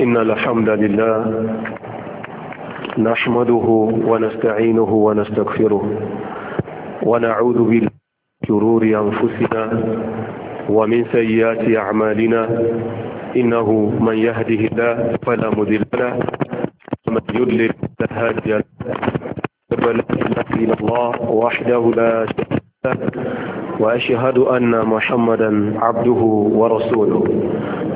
إن الحمد لله نحمده ونستعينه ونستغفره ونعوذ بالله شرور أنفسنا ومن سيئات أعمالنا إنه من يهده الله فلا مضل له ومن يضلل فلا هادي له لا إله إلا الله وحده لا شريك له وأشهد أن محمدا عبده ورسوله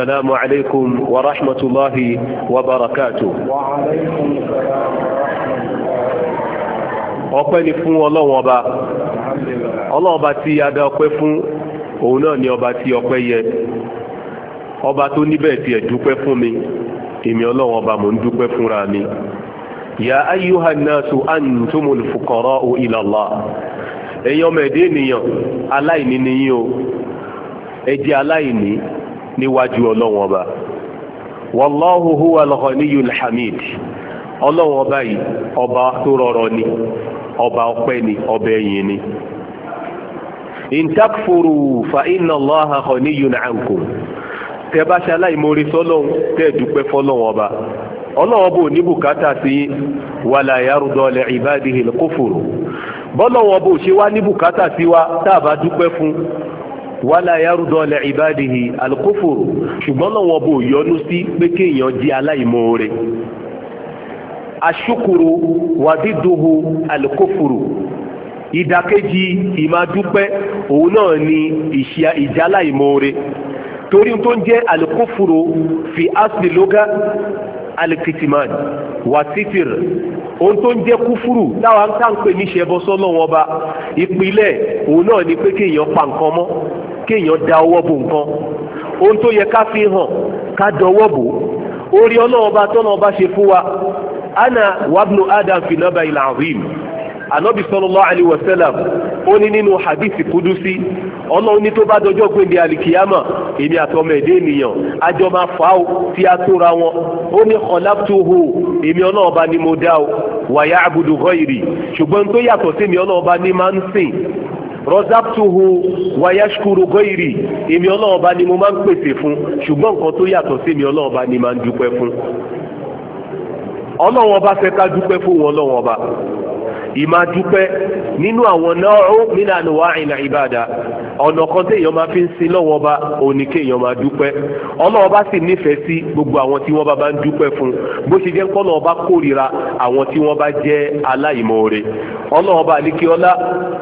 السلام عليكم ورحمة الله وبركاته وعليكم ni fún ọlọ́run ọba ọlọ́run ọba tí adá dá fún òun ni ọba tí ọpẹ́ yẹ ọba tó níbẹ̀ tiẹ̀ dúpẹ́ fún mi èmi ọlọ́run ọba mò ń dúpẹ́ fúnra mi ya antumul ẹ̀yin ọmọ ẹ̀dẹ́ ènìyàn aláìní ni o ẹ aláìní níwájú ọlọ́wọ́n ọba wallahu huwa al-ghaniyyul hamid ọlọ́wọ́n ọba yìí ọba tó rọrọ ni ọba ọpẹ́ ni ọba ẹ̀yìn ni intakfuru fa inna allaha ghaniyyun ankum tẹ bá ṣe aláìmoore sọlọ́hún tẹ dúpẹ́ fọlọ́hún ọba ọlọ́wọ́n bò ní bùkátà sí wàlà bọ́lọ́wọ́n bò ṣe wá ní wa tá a bá wala yarudọ lẹ ibadihi alukófòrò ṣùgbọ́n náà bò yọnu sí pé kéèyàn di aláìmoore asukuru wadiduhu alukófòrò ìdàkejì ìmadúpẹ́, òun náà ni ìṣe ìjà aláìmoore torí tó ń jẹ́ fi tó ń jẹ́ táwa ń níṣẹ́ bọ́sọ́ ìpìlẹ̀ òun náà ni pé kéèyàn pa nǹkan kéèyàn da ọwọ́ bo nǹkan ohun tó yẹ ká fi hàn ká dọwọ́ bò orí ọlọ́ọba tọ́nà ọba ṣe fún wa ana wabnu adam finaba ilà azim anabi sallallahu alayhi wa ó ní nínú hadithi kudusi ọlọ́run ní tó bá dọjọ́ pé ní alikiyama èmi àtọmọ ẹ̀dẹ́ ènìyàn àjọ máa fà ó tí a wọn ó ní khalaqtuhu èmi ọlọ́ọba ni mo dá o wa ya'budu ghayri ṣùgbọ́n tó yàtọ̀ sí mi ọlọ́ọba ni máa ń sìn rọ́sàtúhu wayashkuru gọ́ìrì èmi ọlọ́ọ̀ba ni mo máa ń pèsè fún ṣùgbọ́n nǹkan tó yàtọ̀ sí èmi ọlọ́ọ̀ba ni máa ń dúpẹ́ fún ọlọ́wọ́n fẹ́ ká dúpẹ́ fún wọn ọlọ́wọ́n ìmá nínú àwọn náà min anwa'il ìbàdà ọ̀nà kan tí èèyàn máa fi ń sin lọ́wọ́ ọba òní kí èèyàn máa dúpẹ́ ọlọ́wọ́ bá sì nífẹ̀ẹ́ sí gbogbo àwọn tí wọ́n bá bá ń dúpẹ́ fún bó jẹ́ ọba kórìíra àwọn tí wọ́n bá jẹ́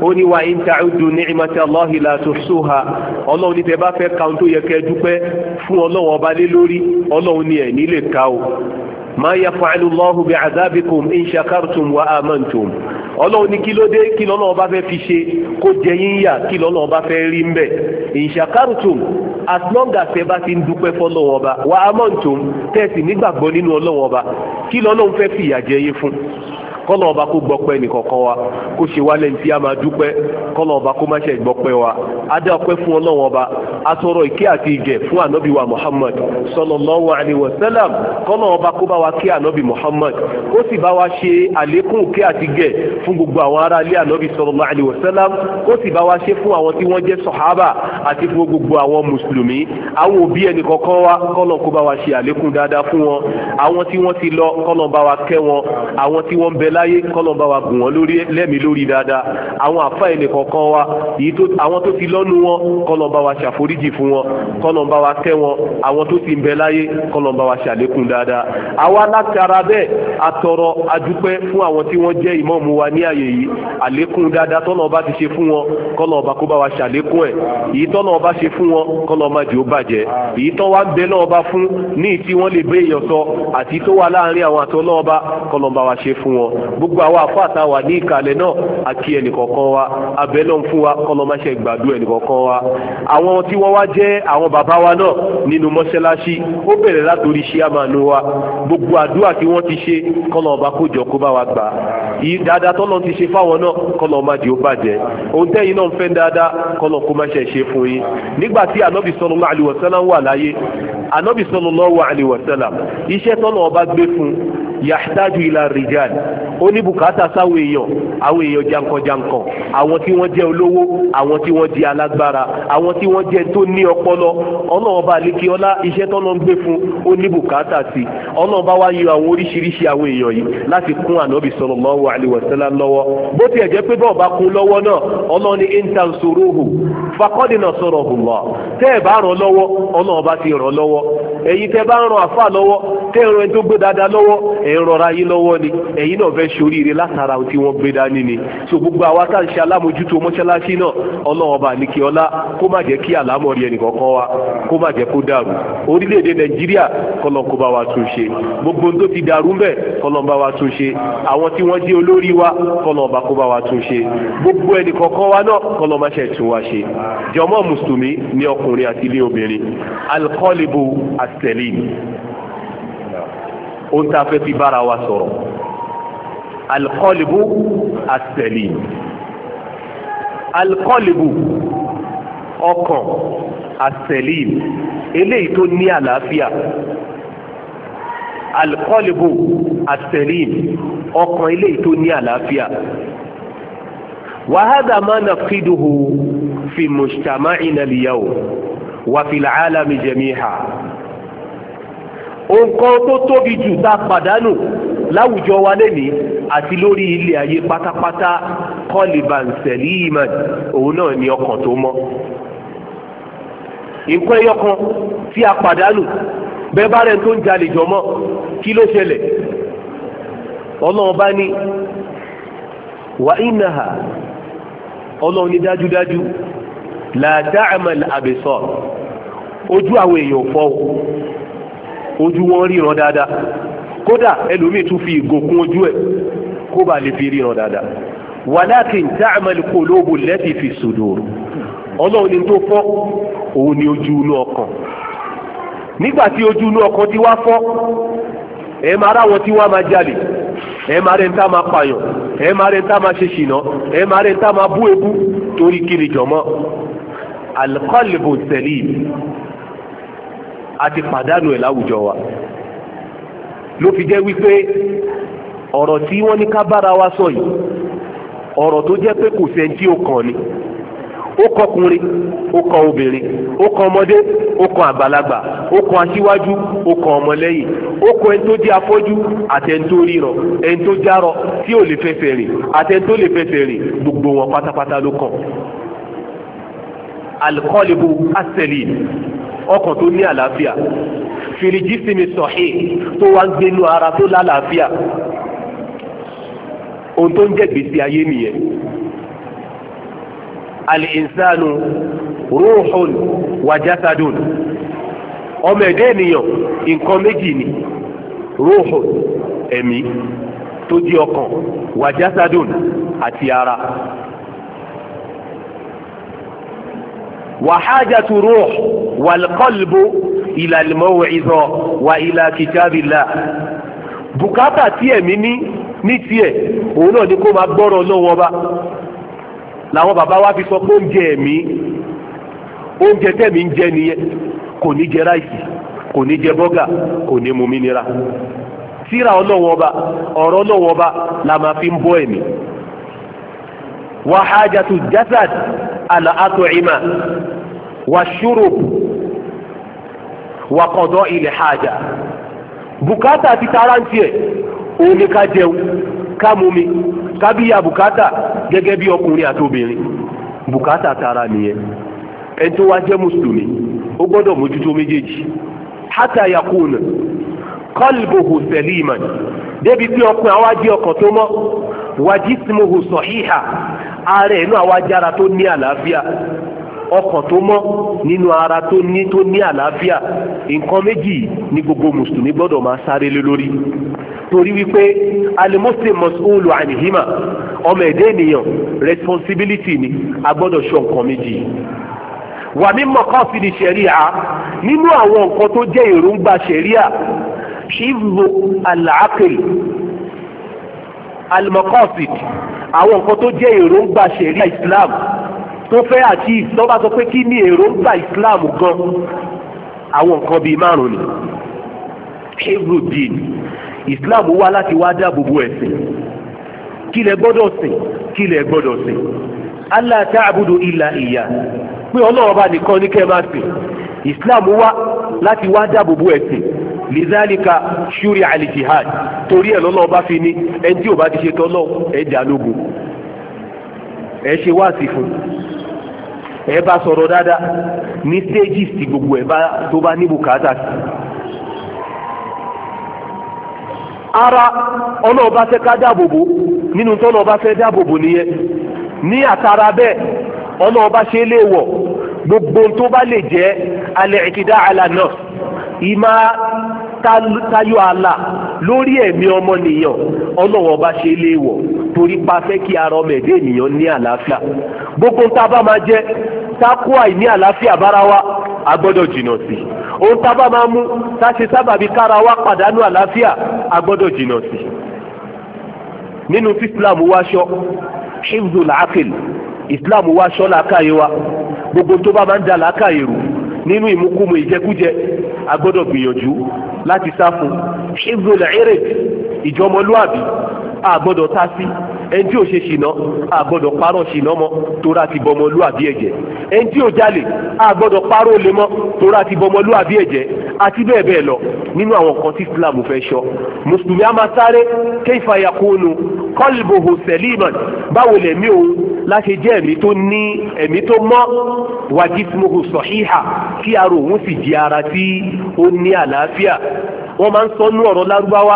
ó ní wa ní ka tó ma yaf'alu Allahu bi'adhabikum in shakartum wa amantum ọlọ́run ní kí ló dé kí lọ́nà ọba fẹ́ fi ṣe kó jẹ yín yà kí lọ́nà ọba fẹ́ rí ń bẹ̀ in shakartum as long as ẹ bá ti ń dúpẹ́ fọ́lọ́wọ́ ọba wa amantum tẹ̀sí nígbàgbọ́ nínú ọlọ́wọ́ ọba kí lọ́nà ń fẹ́ fìyà jẹ yín fún kọ́nà ọba kó gbọ́pẹ́ nìkọ̀kan wa kó ṣe wá lẹ́yìn tí a máa dúpẹ́ kọ́nà ọba kó má ṣe gbọ́pẹ́ wa adé ọpẹ́ fún ọlọ́run ọba atọ́rọ̀ ìkẹ́ àti ìgẹ̀ fún ànábì wa muhammad sallallahu alaihi wasallam kọ́nà ọba kó bá wa kí ànábì muhammad kó sì bá wa ṣe àlékún ìkẹ́ àti ìgẹ̀ fún gbogbo àwọn ará ilé ànábì sallallahu alaihi wasallam kó sì bá wa ṣe fún àwọn tí wọ́n jẹ́ sọ̀hábà àti fún gbogbo àwọn mùsùlùmí àwọn òbí ẹnì kọ̀ọ̀kan wa kọ́nà kó bá wa ṣe àlékún dáadáa fún wọn àwọn tí wọ́n ti lọ kọ́nà bá wa kẹ́ wọn àwọn tí wọ́n bẹ láyé kọ́lọ́mbà wa gùn wọ́n lórí lẹ́mìí lórí dáadáa àwọn àfa ẹnì kọ̀ọ̀kan wa èyí tó àwọn tó ti lọ́nu wọn kọ́lọ́mbà wa ṣàforíjì fún wọn kọ́lọ́mbà wa kẹ́ wọn àwọn tó ti ń bẹ láyé kọ́lọ́mbà wa ṣàlékún dáadáa àwa látara bẹ́ẹ̀ atọrọ adúpẹ́ fún àwọn tí wọ́n jẹ́ ìmọ̀ọ́mù wa ní àyè yìí àlékún dáadáa tọ́lọ́ọ̀bá ti ṣe fún wọn kọ́lọ́ọ̀bá kó bá wa ṣàlékún ẹ̀ èyí tọ́lọ́ọ̀bá ṣe fún wọn kọ́lọ́ọ̀bá jò bàjẹ́ èyí tọ́ wa ń bẹ lọ́ọ̀bá fún ní tí wọ́n lè bẹ́ èèyàn àti tó wà láàárín àwọn àtọ́lọ́ọ̀bá kọ́lọ́ọ̀bá wa ṣe fún wọn gbogbo àwọn àfáà tá wà ní ìkàlẹ̀ náà àti ẹnìkọ̀ọ̀kan wa abẹ́ náà ń fún wa kọ́lọ́máṣẹ́ gbàdúrà ẹnìkọ̀ọ̀kan wa àwọn tí wọ́n wá jẹ́ àwọn bàbá wa náà nínú mọ́ṣáláṣí ó bẹ̀rẹ̀ látòrí ṣé àmàánú wa gbogbo àdúrà tí wọ́n ti ṣe kọ́lọ́ ọba kójọ kó bá wa gbà dáadáa tọ́lọ́ ti ṣe fáwọn náà kọ́lọ́ ọmọ àdìó bàjẹ́ òun tẹ́yìn náà ń fẹ́ dáadáa kọ́lọ́ kó má ṣe ṣe fún yín nígbà tí ànábì sallallahu alaihi wasallam wà láyé ànábì sallallahu alaihi wasallam iṣẹ́ tọ́lọ́ ọba gbé fún yahtaju ila rijal ó ní bùkátà sáwọn èèyàn àwọn èèyàn jankan-jankan àwọn tí wọ́n jẹ́ olówó àwọn tí wọ́n jẹ́ alágbára àwọn tí wọ́n jẹ́ tó ní ọpọlọ ọlọ́run bá lè kí ọlá iṣẹ́ tọ́lọ́ ń gbé fún ó ní bùkátà sí ọlọ́run bá wá yọ àwọn oríṣiríṣi àwọn èèyàn yìí láti kún ànábì sallallahu alaihi wasallam lọ́wọ́ bó tiẹ̀ jẹ́ pé bọ́ọ̀ bá kún lọ́wọ́ náà ọlọ́run ní intansuruhu faqad nasarahullah tẹ́ ẹ̀ bá ràn lọ́wọ́ ọlọ́run bá ti ràn lọ́wọ́ ẹ̀yin tẹ́ bá ń ràn àfà lọ́wọ́ tẹ́ ń ràn ẹni tó gbé dáadáa lọ́wọ́ ẹ̀ rọra yín lọ́wọ́ ni ẹ̀yin náà fẹ́ fẹ́ ṣoríire látara tí wọ́n gbé dání ni so gbogbo àwa tá à ń ṣe alámojútó mọ́ṣáláṣí náà ọlọ́ọ̀ba àníkè ọlá kó má jẹ́ kí àlámọ̀rí ẹnìkọ̀ọ̀kan wa kó má jẹ́ kó dàrú orílẹ̀-èdè nàìjíríà kọlọ́nkóbá wa tún ṣe gbogbo tó ti dàrú mbẹ́ kọlọ́nba wa tún ṣe àwọn tí wọ́n jẹ́ olórí wa kọlọ́nba kó bá wa tún ṣe gbogbo ẹnìkọ̀ọ̀kan wa náà kọlọ́nmaṣẹ́ tún wa ṣe jọmọ́ mùsùlùmí ní ọkùnrin àti ilé alikọ́lìbù àsẹ̀lì alikọ́lìbù ọkàn àsẹ̀lì eléyìí tó ní àlàáfíà alikọ́lìbù àsẹ̀lì ọkàn eléyìí tó ní àlàáfíà wàhádà máa nà fídùhù fi mùsùlùmáì nàlìyàwó wàfìlà álàmì jẹ̀míhà nǹkan tó tóbi jù tá a pàdánù láwùjọ wa lẹ́nìí àti lórí ilé ayé pátápátá kọ́lìbàǹsẹ̀lì ìmàn òun náà ni ọkàn tó mọ́ nǹkan ẹyọ kan tí a pàdánù bẹ́ẹ̀ bá rẹ̀ tó ń jalè jọmọ́ kí ló ṣẹlẹ̀ ọlọ́run bá ní wà ìnáhà ọlọ́run ní dájúdájú làdáàmà àbẹ̀sọ̀ ojú àwọn èèyàn fọ́ ojú wọn ríran dáadáa kódà ẹlòmíì tún fi ìgò kún ojú ẹ̀ kó bá lè fi ríran dáadáa walakin ta'mal qulubu allati fi sudur ọlọ́run ni tó fọ́ òun ni ojú inú ọkàn nígbà tí ojú inú ọkàn ti wá fọ́ ẹ máa ráwọn tí wọ́n máa jalè ẹ máa rẹ̀ ń tá máa pààyàn ẹ máa rẹ̀ ń tá máa ṣe ṣìnà ẹ máa rẹ̀ ń tá máa bú ebú torí kiri jọ̀mọ́ alqalbu salim àti pàdánù ẹ̀ láwùjọ wa ló fi jẹ́ wípé ọ̀rọ̀ tí wọ́n ní ká bára wa sọ yìí ọ̀rọ̀ tó jẹ́ pé kò sẹ́ni tí ó kàn ni ó kọkùnrin ó kọ obìnrin ó kọ ọmọdé ó kọ àgbàlagbà ó kọ aṣíwájú ó kọ ọmọlẹ́yìn ó kọ ẹni tó jẹ́ afọ́jú àti ẹni tó ríran ẹni tó járọ tí ò lè fẹsẹ̀ rìn àti ẹni tó lè fẹsẹ̀ rìn gbogbo wọn pátápátá ló kàn. alikọ́lẹ́bù asẹ́lì ọkàn tó ní àlàáfíà fìrìjísìmì sọ̀hìn tó wá ń gbénu ara tó lálàáfíà ohun tó ń jẹ́ gbèsè ayé nìyẹn alìsànù rúhùn wàjásádùn ọmọ ẹ̀dẹ́ ènìyàn nǹkan méjì ni rúhùn ẹ̀mí tó di ọkàn wàjásádùn àti ara وحاجة روح والقلب إلى الموعظة وإلى كتاب الله bùkátà tí ẹ̀mí ní ní tiẹ̀ òun náà ni kó máa gbọ́rọ̀ lọ́wọ́ bá làwọn bàbá wa fi sọ pé oúnjẹ ẹ̀mí oúnjẹ tẹ̀mí ń jẹ nìyẹn kò ní jẹ ráìsì kò ní jẹ bọ́gà kò ní mu mínira tíra ọlọ́wọ́ bá ọ̀rọ̀ ọlọ́wọ́ bá la máa fi ń bọ́ ẹ̀mí وحاجة الجسد الأطعمة والشرب وقضاء الحاجة bùkátà ti tara ń tiẹ̀ òun ni ká jẹun ká mumi ká bíya bùkátà gẹ́gẹ́ bí ọkùnrin àti obìnrin bùkátà tara nìyẹn ẹni tó wá jẹ́ mùsùlùmí ó gbọ́dọ̀ mójútó méjèèjì hátà yakun kọlbòhù sẹlíman débi pé ọkùnrin àwa jẹ́ ọkàn tó mọ́ wàjísìmòhù sọ̀híhà ara ẹ̀ náà wá jẹ́ ara tó ní àlàáfíà ọkàn tó mọ́ nínú ara tó ní tó ní àlàáfíà nǹkan méjì ni gbogbo mùsùlùmí gbọ́dọ̀ máa sáré lé lórí torí wípé alimuslim mọ̀sùlù àníhìmà ọmọ ẹ̀dẹ́ ènìyàn responsibility ni a gbọ́dọ̀ sọ nǹkan méjì wà mí mọ̀kàn fi di ṣẹ̀ríà nínú àwọn nǹkan tó jẹ́ èròǹgbà ṣẹ̀ríà ṣíìvù àlàákèlè almokosid àwọn nǹkan tó jẹ́ èròǹgbà ṣẹ̀ríà islam tó fẹ́ achieve tó bá sọ pé kí ni èròǹgbà islam gan àwọn nǹkan bíi márùn ni hebrew islam wá láti wá dáàbò bo ẹ̀sìn kí lẹ gbọ́dọ̀ sìn kí lẹ gbọ́dọ̀ sìn allah ta'budu illa iya pé ọlọ́run ọba nìkan ní kẹ́ máa sìn islam wá láti wá dáàbò bo ẹ̀sìn lizalika ṣúrí àlìjihad torí ẹ̀ lọ́lọ́ bá fi ní ẹni tí ò bá ti ṣe tọ́lọ́ ẹ̀ jà lógun ẹ̀ ṣe wáàsí fún ẹ bá sọrọ dáadáa ní stages ti gbogbo ẹ̀ tó bá níbo bùkátà sí ara ọlọ́ọ̀bá fẹ́ ká dáàbòbò nínú tọ́lọ́ọ̀bá fẹ́ dáàbòbò nìyẹn ní àtàrà bẹ́ẹ̀ ọlọ́ọ̀bá ṣe lè wọ̀ gbogbo tó bá lè jẹ́ alẹ́ ìkìdá àlànà ìmá táyọ àlà lórí ẹ̀mí ọmọnìyàn ọlọ́wọ́ bá ṣe lé torí pa fẹ́ kí ara ọmọ ènìyàn ní gbogbo tá a bá máa jẹ́ tákù àìní àlàáfíà bára wa a gbọ́dọ̀ jìnnà sí i ohun tá bá máa mú ṣe wa pàdánù àlàáfíà a gbọ́dọ̀ jìnnà sí i nínú tí islam ṣíbùdó wa gbogbo tó bá máa ń da làákàyè nínú ìmúkúmu a gbọ́dọ̀ gbìyànjú láti sá fún ṣé gbọ́dọ̀ eré ìjọmọlúàbí a tá sí ẹni tí ò ṣe ṣìnà àgbọ́dọ̀ parọ́ ṣìnà mọ́ tóra ti bọ́ ọmọlúwàbí ẹ̀jẹ̀ ẹni tí ò jalè àgbọ́dọ̀ parọ́ olè mọ́ tóra ti bọ́ ọmọlúwàbí ẹ̀jẹ̀ àti bẹ́ẹ̀ bẹ́ẹ̀ lọ nínú àwọn kan tí Islam fẹ́ sọ mùsùlùmí a máa sáré kéfà yakunu kọlbòhò sẹlíman báwo lẹ̀mí òun láti jẹ́ ẹ̀mí tó ní ẹ̀mí tó mọ́ wàjísmohò sọ̀híhà kí ara òun sì di ara tí ó ní àlàáfíà wọ́n máa ń sọ nú ọ̀rọ̀ lárúbáwá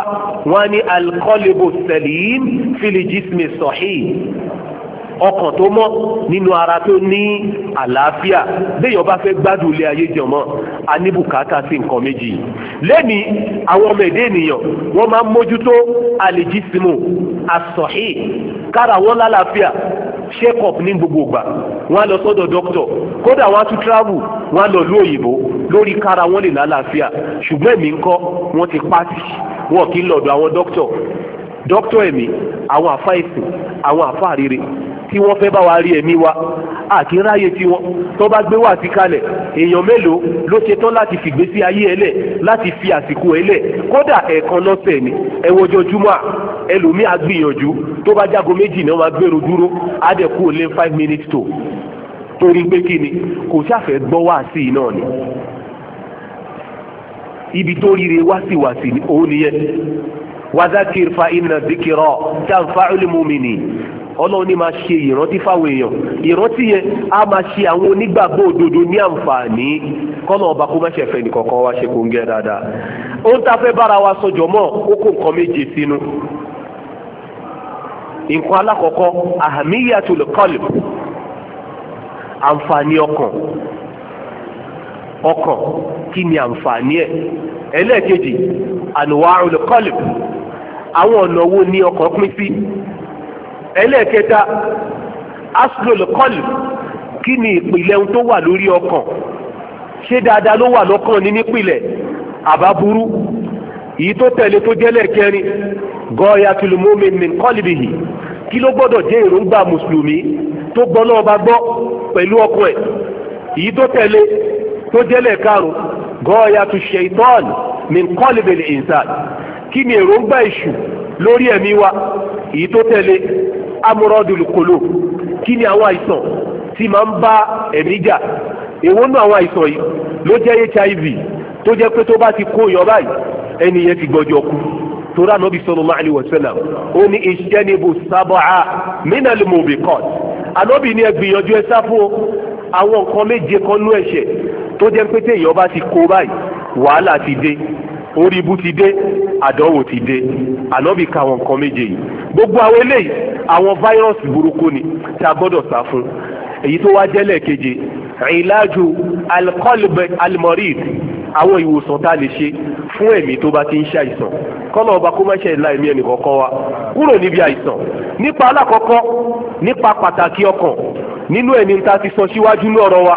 wọ́n á ní alkọlbò sẹlím bìbáàdínì sọ̀hí ọkàn tó mọ́ nínú ara tó ní àlàáfíà béèyàn bá fẹ́ gbádùn ilé ayé jọmọ́ a ní bùkátà sí nǹkan méjì lẹ́ni àwọn ọmọ èdè ènìyàn wọ́n máa ń mójútó àlèjísímù àsọ̀hí kára wọn lálàáfíà check ní gbogbo ìgbà wọ́n á lọ sọ́dọ̀ doctor kódà wọ́n á tún travel wọ́n á lọ lú òyìnbó lórí kára wọn lè lálàáfíà ṣùgbọ́n èmi ń wọ́n ti pàṣì wọn kì í lọ́dọ̀ àwọn doctor dókítà ẹ̀mí àwọn àfa ìsìn àwọn àfa àrèrè tí wọ́n fẹ́ bá wa rí ẹ̀mí wa àkínráyè tiwọn tó bá gbé wá sí kalẹ̀ èèyàn mélòó ló ṣe tán láti fìgbésí ayé ẹlẹ̀ láti fi àsìkò ẹlẹ̀ kódà ẹ̀ẹ̀kan lọ́sẹ̀ ni ẹ̀wọ́jọ́ júmọ́ ẹlòmíì àgbìyànjú tó bá jágo méjì náà máa gbèrò dúró á dẹ̀ five minutes tó torí pé kí ni kò sáfẹ́ gbọ́ wá sí i náà ni ibi tó ríire wá sí wá sí òun nìyẹn wazakir fa inna zikirọ tanfa'ul mu'minin ọlọ́run ní máa ṣe ìrántí fáwọn èèyàn ìrántí yẹn á máa ṣe àwọn onígbàgbọ́ òdodo ní àǹfààní kọ́nà ọba kó má ṣe fẹ́ nìkọ̀ọ̀kan wá ṣe kó ń gẹ́ dáadáa ohun tá a fẹ́ bára wa sọjọ́ mọ́ ó kó nǹkan méje sínú nǹkan alákọ̀ọ́kọ́ ahamiyatul qalb àǹfààní ọkàn ọkàn kí ni àǹfààní ẹ̀ ẹlẹ́ẹ̀kejì anwaul qalb àwọn ọ̀nà wo ni ọkàn pín sí ẹlẹ́ẹ̀kẹta aslul qalb kí ni ìpìlẹ̀ ohun tó wà lórí ọkàn ṣé dáadáa ló wà lọ́kàn ní nípìlẹ̀ àbá burú èyí tó tẹ̀lé tó jẹ́lẹ̀ kẹrin gọ́ọ̀yàtul mu'min min qalbihi kí ló gbọ́dọ̀ jẹ́ èròǹgbà mùsùlùmí tó gbọ́ náà bá gbọ́ pẹ̀lú ọkàn ẹ̀ èyí tó tẹ̀lé tó jẹ́lẹ̀ karùn-ún gọ́ọ̀yàtú ṣẹ̀tọ́n min kọ́lìbẹ̀lì ìsàn kí ni èròǹgbà ìṣù lórí ẹ̀mí wa èyí tó tẹ̀lé amúrọ́dùlù kòló kí ni àwọn àìsàn tí máa ń bá ẹ̀mí jà èwo nù àwọn àìsàn yìí ló jẹ́ hiv tó jẹ́ pé tó bá ti kó yan báyìí ẹni yẹn ti gbọ́jọ́ kú torí ànábì sallallahu alaihi wasallam ó ní ìṣẹ́nibù sábàá mínàlùmọ̀bìkọ́t ànábì ni ẹ gbìyànjú ẹ sá fún o àwọn nǹkan méje kan nú ẹ̀ṣẹ̀ tó jẹ́ pé téèyàn bá ti kó báyìí wàhálà ti dé orí ibu ti dé àdánwò ti dé ànábì ka àwọn nǹkan méje yìí gbogbo àwọn eléyìí àwọn fáírọ́ọ̀sì burúkú ni tí a gbọ́dọ̀ sá fún èyí tó wá jẹ́lẹ̀ keje ìlàjú alkọ́lùbẹ̀ almọ̀rìd àwọn ìwòsàn tá a lè ṣe fún ẹ̀mí tó bá ti ń ṣàìsàn kọ́nà ọba kó má ṣe ìlà ẹ̀mí ẹnì kọ̀ọ̀kan wa kúrò níbi àìsàn nípa alákọ̀ọ́kọ́ nípa pàtàkì ọkàn nínú ẹni tá a ti sọ síwájú ní ọ̀rọ̀ wa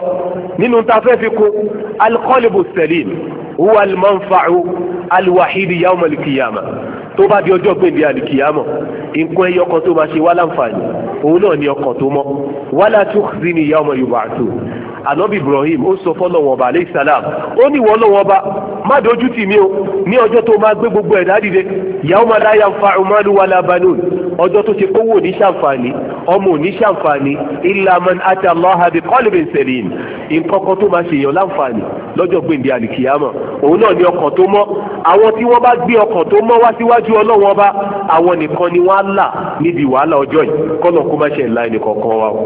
nínú tá a fẹ́ fi kún alikọ́lìbù sẹ̀lìm huwa alimanfa'u aliwahidi yawma alikiyama tó bá di ọjọ́ gbèndé alikiyama nǹkan ẹyọ kan tó máa ṣe wá láǹfààní òun náà ni ọkàn tó mọ́ wala tukhzini ànábì ibrahim ó sọ fọ́lọ́wọ́ ọba aleyhi salam ó ní wọ́n lọ́wọ́ ọba má dojú tì mí o ní ọjọ́ tó máa gbé gbogbo ẹ̀dá dìde yawma la yanfa'u malun wala banun ọjọ́ tó ṣe kówó ní ṣàǹfààní ọmọ ò ní ṣàǹfààní illa man ata Allaha bi qalbin salim nǹkan kan tó máa ṣèyàn láǹfààní lọ́jọ́ gbèǹde àlìkìyàmọ̀ òun náà ni ọkàn tó mọ́ àwọn tí wọ́n bá gbé ọkàn tó mọ́ wá síwájú ọlọ́wọ́n ọba àwọn nìkan ni wọ́n á là níbi wàhálà ọjọ́ yìí kọ́nà kó má ṣe ńlá ẹnì kọ̀ọ̀kan wa o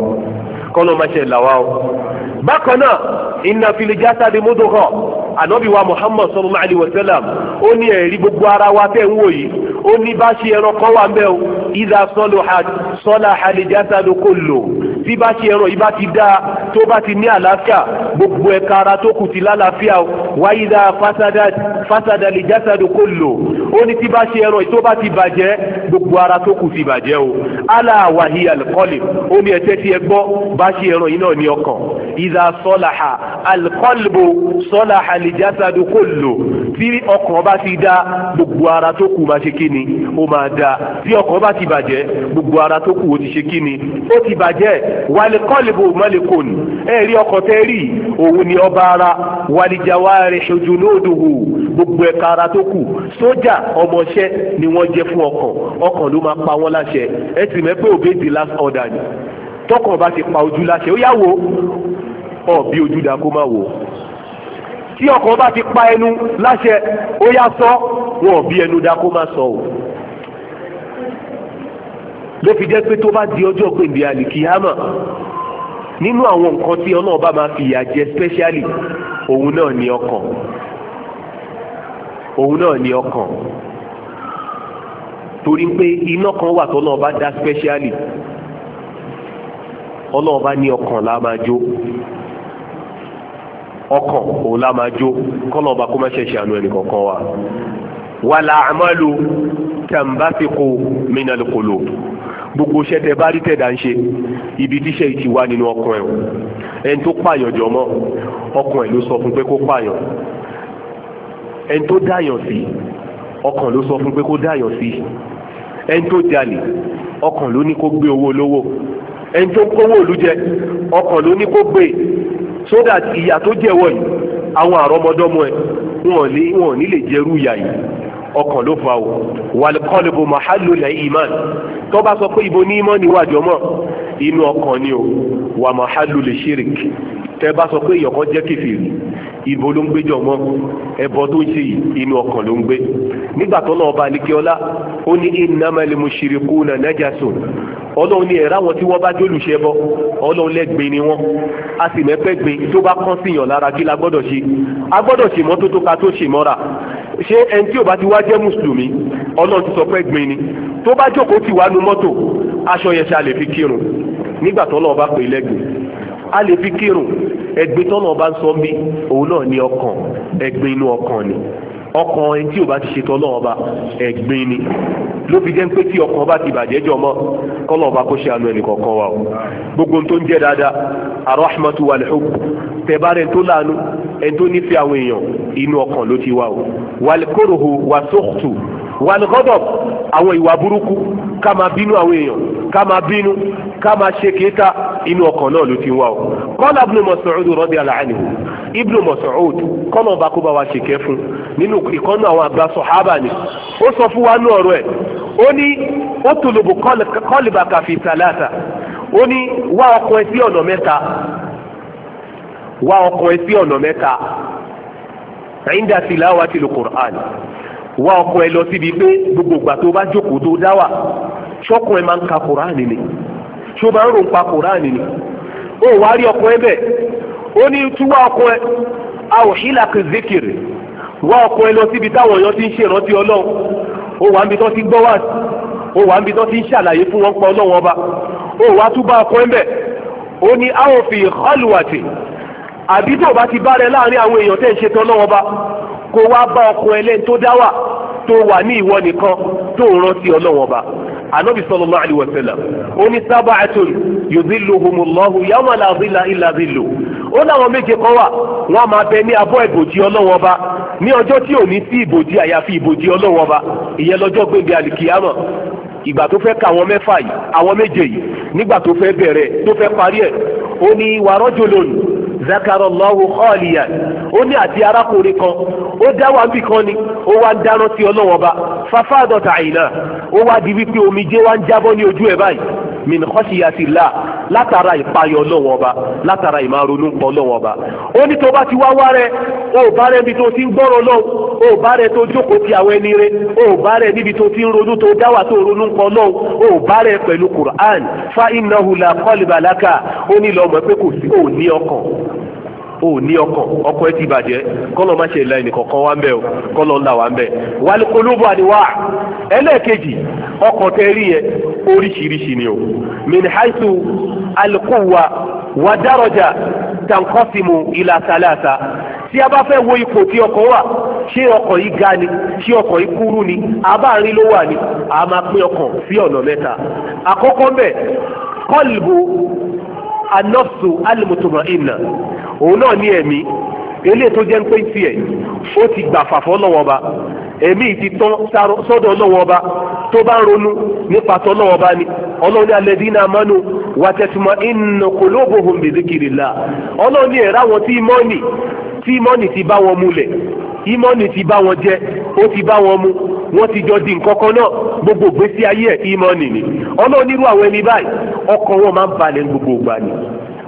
kọ́nà má ṣe làwa o. bákan náà inna fil jasadi mudghah ànábì wa muhammad sallallahu alayhi wa sallam ó ní ẹ̀rí gbogbo ara wa tẹ̀ ń wò yìí ó ní bá ṣe ẹran kan wà mẹ́ o ìdá sọ́lá àlejàta ló kò lò tí bá ṣe ẹran ìbá ti dáa tó bá ti ní àlàáfíà gbogbo ẹ̀ka ara tó kù ti lálàáfíà wáyé dá fásádà àlejàta ló kò lò ó ní tí bá ṣe ẹran tó bá ti bàjẹ́ gbogbo ara tó kù ti bàjẹ́ o aláwàhí alikọ́lì ó ní ẹ̀tẹ́ tí ẹ bá ṣe ẹran yìí náà ní ọkàn ìdá sọ́lá alikọ́lìbò sọ́lá àlejàta ló kò lò tí ọkàn kíni ó máa dáa bí ọkàn bá ti bàjẹ́ gbogbo ara tó kù ó ti ṣe kíni ó ti bàjẹ́ wàlẹ̀ kọ́lẹ̀bù mọ́lẹ̀kùn ẹ̀ rí ọkàn tẹ́ rí òun ni ọba ara wàlìjàwá rẹ̀ ṣojú lóòdùhù gbogbo ẹ̀ka ara tó kù sójà ọmọọṣẹ́ ni wọ́n jẹ́ fún ọkàn ọkàn ló máa pa wọ́n láṣẹ ẹ sì mẹ́ pé obey the last order ni tọkàn bá ti pa ojú láṣẹ ó yá wo ọ bí ojú da kó má wo tí ọkàn bá ti pa ẹnu láṣẹ ó yá sọ wọn ò bí ẹnu dá kó má sọ o ló fi jẹ́ pé tó bá di ọjọ́ gbèǹde àlìkíyàmà nínú àwọn nǹkan tí ọlọ́ọ̀bá máa fi ìyà jẹ specially òun náà ni ọkàn òun náà ni ọkàn torí pé iná kan wà tọ́lọ́ọ̀bá dá specially ọlọ́ọ̀bá ní ọkàn la máa jó ọkàn òun la máa jó kọ́lọ́ọ̀bá kó má ṣẹ̀ṣẹ̀ àánú ẹnì wa. wàlà àmàlù tàǹbàfìkù mìnàlùkòlò gbogbo iṣẹ́ tẹ bá rí tẹ̀dá ń ṣe ibi tíṣẹ́ ìtì wá nínú ọkàn ẹ̀ ẹni tó pààyàn jọ mọ́ ọkàn ẹ̀ ló sọ fún pé kó pààyàn ẹni tó dáyàn sí ọkàn ló sọ fún pé kó dáyàn sí ẹni tó jalè ọkàn ló ní kó gbé owó lówó ẹni tó kówó òlu ọkàn ló ní kó gbé so that ìyà tó jẹ́wọ́ yìí àwọn àrọ́mọdọ́mọ ẹ̀ wọn ò ní lè jẹ́rú ìyà yìí ọkàn ló fa o wàlúkọlùbù màhálù lẹ ìmán tó bá sọ pé ibo ní ìmọ̀ níwájú ọmọ inú ọkàn ni o wà màhálù lè ṣírìkì tẹ bá sọ pé ìyọ̀kọ́ jẹ́ kèfèrí ìbò ló ń gbéjọ mọ́ ẹbọ tó ń ṣe yìí inú ọkàn ló ń gbé nígbà tó náà ọba àlekíọ́lá ó ní innamal mushrikuna najasun ọlọ́run ní ẹ̀rá wọn tí wọ́n bá jólùṣẹ́ bọ́ ọlọ́run lẹ́gbẹ̀ẹ́ ni wọ́n a sì mẹ́pẹ́ gbé tó bá kán síyàn lára kí la gbọ́dọ̀ ṣe a gbọ́dọ̀ ṣe mọ́tótó ká tó ṣe mọ́ra ṣé ẹni tí ò bá ti wá jẹ́ mùsùlùmí ọlọ́run ti sọ pé gbin ni tó bá jókòó ti wá nu mọ́tò aṣọ yẹn ṣe a lè fi kírun nígbà tó náà ọba pè lẹ́gbẹ̀ẹ́ a lè fi kírun ẹ̀gbin tọ́nà ọba ń sọ bí òun náà ní ọkàn ẹ̀gbin inú ọkàn ni ọkàn ẹni tí ò bá ti ṣètò ọlọ́run ọba ẹ̀gbin ni ló fi jẹ́ pé tí ọkàn ọba ti bàjẹ́ jọ mọ́ kọ́lọ̀ ọba kó ṣe àánú ẹnì kọ̀ọ̀kan wa o gbogbo tó ń jẹ́ dáadáa arahmatu wal hub tẹ̀bárẹ̀ tó láàánú ẹni tó nífẹ̀ẹ́ àwọn èèyàn inú ọkàn ló ti wá o wal kuruhu wàlúkọ́dọ̀ àwọn ìwà burúkú ká máa bínú àwọn èèyàn ká máa bínú ká máa ṣe kéta inú ọkàn náà ló ti wá o. kọ́lá ibnu Mas'ud radiyallahu anhu ibnu Mas'ud kọ́nà ọba kó bá wa ṣe kẹ́ fún nínú ìkọ́nù àwọn àgbà sọ̀hábà ni ó sọ fún wa nú ọ̀rọ̀ ẹ̀ ó ní ó tòlòbò kọ́lìbàkà fi tàlàtà ó ní wá ọkọ ẹ sí ọ̀nà mẹ́ta wá ọkọ ẹ sí ọ̀nà mẹ́ta inda tilawati l-Qur'an wá ọkọ ẹ lọ síbi pé gbogbo ìgbà tó bá jókòó tó dá wà ṣọ́kọ ẹ máa ń ka kùránì ni ṣó máa ń rò ń pa kùránì ni ó wá rí ọkọ ẹ bẹ́ẹ̀ ó ní túwá ọkọ ẹ a ò ṣílà kì zikiri wá ọkọ ẹ lọ síbi táwọn èèyàn ti ń ṣèrántí ọlọ́run ó wà níbi tó ti gbọ́ wá ó wà níbi tó ti ń ṣàlàyé fún wọn pa ọlọ́run ọba ó wá túbá ọkọ ẹ bẹ́ẹ̀ ó ní a ò fi ìkọlùwàtì àbí tó o bá ti bá rẹ láàrin àwọn èèyàn tẹ́ ń ṣe tán lọ́wọ́ bá kó wá bá ọkọ ẹlẹ́ni tó dá wà tó wà ní ìwọ nìkan tó rántí ọlọ́wọ́n ọba anabi sallallahu alayhi wa sallam ó ní sab'atun yudhilluhumullahu yawma la dhilla illa dhillu ó láwọn méje kan wà wọ́n á máa bẹ ní abọ́ ìbòjì ọlọ́wọ́n ọba ní ọjọ́ tí ò ní sí ìbòjì àyàfi ìbòjì ọlọ́wọ́n ọba ìyẹn lọ́jọ́ gbèbè àlìkìyàmọ̀ ìgbà tó fẹ́ ka àwọn mẹ́fà yìí àwọn méje yìí nígbà tó fẹ́ bẹ̀rẹ̀ tó fẹ́ parí ẹ̀ ó ní wa rajulun zakarọ lọ́wọ́ ọ̀ọ́lìyà ó ní àti arákùnrin kan ó dá wa bí kan ni ó wá ń dáná sí ọlọ́wọ́n ba fafá àdọ̀tà àyìnà ó wá di wípé omijé wá ń jábọ́ ní ojú ẹ̀ báyìí min khashiyati la látara ìpayọ lọ́wọ́ ọba látara ìmárunú pọ̀ lọ́wọ́ ọba ó ní tó bá ti wá wá rẹ ó bá rẹ níbi tó ti ń gbọ́rọ̀ lọ́wọ́ ó bá rẹ tó jókòó ti àwọn ẹni rẹ ó bá rẹ níbi tó ti ń ronú tó dáwà tó ronú pọ̀ lọ́wọ́ ó bá rẹ pẹ̀lú Qur'an fa innahu la ó ní lọ́mọ pé kò sí òní ọkàn o ní ọkọ̀ ọkọ̀ ẹ ti bàjẹ́ kọ́lọ̀ má ṣe la ẹnìkọ̀ọ̀kan wá ń bẹ̀ o kọ́lọ̀ ńlá wá ń bẹ̀ wal qulubu anwa ẹlẹ́ẹ̀kejì ọkọ̀ tẹ oríṣiríṣi ni o min haythu al-quwwa wa daraja tanqasimu ila thalatha tí a bá fẹ́ wo ipò tí ọkọ̀ wà ṣé ọkọ̀ yìí ga ni ṣé ọkọ̀ yìí kúrú ni abáàrin ló wà ni a máa pín ọkọ̀ sí ọ̀nà mẹ́ta àkọ́kọ́ ń bẹ̀ anọ́sù alimutumọ̀ ìnà òun náà ní ẹ̀mí eléyìí tó jẹ́ ń pé tiẹ̀ ó ti gbà fàfọ́ lọ́wọ́ ba ẹ̀mí ti tán sọ́dọ̀ ba tó bá ronú ba ni ọlọ́ni alladhina amanu wa tatma'innu qulubuhum la dhikrillah ọlọ́ni ẹ̀rá wọn tí tí ti bá wọn múlẹ̀ ìmọ́ni ti bá wọn jẹ ó ti bá wọn mu wọn ti jọ di nǹkan kan gbogbo gbèsè ayé ni àwọn ẹni báyìí wọn máa ń balẹ̀ gbogbo ni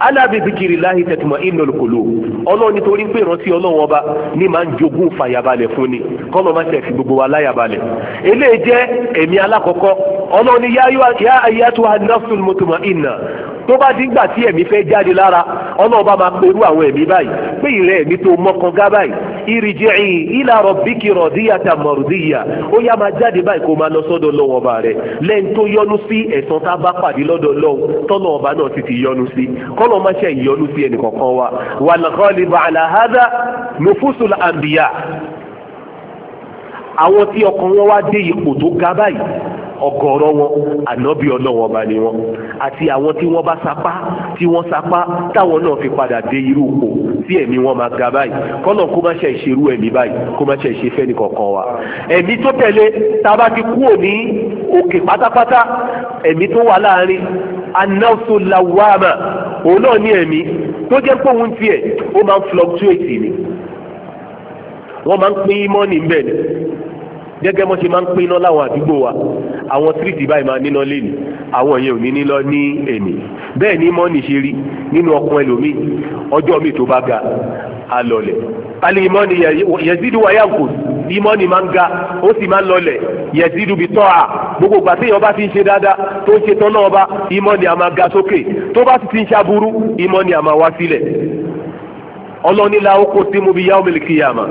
ala bi zikirillahi tatma'innul qulub ọlọ́run nítorí pé ìrántí ọlọ́run ọba ní máa ń jogún fàyàbalẹ̀ fún ni kọ́nà má ṣe fi gbogbo wa láyàbalẹ̀ eléyìí jẹ́ ẹ̀mí alákọ̀ọ́kọ́ ọlọ́run ní yá ayyatuha nafsul mutma'inna tó bá dín gbà tí ẹ̀mí fẹ́ jáde lára ọlọ́run bá máa perú àwọn ẹ̀mí báyìí pé ìrẹ́ ẹ̀mí tó mọ́kàn gá báyìí irji'i ila rabbiki radiyatan mardiyya ó yá máa jáde báyìí kó máa lọ sọ́dọ̀ lọ́wọ́ ọba rẹ̀ lẹ́yìn tó yọnu sí ẹ̀san tá a bá pàdé lọ́dọ̀ lọ́wọ́ tọ́lọ́ ọba náà ti ti yọnu sí kọ́ kọ́nà má ṣe ìyọnu sí ẹnì kọ̀ọ̀kan wa wal ghaliba ala hadha nufusul anbiya àwọn tí ọkàn wọn wá dé ipò tó ga báyìí ọ̀gọ̀rọ̀ wọn ànábì Ọlọ́run ọba ni wọn àti àwọn tí wọn bá sapá tí wọn sapá táwọn náà fi padà dé irú ipò tí ẹ̀mí wọn máa ga báyìí kọlọ kó má ṣe ìṣerú ẹ̀mí báyìí kó má ṣe ìṣe fẹ́ni kankan wa ẹ̀mí tó tẹ̀lé tába ti kú òní òkè pátápátá ẹ̀mí tó wà láàrin anáwó lawama òun náà ní ẹ̀mí tó jẹ́ pé òun tiẹ̀ ó máa ń fluctuate ni wọ́n máa ń pín mọ́ọ̀nì ń bẹ̀ ni gẹ́gẹ́ mọ́ ṣe máa ń pín iná láwọn àdúgbò wa àwọn tírìtì báyìí máa níná lẹ́nu àwọn yẹn ò ní níná ní èmi bẹ́ẹ̀ ni mọ́ọ̀nì ṣe rí nínú ọkùn ẹlòmíì ọjọ́ míì tó bá ga á lọlẹ̀ alimọ́ni yẹzidu wayanko imọ́ni máa ń ga ó sì máa ń lọlẹ̀ yẹzidu bi tọ́ a gbogbo ìgbà tí èèyàn bá ti ń ṣe dáadáa tó ń ṣe tán náà ọba imọ́ni a máa ga sókè tó bá ti ti ń ṣe aburú imọ́ni a máa wá sílẹ̀ ọlọ́ni la ó kó símu bi yawmil kiyama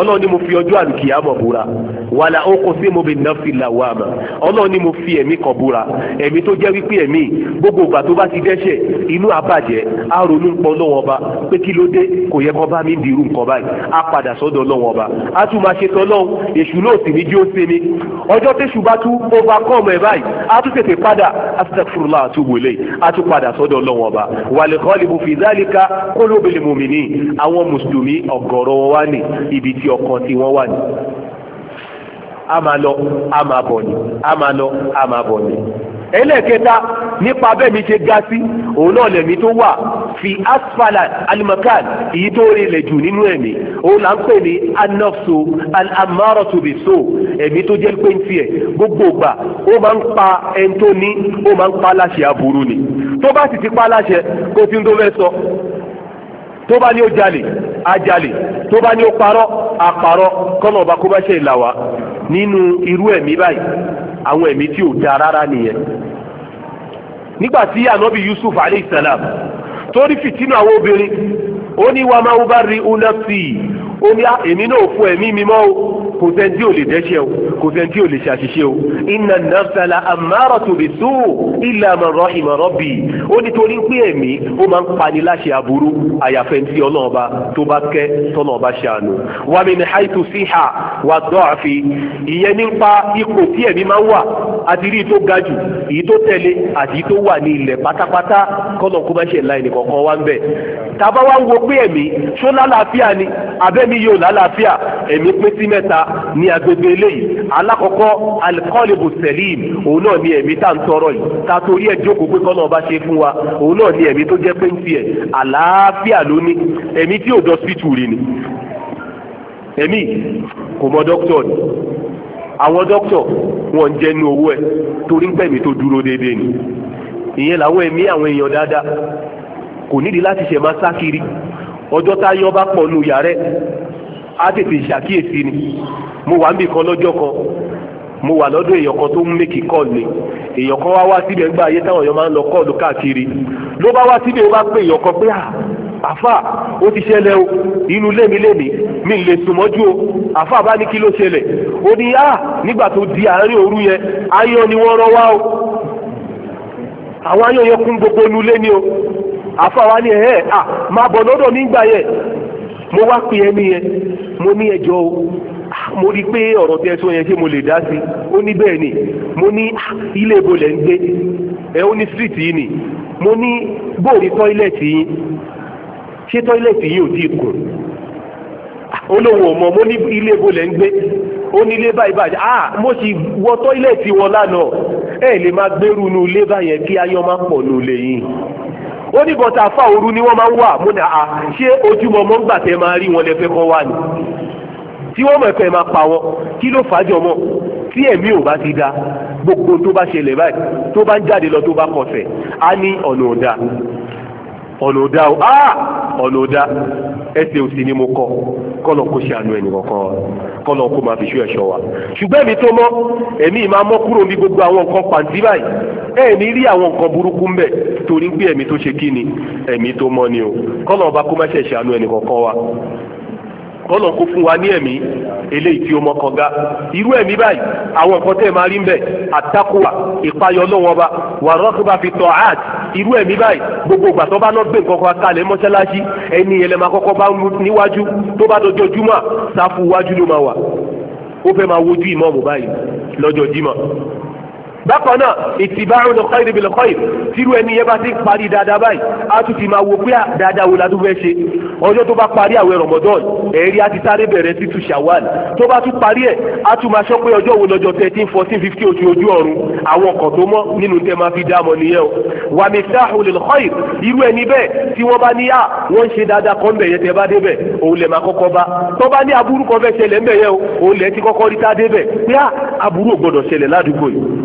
ọlọ́ni mo fi ọjọ́ àlùkìyàmọ̀ búra wàlà ó kó símu bi nafsi lawama ọlọ́ni mo fi ẹ̀mí kan búra ẹ̀mí tó jẹ́ wípé ẹ̀mí gbogbo ìgbà tó bá ti dẹ́ṣẹ̀ inú àbàjẹ́ á ronú pọ̀ lọ́wọ́ ọba pé kí ló dé kò yẹ kó bá mi di irú báyìí á padà sọ́dọ̀ lọ́wọ́ ọba á tún máa ṣe tán lọ́hùn èṣù náà sì ní jí ó mi ọjọ́ tẹ̀sù bá overcome ẹ̀ báyìí á tún tètè padà astagfurullah àtúwò lẹ́yìn á tún padà sọ́dọ̀ lọ́wọ́ ọba wàlẹ̀ kọ́lì mo fi zálìka àwọn mùsùlùmí ọ̀gọ̀rọ̀ wọn wá ní ibi tí ọkàn tí wọ́n wà ní a máa lọ a máa bọ̀ ní a máa lọ a máa bọ̀ ní ẹlẹ́ẹ̀kẹta nípa bẹ́ẹ̀mi ṣe ga sí òun náà lẹ̀mí tó wà fi asfala alimakan èyí tó rinlẹ̀ jù nínú ẹ̀mí òun là ń pè ní anafso alamaratubiso ẹ̀mí tó jẹ́ pé ń tiẹ̀ gbogbo ìgbà ó máa ń pa ẹni tó ní ó máa ń pa láṣẹ aburú ni tó bá sì ti pa láṣẹ kó tí ń tó fẹ́ sọ tó bá ní ó jalè ajalè tó bá ní ó parọ́ àparọ́ kọ́nà ọba kó bá ṣe ìlà wá nínú irú ẹ̀mí báyìí àwọn ẹ̀mí tí ò da rárá nìyẹn nígbà tí anabi Yusuf alayhi salam torí fìtínú àwọn obìnrin ó ní wa máa ń bá rí una sí i ó ní ah, èmi náà fún ẹ̀mí mi mọ́ o kò sẹ́ni tí ò lè dẹ́ṣẹ̀ o kò sẹ́ni tí ò lè ṣàṣìṣe o inna nafsa la ammaratu bisu' illa man rahima rabbi ó ní torí pé ẹ̀mí ó máa ń pani láṣẹ aburú àyàfẹ́ tí ọlọ́ọ̀ba tó bá kẹ́ tọ́lọ́ọ̀ba ṣàánú wa min haythu siha wa da'fi ìyẹn nípa ipò tí ẹ̀mí máa ń wà àti rí tó ga jù èyí tó tẹ̀lé àti èyí tó wà ní ilẹ̀ pátápátá kọ́nà kó má ṣe láì nìkan wá ń bẹ̀ tá wá ń wo pé ẹ̀mí ṣó lálàáfíà ni abẹ́mi yóò lálàáfíà ẹ̀mí pín sí mẹ́ta ní agbègbè eléyìí alákọ̀ọ́kọ́ alikọ́lìbù sẹ̀lìm òun náà ni ẹ̀mí tá ń tọrọ yìí tá a torí ẹ̀ jókòó pé kọ́nà ọba ṣe fún wa òun náà ni ẹ̀mí tó jẹ́ pé ń tiẹ̀ àlàáfíà ló ní ẹ̀mí tí ò dọ́sítù rí ni ẹ̀mí kò mọ dókítọ̀ ni àwọn dókítọ̀ wọn ń jẹ́nu owó ẹ̀ torí kò nídìí láti ṣe máa sá kiri ọjọ́ tá yọ bá pọ̀ nù yàrá á tètè ṣàkíyèsí ni mo wà níbi kan lọ́jọ́ kan mo wà lọ́dọ̀ èèyàn kan tó ń mèkì kọ́ọ̀lù mi èèyàn kan wá wá síbẹ̀ ńgbà ayé táwọn èèyàn máa ń lọ kọ́ọ̀lù káàkiri ló bá wá síbẹ̀ ó bá pé èèyàn kan pé àfà ó ti ṣẹlẹ̀ o inú lémi lémi mi lè sùnmọ́jú o àfà bá ní kí ló ṣẹlẹ̀ ó ní à nígbà tó di àárín òru yẹn ayọ̀ ni wọ́n rán wá o àwọn ayọ̀ yẹn kún gbogbo inú lé ni o àfàwa ni ẹ̀ à máa bọ̀ lọ́dọ̀ nígbà mo wá pe ẹni yẹn mo ní ẹjọ́ o mo rí i pé ọ̀rọ̀ tẹ́ sọ yẹn mo lè dá sí i ó ní ni mo ní ilé ibo lẹ̀ ń gbé ẹ ó ní ni mo ní bóòrí tọ́ílẹ̀tì yín ṣé tọ́ílẹ̀tì yìí ò tí ì kùn olówó ọmọ mo ní ilé ibo lẹ̀ ń gbé ó ní ilé báyìí báyìí ah mo sì wọ tọ́ílẹ̀tì wọn lánàá ẹ lè máa gbẹ́rù nu ilé báyẹn kí ayọ́ máa pọ̀ nù lẹ́yìn ó ní bọ́tà fà òru ni wọ́n máa ń wà mo nà á ah, ṣé ojúmọ́ mọ́ ń gbà tẹ́ máa rí wọn lẹ́fẹ́ kọ́ wà ní tí wọ́n mọ̀ ẹ̀fẹ́ máa pa wọn kí ló fàájọ mọ́ tí ẹ̀mí ò bá ti da gbogbo tó bá ṣẹlẹ̀ báyìí tó bá ń jáde lọ tó bá kọsẹ̀ á ní ọ̀nà ọ̀dà ọ̀nà o ah ọ̀nà ẹsẹ̀ òsì ni mo kọ kọ́nà kó ṣe àánú ẹnì kankan kọ́nà kó máa fi ṣú ẹ̀ṣọ́ wa ṣùgbọ́n èmi tó mọ́ èmi máa mọ́ kúrò ní gbogbo àwọn nǹkan pàǹtí báyìí ẹ̀ẹ̀ni rí àwọn nǹkan burúkú ń bẹ̀ torí pé ẹ̀mí tó ṣe kí ni ẹ̀mí tó mọ́ ni o kọ́nà ọba kó má ṣẹ̀ṣẹ̀ àánú ẹnì kankan wa kọ́nà kó fún wa ní ẹ̀mí eléyìí tí ó mọ kànga irú ẹ̀mí báyìí àwọn nǹkan tẹ́ ẹ máa rí ń bẹ̀ àtakùwà ìpayọ̀ lọ́wọ́ ọba wà rọ́kùbà fi tọ̀ áàt irú ẹ̀mí báyìí gbogbo ìgbà tó bá lọ gbé nǹkan kan kalẹ̀ mọ́ṣáláṣí ẹni ẹlẹ́mà kọ́kọ́ bá níwájú tó bá dọjọ́ júmọ́ sáfù wájú ló máa wà ó fẹ́ máa wojú ìmọ̀ọ́mù báyìí lọ́jọ́ jímọ̀ bákan náà ìtìbáàrún lọ kọ́ ìrìbìlọ̀ kọ́ ìrì tírú ẹni yẹn bá ti parí dáadáa báyìí á tún ti máa wo pé ah, dáadáa wo la tún fẹ́ ṣe ọjọ́ tó bá parí àwẹ̀ Ramadan ẹ̀rí á ti sáré bẹ̀rẹ̀ sí tu Shawwal tó bá tún parí ẹ̀ á tún máa sọ pé ọjọ́ wo lọ́jọ́ thirteen fourteen fifty ojú ojú ọ̀run àwọn ọkọ̀ tó mọ́ nínú tẹ́ máa fi dáàmọ̀ nìyẹn o wà mí sáhùn lè kọ́ ìrì irú ẹni bẹ́ẹ̀ tí wọ́n bá ní à ah, wọ́n ń ṣe dáadáa kọ́ ńbẹ̀ yẹn tẹ́ bá lè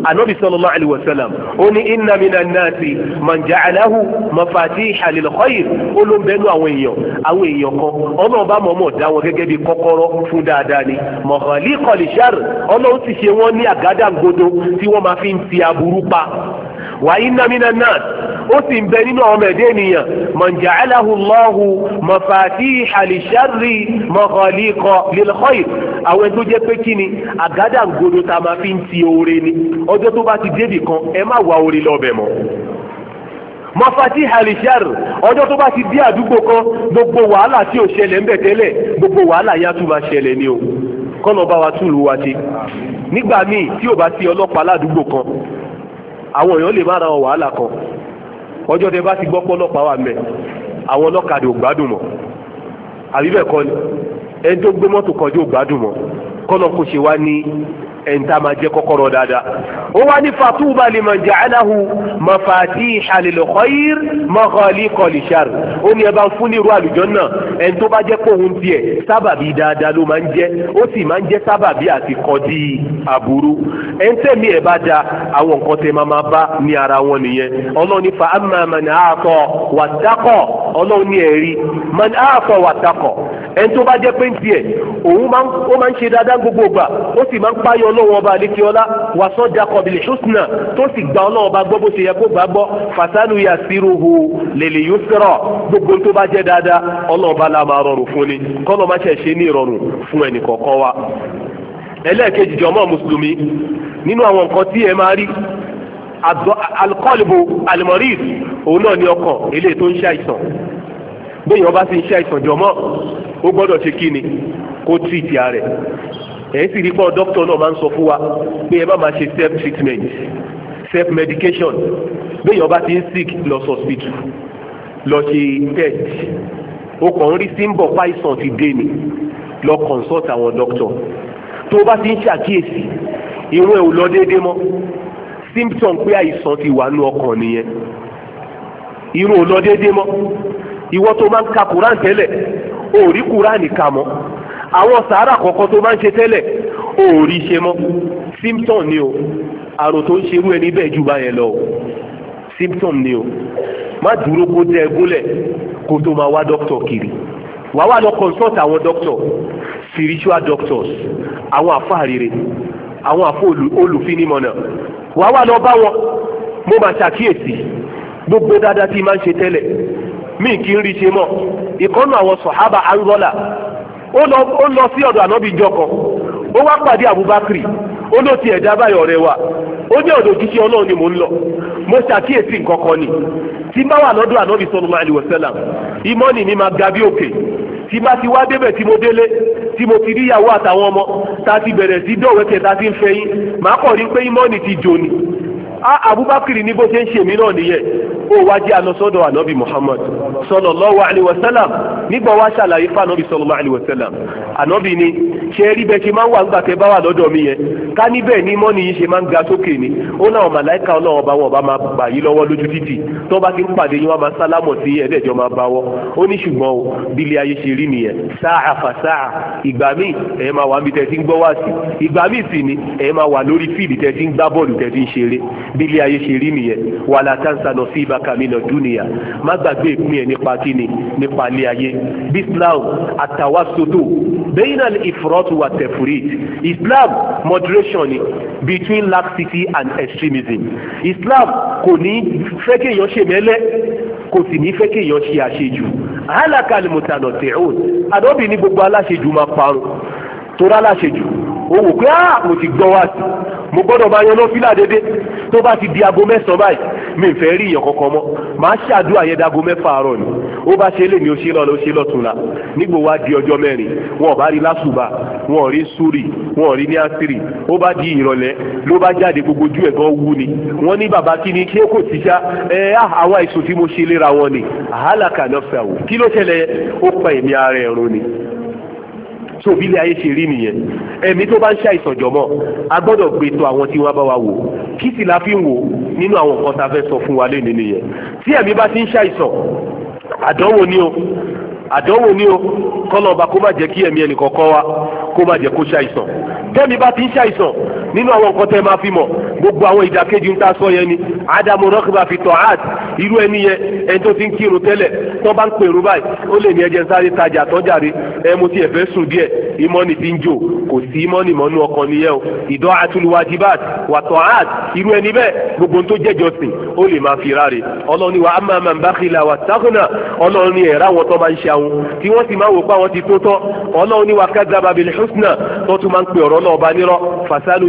máa anabi sallallahu alayhi wa sallam ó ní inna mina nasi man ja'alahu mafatiha lil khair ó ló ń bẹnu àwọn èèyàn àwọn èèyàn kan ọlọ́run bá mọ̀ọ́mọ̀ dá wọn gẹ́gẹ́ bí kọ́kọ́rọ́ fún dáadáa ni makhaliqa lishar ọlọ́run ti ṣe wọ́n ní àgádágodo tí wọ́n máa fi ń ti aburú pa wàyí nàmínà náà ó sì ń bẹ nínú ọmọ ẹ̀dẹ́ ènìyàn mọ̀njà aláhùnmọ́hù mọ̀fàtí àlìṣárì mọ̀kànlíkọ lẹ́lẹ́kọ́yì àwọn ẹni tó jẹ́ pé kí ni àgádágodo tá a máa fi ń ti oore ni ọjọ́ tó bá ti débì kan ẹ má wá oore lọ́bẹ̀ mọ́ mọ́fàtí àlìṣárì ọjọ́ tó bá ti dé àdúgbò kan gbogbo wàhálà tí ò ṣẹlẹ̀ ń bẹ̀ tẹ́lẹ̀ gbogbo wàhálà yá tún máa ṣẹlẹ̀ ni o kọ́nà bá wa túlù wa ṣe nígbà míì tí ò bá sí ọlọ́pàá ládùúgbò kan àwọn èèyàn lè má ra wàhálà kan ọjọ́ tẹ bá ti gbọ́ pọ́lọ́pàá wà mẹ́ àwọn ọlọ́kadà ò gbádùn mọ́ àbí bẹ́ẹ̀ kọ́ ẹni tó gbé mọ́tò kọjú ò gbádùn mọ́ kọ́nà kò ṣe wá ní ẹ̀ńtà máa jẹ́ kọ́kọ́rọ́ dáadáa. ó wá ní fatuba liman ja'alahu mafatiha lil khair maghaliqa lishar. ó ní ẹ bá ń fún ní irú àlùjánnà ẹni tó bá jẹ́ pé òun tiẹ̀ sábàbí dáadáa ló máa ń jẹ́ ó sì máa ń jẹ́ sábàbí àti kọ́dí àbúrú. ẹ̀ńtẹ̀mí ẹ̀ bá da àwọn nǹkan tẹ máa máa bá ní ara wọn nìyẹn. ọlọ́ni fa amma man a'ta wattaqa ọlọ́ni ẹ̀rí man a'ta wattaqa ẹni tó bá jẹ́ pé ń tiẹ̀ òun máa ń ṣe dáadáa gbogbo gbà ó sì máa ń páyọ ọlọ́wọ́n ọba adékeọlá wàsán jacob lẹ́sùsùnà tó sì gba ọlọ́wọ́n ọba gbọ́ bó ṣe yẹ kó gbà gbọ́ fasanu yasiruhu lèlè yóò sọ̀rọ̀ gbogbo tó bá jẹ́ dáadáa ọlọ́wọ́n ọba la máa rọrùn fún ni kọ́lọ́ má ṣe ṣe ní ìrọ̀rùn fún ẹnì kọ̀ọ̀kan wa. ẹlẹ́ẹ̀kejì jọmọ́ mùsùlùmí nínú àwọn nǹkan tí ẹ máa rí alikọ́lìbù alimọ̀rìs ni ọkàn eléyìí tó ń ṣe àìsàn bẹ́ẹ̀ yẹn ọba ti ń ṣe àìsàn jọmọ́ ó gbọ́dọ̀ ṣe kí ni ẹ̀ sì rí pọ́ dókítà náà máa ń sọ fún wa pé ẹ bá máa ṣe self treatment self medication béèyàn bá ti ń sick lọ hospital lọ ṣe test o kàn ń rí símbọ̀ python ti dé ni lọ consult àwọn doctor tó o bá ti ń ṣàkíyèsí ìwọ̀n ẹ̀ ò lọ déédéé mọ́ symptom pé àìsàn ti wà nú ọkàn nìyẹn irun ò lọ déédéé mọ́ ìwọ tó máa ń ka Quran tẹ́lẹ̀ o ò rí Quran kà mọ́ àwọn sàárà kọ̀ọ̀kan tó bá ń ṣe tẹ́lẹ̀ ò rí ṣe mọ́ symptom ni o àrùn tó ń ṣerú ẹni bẹ́ẹ̀ jù bá yẹn lọ o symptom ni o má dúró kó tẹ gúnlẹ̀ kó tó máa wá dókítọ̀ kiri wàá wà lọ consult àwọn dókítọ̀ spiritual doctors àwọn àfáà rere àwọn àfọ olùfinimọ̀nà wàá wà lọ bá wọn mo máa ṣàkíyèsí gbogbo dáadáa tí máa ń ṣe tẹ́lẹ̀ mí kì í rí ṣe mọ́ ìkọ́nù àwọn sọ̀hábà angola ó lọ sí ọ̀dọ̀ ànábì jọkọ̀ ó wá pàdé Abubakar ó ló ti ẹ̀dá báyọ̀ rẹ wa ó ní ọ̀dọ̀ òjíṣẹ́ ọlọ́run ni mò ń lọ mo ṣàkíyèsí nǹkan kan ni tí n bá wà lọ́dọ̀ ànábì sallallahu alaihi wasallam ìmọ̀nì mi máa ga bí òkè tí bá ti wá débẹ̀ tí mo délé tí mo ti rí ìyàwó àtàwọn ọmọ tá ti bẹ̀rẹ̀ sí dọ̀wẹ́kẹ̀ tá ti ń fẹ́ yín màá kọ̀ rí pé ìmọ̀nì ti jò ni Abubakar ní bó ṣe ń ṣèmí náà nìyẹn ó wá jẹ́ alọ́sọ́dọ̀ ànábì Muhammad sallallahu alaihi wasallam nígbà wá ṣàlàyé fún ànábì sallallahu alaihi wasallam ànábì ni ṣe rí bẹ́ẹ̀ ṣe máa ń wà nígbà tẹ́ bá wà lọ́dọ̀ mi yẹn ká níbẹ̀ ní mọ́ni yìí ṣe máa ń ga sókè ni ó náà màláìka ọlọ́run ọba wọn ọba máa gbà yí lọ́wọ́ lójú títì tó bá ti ń pàdé yín wá máa sálámọ̀ sí ẹ̀ẹ́dẹ̀jọ́ máa bá wọ́ ó ní ṣùgbọ́n o bílé ayé ṣe rí nìyẹn sáà fà sáà ìgbà míì ẹ̀ máa wà níbi tẹ́ ti ń gbọ́ wá sí ìgbà míì sì ni ẹ̀ máa wà lórí fíìdì tẹ́ ti ń gbá bọ́ọ̀lù tẹ́ ti ń ṣeré nasibaka mina dúnìyà má gbàgbé ìpín ẹ̀ nípa kíni nípa ilé ayé bí islam àtàwásódò bẹ́yìnà ìfúrọ́tù wà tẹ̀fúrìt islam moderation ni between laxity and extremism islam kò ní fẹ́ kéèyàn ṣe mẹ́lẹ́ kò sì ní fẹ́ kéèyàn ṣe àṣejù alákàlì mùtànà tẹ̀hún àdóbì ní gbogbo aláṣejù máa parun tó rá láṣejù ó wò pé áà ah, mo ti gbọ́ wá sí mo gbọ́dọ̀ máa yan nọ́fìlà dédé tó bá ti di aago mẹ́sàn-án báyìí mi ń fẹ́ rí ìyàn kankan mọ́ màá ṣàdúrà yẹn dago mẹ́fà àárọ̀ ni ó bá ṣe lè ní o ṣe lọ́la o ṣe lọ́túnla nígbò wá di ọjọ́ mẹ́rin wọn ò bá rí lásùbà wọn ò rí súrì wọn ò rí ní àṣírí ó bá di ìrọ̀lẹ́ ló bá jáde gbogbo ojú ẹ̀ gan wú ni wọ́n ní bàbá kí ni kí ó kò ti já ẹ ah, àwọn àìsàn tí mo ṣe léra wọn ni àhálà kà fẹ́ wò kí ló ṣẹlẹ̀ ó pa èmi ara ẹ̀rọ ni so bí ilé ayé ṣe rí nìyẹn ẹ̀mí tó bá ń ṣàìsàn jọ̀mọ́ a gbọ́dọ̀ gbé tó àwọn tí wọ́n bá wa wò kí sì la fi ń wò nínú àwọn nǹkan tá a fẹ́ sọ fún wa lónìí nìyẹn tí ẹ̀mí bá ti ń ṣàìsàn àdánwò ni o àdánwò ni o kọ́lọ́ọ̀ba kó má jẹ́ kí ẹ̀mí ẹnì wa kó má jẹ́ kó ṣàìsàn tẹ́mi bá ti ń ṣàìsàn nínú àwọn nǹkan tẹ́ máa fi mọ̀ gbogbo àwọn ìdàkejì ń ta sọ yẹn ni ádámù rọ́kìbà fi tọ̀ áàt irú ẹni yẹn ẹni tó ti ń kírun tẹ́lẹ̀ tó bá ń pèrú báyìí ó lè ní ẹjẹ sáré tajà tọ́jàre ẹ mo tiẹ̀ fẹ́ sùn díẹ̀ ìmọ̀ni ti ń jò kò sí ìmọ̀ni mọ́nú ọkàn nìyẹn o ìdọ́ atúlùwájibát wà tọ̀ áàt irú ẹni bẹ́ẹ̀ gbogbo tó jẹ́jọ sìn ó lè máa fi ráre ọlọ́ni wa ama ma bá kí la wa sákùnà ọlọ́ni ẹ̀rá wọn tó máa ń ṣe àwọn tí wọ́n sì máa wò pé àwọn ti tó tọ́ ọlọ́ni wa kádàbà bil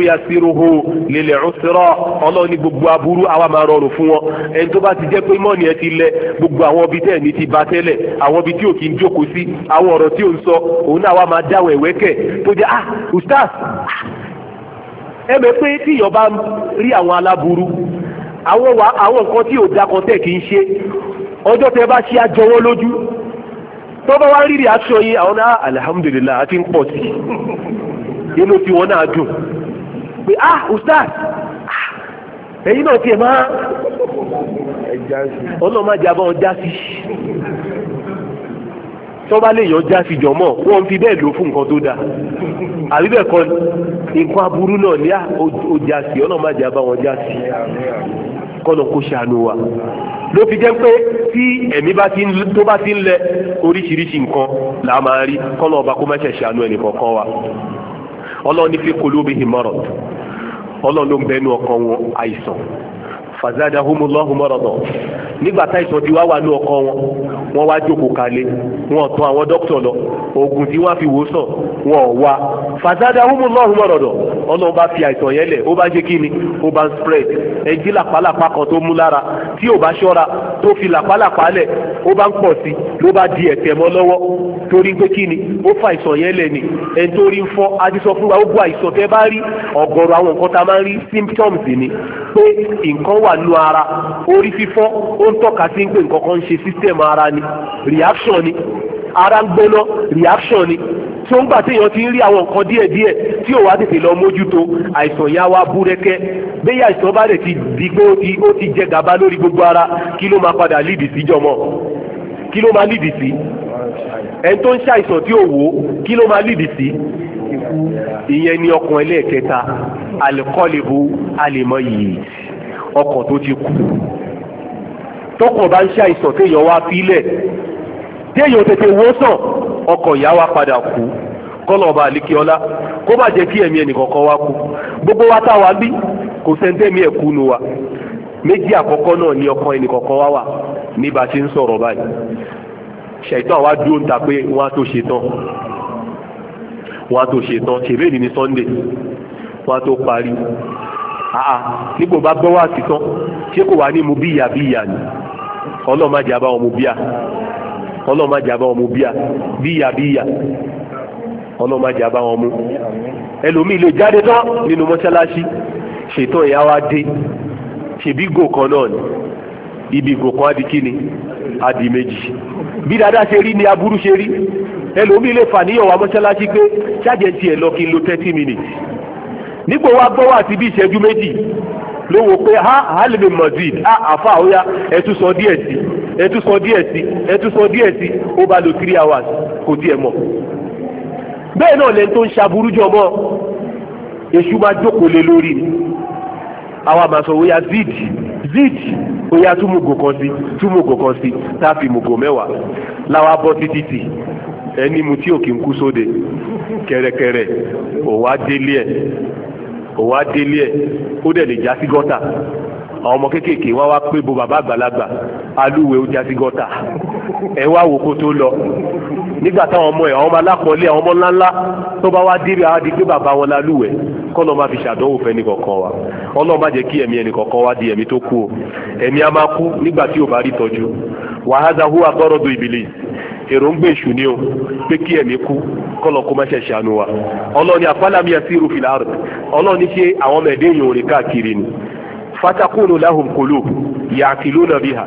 ya yasiruhu lil usra ọlọ́run ni gbogbo aburú àwa máa rọrùn fún wọn ẹni tó bá ti jẹ́ pé mọ́ọ̀nì ẹ ti lẹ gbogbo àwọn ibi tẹ̀ ní ti ba tẹ́lẹ̀ àwọn ibi tí ò kí ń jókòó sí àwọn ọ̀rọ̀ tí ò ń sọ òun náà wá máa dáwọ̀ ẹ̀wẹ́kẹ̀ tó jẹ́ ah ustaz ẹ mẹ́ pé tíyọ̀ bá rí àwọn aláburú àwọn wà àwọn nǹkan tí ò dakọ̀ tẹ̀ kì í ṣe ọjọ́ tẹ bá ṣe àjọwọ́ lójú tó bá wá rírì aṣọ yín àwọn náà ah, alhamdulillah àti ń pọ̀ sí inú tiwọn náà dùn pé ah ustaz èyí náà tiẹ̀ máa ma àjàbọ̀ ọjà sí tọ́ba lè yọ já sí jọmọ́ wọ́n fi bẹ́ẹ̀ lò fún nǹkan tó dáa buru bẹ́ẹ̀ nǹkan aburú náà ní ah, ọjà sí ọlọ́mọ àjàbọ̀ ọjà sí kọ́nà kó ṣàánú wa ló fi jẹ́ pé tí ẹ̀mí tó ti ń lẹ oríṣiríṣi nǹkan là máa rí kọ́nà ọba kó má ṣe ṣàánú wa. ọlọ́run ní fi qulubihim marad ọlọ́run ló ń bẹnu ọkàn wọn àìsàn fàzádà humulọ́hùn mọ́rọ̀dọ̀ nígbà tá ìsọ̀dí wá wà ní ọkọ wọn wọ́n wá jókòó kalẹ̀ wọ́n tán àwọn dókítà lọ oògùn tí wọ́n fi wò sàn wọ́n ò wá fàzádà humulọ́hùn mọ́rọ̀dọ̀ ọlọ́run bá fi àìsàn yẹn lẹ̀ ó bá ṣe kí ni ó bá ń spread ẹjí làpálàpá kan tó mú lára tí ò bá ṣọ́ra tó fi làpálàpá lẹ̀ ó bá ń pọ̀ sí ló bá di ẹ̀tẹ̀ mọ́ lọ́wọ́ torí pé kí ni ó fa àìsàn yẹn lẹ̀ ni ẹni tó rí ń fọ́ adísọ fún wa ó gbọ́ àìsàn tẹ́ bá rí ọ̀gọ̀rọ̀ àwọn nǹkan tá a máa ń rí symptoms ni pé nǹkan wà nù ara orí fífọ́ ó ń tọ́ka sí pé nǹkan ṣe system ara ni reaction ni ara ń gbóná reaction ni tó ń gbà téèyàn ti ń rí àwọn nǹkan díẹ̀díẹ̀ tí ò wá tètè lọ mójútó àìsàn yá wá búrẹ́kẹ́ bẹ́ẹ̀ àìsàn bá rẹ̀ ti di pé ó ti jẹ gàba lórí gbogbo ara kí ló máa padà lídìí sí jọmọ kí ló máa lídìí sí ẹni tó ń ṣàìsàn tí ò wò kí ló máa lídìí sí ìyẹn ni ọkàn ẹlẹ́ẹ̀kẹta àlẹ́kọ́lẹ́bù àlẹ́mọ́ yìí. ọkọ̀ tó ti kú tọkọ̀ bá ń ṣe àìsàn téèyàn wá fílẹ̀ téèyàn tètè wó sàn ọkọ̀ ìyá wa padà kú Kọ́lọ̀ ọba àlíkíọ́lá kó bá jẹ́ kí ẹ̀mí ẹnìkọ̀ọ̀kan wá kú gbogbo wa táwa bí kò sẹ́ńtẹ́mí ẹ̀kú nu wa méjì àkọ́kọ́ náà wá wà ní bá a ṣe ń sọ̀rọ̀ báyìí dúró àà ah, ah. nígbò bá gbọ́ wá títán ṣé kò wá ní mu bíyà bíyà ni ọlọ́run má jẹ́ àbá wọn mu bíyà ọlọ́run má jẹ́ àbá wọn mu bíyà bíyà bíyà ọlọ́run má jẹ́ àbá wọn mu ẹlòmíì lè jáde tán nínú mọ́ṣáláṣí ṣètò ìyá wa dé ṣèbí gò kan náà ni ibi ìgò kan adi kíni adi méjì bí dáadáa ṣe rí ni aburú ṣe rí ẹlòmíì lè fà níyàn wa mọ́ṣáláṣí pé ṣáàjẹ́ tiẹ̀ lọ kí n lo thirty minutes nígbò wa gbọ́ wà sí bí ìṣẹ́jú méjì ló wò pé ha halimi madrid ha ah, àfa àwòyá ẹtú sọ díẹ̀ sí ẹtú sọ díẹ̀ sí ẹtú sọ díẹ̀ sí ó bá lo three hours kò tiẹ̀ mọ̀ bẹ́ẹ̀ náà lẹ́ni tó ń ṣaburú jọ mọ́ èṣù máa jókòó lé lórí àwa máa sọ wóyá zid zid oya tún mugo kan sí tún mugo kan sí tá a fi mugo mẹ́wàá láwa bọ́ títí tì ẹni mu tí òkè ń kú sóde kẹrẹkẹrẹ òwá délé ẹ̀ òun á délé ẹ̀ ó dẹ̀ lè já sí gọ́tà àwọn ọmọ kéékèèké wá wá pé bo bàbá àgbàlagbà alúwe ó já sí gọ́tà ẹ wá wò kó tó lọ nígbà táwọn ọmọ ẹ̀ àwọn ọmọ alákọ̀ọ́lé àwọn ọmọ ńláńlá tó bá wá débẹ̀ á di bàbá wọn lálúwẹ̀ kọ́ lọ́ọ́ máa fi ṣàdánwò fẹ́ nìkọ̀ọ̀kan wa ọlọ́ọ̀ má jẹ́ kí ẹ̀mí ẹnìkọ̀ọ̀kan wa di ẹ̀mí tó kú o ẹ̀mí á máa kú nígbà tí ò bá rí tọ́jú wàhálà huwa tọ́rọ̀ do ìbílẹ̀ yìí èròǹgbè èṣù ni o pé kí ẹ̀mí kú kọ́lọ̀ kó má ṣẹ̀ṣẹ̀ àánú wa ọlọ́ni àfàlàmì àti irúfìlà rẹ̀ ọlọ́ni ṣe àwọn ọmọ ẹ̀dẹ́ èèyàn rìn káàkiri ni fatakunu lahum qulub ya'qiluna biha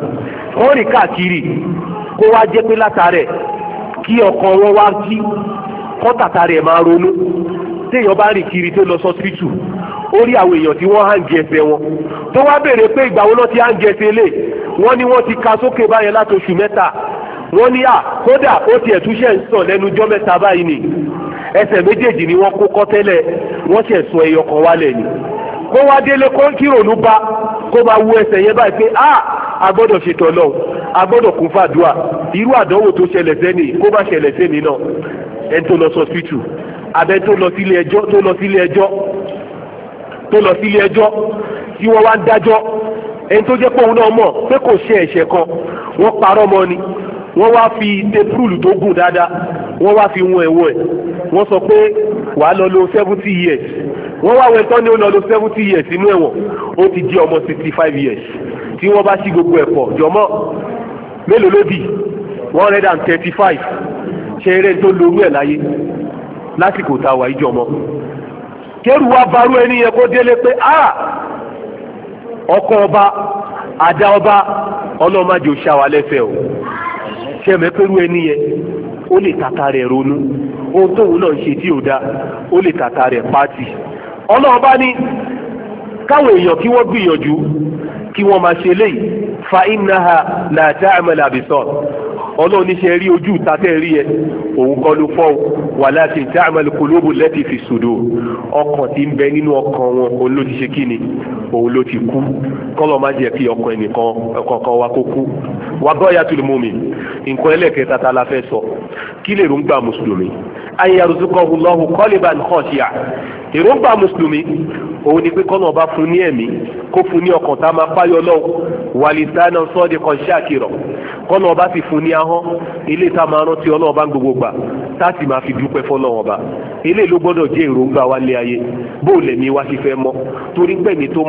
wọ́n rìn káàkiri kó wá jẹ́ pé látàrẹ̀ kí ọkàn wọn wá jí kọ́tàtà rẹ̀ máa ronú téèyàn bá rìn kiri tó lọ sọ́sítù ó rí àwọn èèyàn tí wọ́n hàn gẹ̀ẹ́sẹ̀ wọn tó wá béèrè pé ìgbà wo lọ́ ti hàn gẹ̀ẹ́sẹ̀ lé wọ́n ní wọ́n ti ka sókè báyẹn látoṣù mẹ́ta wọ́n ní à kódà ó tiẹ̀ tún ṣe ń sàn lẹ́nu jọ́ mẹ́ta báyìí ni ẹsẹ̀ méjèèjì ni wọ́n kó kọ́ tẹ́lẹ̀ wọ́n ṣẹ̀ sọ ẹyọ kan wálẹ̀ ni kó wá délé kó ń kírònú bá kó máa wú ẹsẹ̀ yẹn báyìí pé a agbọ́dọ̀ ṣètò ọlọ́run agbọ́dọ̀ kún fàdúà irú àdánwò tó ṣẹlẹ̀ sẹ́ni kó má ṣẹlẹ̀ sẹ́ni náà ẹni tó lọ sọ́sìtù abẹ tó lọ sílé ẹjọ́ tí wọ́n wá ń dájọ́ ẹni tó jẹ́ pé náà mọ̀ pé kò ṣe ẹ̀ṣẹ̀ kan wọ́n parọ́ mọ́ ni wọ́n wá fi tepúlù tó gùn dáadáa wọ́n wá fi wọn ẹ̀wọ̀ ẹ̀ wọ́n sọ pé wàá lọ lo seventy years wọ́n wá wẹ̀ tán ni ó lọ lo seventy years inú ẹ̀wọ̀n ó ti di ọmọ sixty five years tí wọ́n bá ṣí gbogbo ẹ̀pọ̀ jọmọ́ mélòó ló bì one hundred and thirty five ṣe eré tó lorú ẹ̀ láyé lásìkò táwa ìjọmọ́ kẹrù wa barú ẹni yẹn kó délé pé ọkọ ọba àdá ọba ọlọ́mọdé ò ṣàwálẹ́fẹ́ o. ṣe mẹ́ pẹ́rú ẹni yẹn ó lè tata rẹ̀ ronú ohun tóun náà ṣe tí ò dáa ó lè tàta rẹ̀ pátì ọlọ́ọ̀bá ní káwọn èèyàn kí wọ́n gbìyànjú kí wọ́n máa ṣe léyìí fa innaha la ta'mal abisar ọlọ́run ní ṣe rí ojú ìtàtẹ́ rí ẹ òun kọ́ ló fọ́ walakin ta'mal qulubu lati fi sudur ọkàn tí ń bẹ nínú ọkàn wọn òun ló ti ṣe kí ni òun ló ti kú kọ́lọ̀ má jẹ́ kí ọkàn ẹnìkan ọkàn wa kó kú wa ghayatul mu'min nǹkan ẹlẹ́kẹ̀ẹ́ta ta la fẹ́ sọ kí lè rúngbà mùsùlùmí ayélujáfẹ́ Allahu qalban khashi'a èròǹgbà mùsùlùmí òun ni pé kọ́nà ọba fún ní ẹ̀mí kó fún ní ọkàn tá a máa pa páyọ náà wàlìsánà sọ́ọ̀dì kan ṣáàkì rọ̀ kọ́nà ọba sì fún ní ahọ́n ilé ìta máa rántí ọlọ́ọ̀bá gbogbo tati ma fi dúpẹ́ fọ́lọ́run ọba eléyìí ló gbọ́dọ̀ wa lé ayé bó o mi wa ti fẹ́ mọ́ torí gbẹ̀mí tó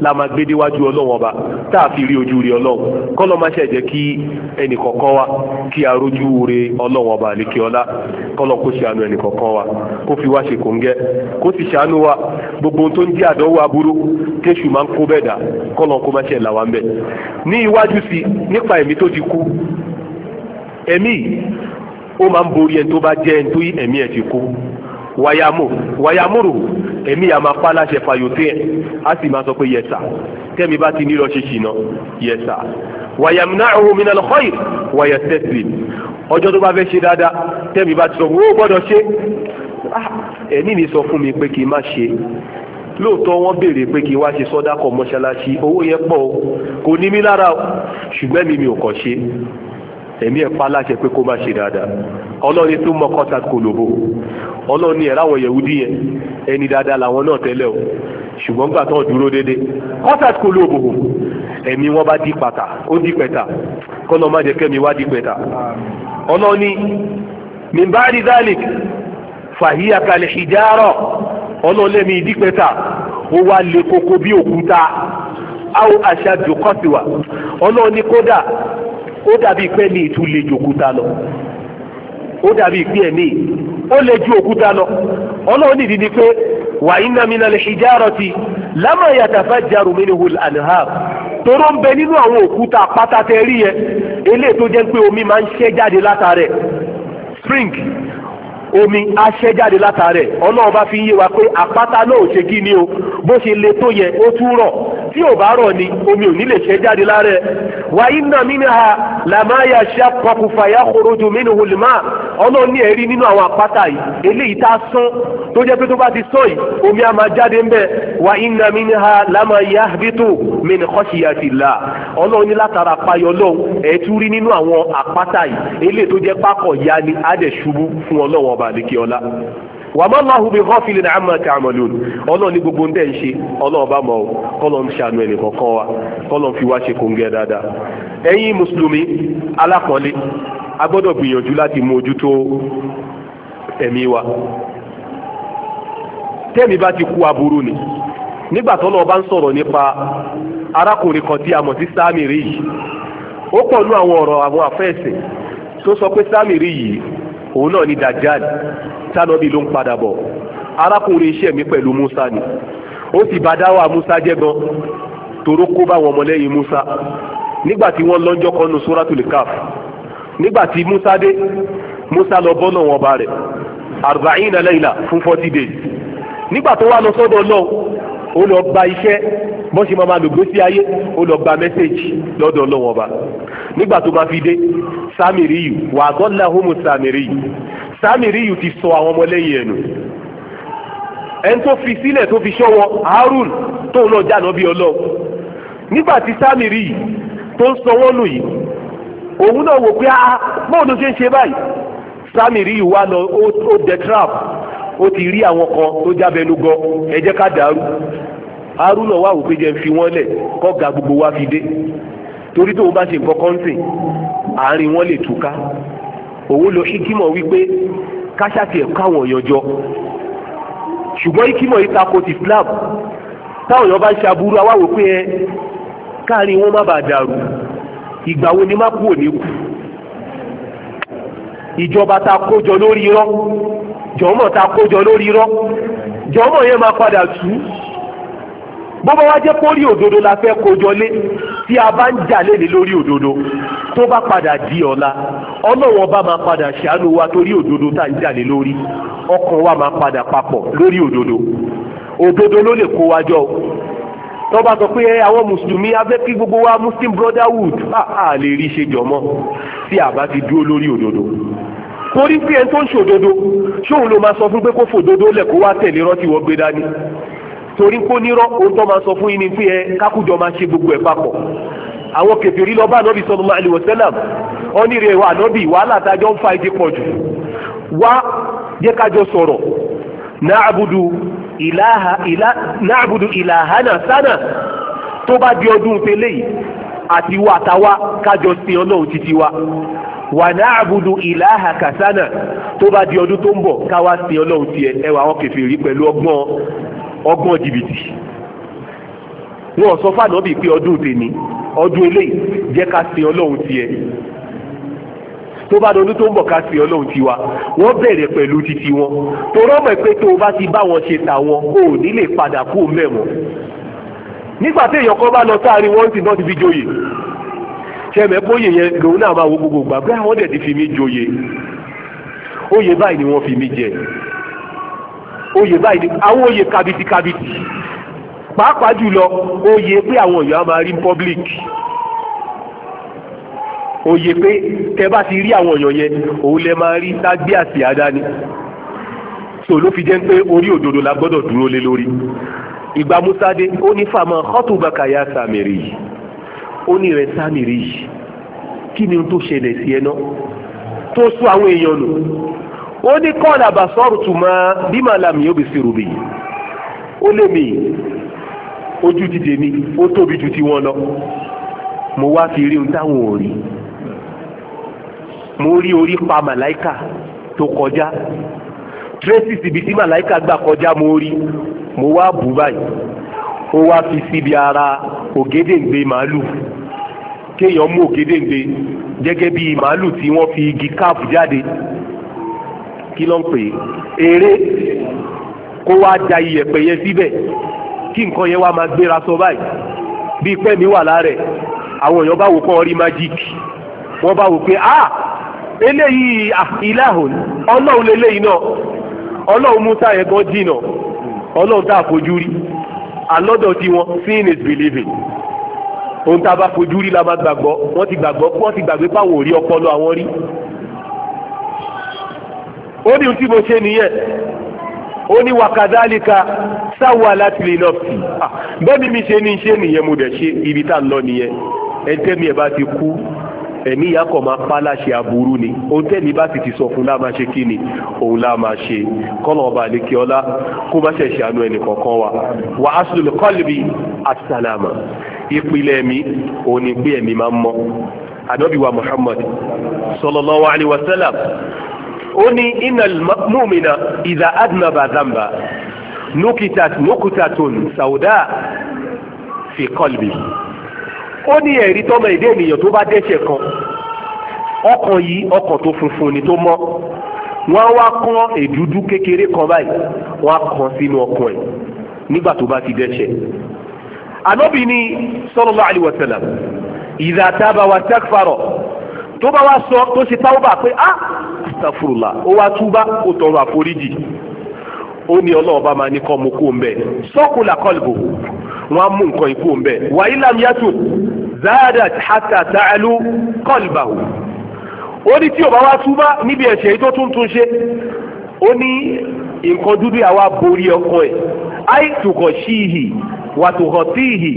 la máa gbé déwájú ọlọ́run ọba a fi rí ojú rí ọlọ́run kọ́lọ́ máa ṣe jẹ́ kí ẹnìkọ̀ọ̀kan wa kí a rójú re ọlọ́run ọba àlékè ọlá kọ́lọ́ kó ṣàánú ẹnìkọ̀ọ̀kan wa kó fi wá ṣe kòńgẹ́ kó sì wa gbogbo ohun tó ń jẹ́ àdánwò aburú kéṣù máa ń kó bẹ́ẹ̀ dà kọ́lọ́ kó má ṣe là wá ń ti kú ẹ̀mí ó máa ń borí ẹni tó bá jẹ́ ẹni tó yí ẹ̀mí ẹ̀ ti kú wàyàmù wàyàmùrù ẹ̀mí yà máa pa láṣẹ fàyòtẹ́ ẹ̀ á sì máa sọ pé yẹ̀sà tẹ́mi bá ti nílọ ṣe ṣìnà yẹ̀sà wàyàmùnáhùn mi nàlọ́ kọ́yì wàyẹ̀sẹ̀sì ọjọ́ tó bá fẹ́ ṣe dáadáa tẹ́mi bá ti sọ wọ́n gbọ́dọ̀ ṣe ah, ẹ̀mí mi sọ fún mi pé kí n má ṣe lóòótọ́ wọ́n béèrè pé kí wá ṣe sọ́dá kọ́ mọ́ṣáláṣí owó yẹn pọ̀ kò ní mí lára ṣùgbọ́n mi mi ò kàn ṣe ẹ̀mí ẹ̀ pa láṣẹ pé kó má ṣe dáadáa ọlọ́ni tó mọ kọ́ta kòlòbò ọlọ́ni ẹ̀ láwọn yẹ̀wúdí yẹn ẹni dáadáa làwọn náà tẹ́lẹ̀ o ṣùgbọ́n gbà tán dúró dédé kọ́ta kòlòbò ẹ̀mí wọn bá di pàtà ó di pẹ̀tà kọ́nà má jẹ́ kẹ́mi wá di pẹ̀tà ọlọ́ni mìbáàdì dálík fàhíyà kalẹ̀ ìjárọ̀ ọlọ́lẹ́mi ìdí pẹ̀tà ó wá le koko bí òkúta áwọ ó dàbí pé ní ìtú lè ju òkúta lọ ó dàbí pé ẹ̀mí ó lè ju òkúta lọ ọlọ́run nìdí ni pé wa inna minal hijarati lama yatafajjaru minhul anhar toró ń bẹ nínú àwọn òkúta pátátẹ rí yẹn eléyìí tó jẹ́ pé omi máa ń ṣẹ́ jáde látàrẹ̀ spring omi á ṣẹ́ jáde látàrẹ̀ ọlọ́run bá fi yé wa pé àpáta náà ò ṣe kí ni o bó ṣe le tó yẹn ó tún rọ̀ tí ò bá rọ̀ ni omi ò ní lè ṣẹ́ jáde lára ẹ̀ wàyí náà nínú ha làmáyà ṣe àpapùfà yà kóró ju mí ní olùmọ́ ọlọ́run ní ẹ̀rí nínú àwọn àpáta yìí eléyìí tá a sán tó jẹ́ pé tó bá ti sán yìí omi á máa jáde ńbẹ wàyí náà nínú ha làmáyà bító mí ní kọ́ṣíyàtì là ọlọ́run ní látara payọ lọ́hùn ẹ̀ tún rí nínú àwọn àpáta yìí eléyìí tó jẹ́ pákọ̀ ya ni á dẹ̀ ṣubú fún ọlọ́run ọba àdékè ọlá. wà má láhùn bí ghafilin amma ọlọ́run ní gbogbo ndẹ́ ṣe ọlọ́run bá mọ̀ ń wa fi wá ṣe kóńgẹ́ dáadáa ẹ̀yin mùsùlùmí alákọ̀ọ́lé a gbọ́dọ̀ gbìyànjú láti mójútó ẹ̀mí wa tẹ́mi bá ti kú aburú ni nígbà tó ń sọ̀rọ̀ nípa arákùnrin kan tí a mọ̀ sí Sámírì yìí ó pọ̀ nú àwọn ọ̀rọ̀ àwọn àfẹ́ẹ̀sìn tó sọ pé yìí ni tánàbí ló ń padà bọ̀ arákùnrin iṣẹ́ mi pẹ̀lú Musa ni ó sì bá dáwà Musa jẹ́ gan toró kó bá wọn ọmọlẹ́yìn Musa nígbà tí wọ́n lọ́njọ́ kan nu Suratul Kaf nígbà tí Musa dé Musa lọ bọ́nà wọn ba rẹ̀ arba'ina layla fún forty days nígbà tó wà lọ sọ́dọ̀ Ọlọ́run ó lọ gba iṣẹ́ bọ́n ṣe máa lò gbésí ayé ó lọ gba mẹ́sẹ̀gì lọ́dọ̀ ọlọ́wọ́n ọba nígbà tó bá fi dé samiriyu wà á gọ́lá homo samiriyu samiriyu ti sọ àwọn ọmọlẹ́yìn ẹ̀nu ẹni tó fi sílẹ̀ tó fi ṣọ́ wọn harun tó náà jáná bí ọlọ́run nígbà tí samiriyu tó ń sọ wọ́n nù yìí òun náà wò pé ah bóun ló ṣe ń ṣe báyìí samiriyu wà lọ ó dẹ trap ó ti rí àwọn kan tó jábẹnu gan ẹ jẹ́ ká dàrú haruna wà wò pé jẹ́ fi wọ́n lẹ̀ kọ́ ga gbogbo wa fi dé torí tóun bá ṣe nǹkan kan sìn àárín wọn lè túká òun lo hikimọ̀ wípé káṣáṣe káwọn èèyàn jọ ṣùgbọ́n hikimọ̀ yìí tako ti slab táwọn èèyàn bá ń ṣaburú awáwò pé ẹ káàrin wọn má bàa dàrú ìgbà wo ni má kú òní kù ìjọba ta kójọ lórí irọ́ jọ̀ọ́mọ̀ ta kójọ lórí irọ́ jọ̀ọ́mọ̀ yẹn máa padà tú bó bá wá jẹ́ pórí òdodo la fẹ́ kójọ lé tí a bá ń jà léde lórí òdodo tó bá padà di ọ̀la ọlọ́wọ́ bá máa padà ṣàánú wa torí òdodo tá à ń jà lé lórí ọkàn wa máa padà papọ̀ lórí òdodo òdodo ló lè kó wa jọ tó bá sọ pé àwọn mùsùlùmí abẹ́ kí gbogbo wa muslim brotherhood a lè rí ṣe jọmọ́ tí a bá ti dúró lórí òdodo torí pé ẹni tó ń ṣòdodo ṣóun ló máa sọ fún pé kó fòdodo kó wá tẹ̀lé rántí wọ́n gbé dání torí pé onírọ́ ohun tó máa sọ fún yín ni pé ẹ kákùjọ máa ṣe gbogbo ẹ̀ papọ̀ àwọn ànábì ànábì wàhálà tájọ́ ń fa ìdí pọ̀ jù wá jẹ́ kájọ sọ̀rọ̀ bá di ọdún tẹ́lẹ̀ yìí kájọ ọlọ́run títí wà na'budu ìlàhà kàsánà tó bá di ọdún tó ń bọ̀ káwá sí ọlọ́run tiẹ̀ ẹwà wọn kèfèrí pẹ̀lú ọgbọ́n ọgbọ́n jìbìtì wọn sọ fáànà bíi pé ọdún tèmi ọdún eléyìí jẹ́ ká sí ọlọ́run tiẹ̀ tó bá dọdún tó ń bọ̀ ká sí ọlọ́run tiwa wọ́n bẹ̀rẹ̀ pẹ̀lú titi wọn torọ́ mọ̀ pé tó o bá ti bá wọn ṣe tà wọn kò ní padà kó mẹ́wọ̀n nígbà tí èèyàn kan bá lọ sáàrin wọn ti náà ti fi joyè ṣẹ́mẹ̀ bóyè yẹn lòun náà máa wo gbogbo gbà bí àwọn dẹ̀ fi mí joyè oyè báyìí ni wọ́n fi mí jẹ oyè báyìí ni àwọn oyè kabiti kabiti pàápàá jùlọ oyè pé àwọn èèyàn á máa rí public oyè pé tẹ bá ti rí àwọn èèyàn yẹn òun lẹ máa rí tágbé àti àdáni so ló fi jẹ́ pé orí òdodo la gbọ́dọ̀ dúró lé lórí ìgbà musa dé ó ní fàmà kọ́tù bàkàyà sàmìrì yìí ó ní rẹ̀ sámìrì yìí kí ni tó ṣẹlẹ̀ sí ẹ náà tó sọ àwọn èèyàn nù ó ní kọ́ọ̀lá bàṣọ́rù tùmọ̀ bí màlàmì yóò bí sí rubì ó lé mi ojú ti tèmi ó tóbi ju ti wọn lọ mo wá fi rí ohun táwọn ò rí mo rí orí pa màláìkà tó kọjá traces ibi tí màláìkà gbà kọjá mo rí mo wá bù báyìí ó wá fi síbi ara ògédèǹgbé màálù kéèyàn mú ògédéǹde gẹ́gẹ́ bíi màálù tí wọ́n fi igi káàpù jáde kí ló ń pè é eré kó wá da iyẹ̀pẹ̀ yẹn síbẹ̀ kí nǹkan yẹn wá máa gbéra sọ báyìí bíi pẹ́ẹ́mì wà lára àwọn èèyàn bá wò kọ́ rí májíìkì wọ́n bá wò pé ah eléyìí ìlàhùn ọlọ́run lélẹ́yìí náà ọlọ́run musa yẹn gan jìnnà ọlọ́run tá a fojú rí alọ́dọ̀ tí wọ́n is believing ohun tá a bá fojú rí la máa gbàgbọ́ wọ́n ti gbàgbọ́ wọ́n ti gbàgbé páwọn ò rí ọpọlọ àwọn rí ó ní ohun tí mo ṣe nìyẹn ó ní wàkàdálíka sáwà láti lè lọ bẹ́ẹ̀ ni mi ṣe ní ṣe nìyẹn mo dẹ̀ ṣe ibi tá a lọ nìyẹn ẹ̀ńtẹ́mi ẹ̀ bá ti kú ẹ̀mí ìyá kọ̀ máa pa láṣẹ aburú ni ohun tẹ́ni bá sì ti sọ fún láà ṣe kí ni òun láà máa ṣe kọ́nà ọba àlékè ọlá kó bá ṣẹ̀ṣẹ̀ àánú ẹnì kọ̀ọ̀kan wa wàásù kọ́lùbí àti sàlámà ìpìlẹ̀ ẹ̀mí òun ni pé ẹ̀mí máa ń mọ́ ànábìwá Muhammad sallallahu alayhi wa sallam ó ní innal mu'mina idha adnaba dhanba nukitat nukutatun sauda fi qalbi ó ní ẹ̀rí tọ́mọ ìdí ènìyàn tó bá dẹ́ṣẹ̀ kan ọkàn yìí ọkàn tó funfun ni tó mọ́ wọ́n wá kán èdúdú kékeré kan báyìí wọ́n á kàn sínú ọkàn ẹ̀ nígbà tó bá ti dẹ́ṣẹ̀ ànábì ni sallallahu alaihi wa sallam idha taba wa takfara tó bá wá sọ tó ṣe táwọ́bà pé ah astagfurullah ó wá túbá ó tọrọ àforíjì ó ní ọlọ́ọ̀bá máa ní kọ́ mu kó ń bẹ̀ sọ́kùlà kọ́lùbù wọn á mú nǹkan ikú ń bẹ̀ wàyí lamiyatu zadat hatta ta'alu kọ́lùbàwò ó ní tí ò bá wá túbá níbi ẹ̀ṣẹ̀ yìí tó tún tún ṣe ó ní nǹkan dúdú yà wá borí ọkọ ẹ̀ àìtùkọ̀ sí ìhì wàtùkọ̀ sí ìhì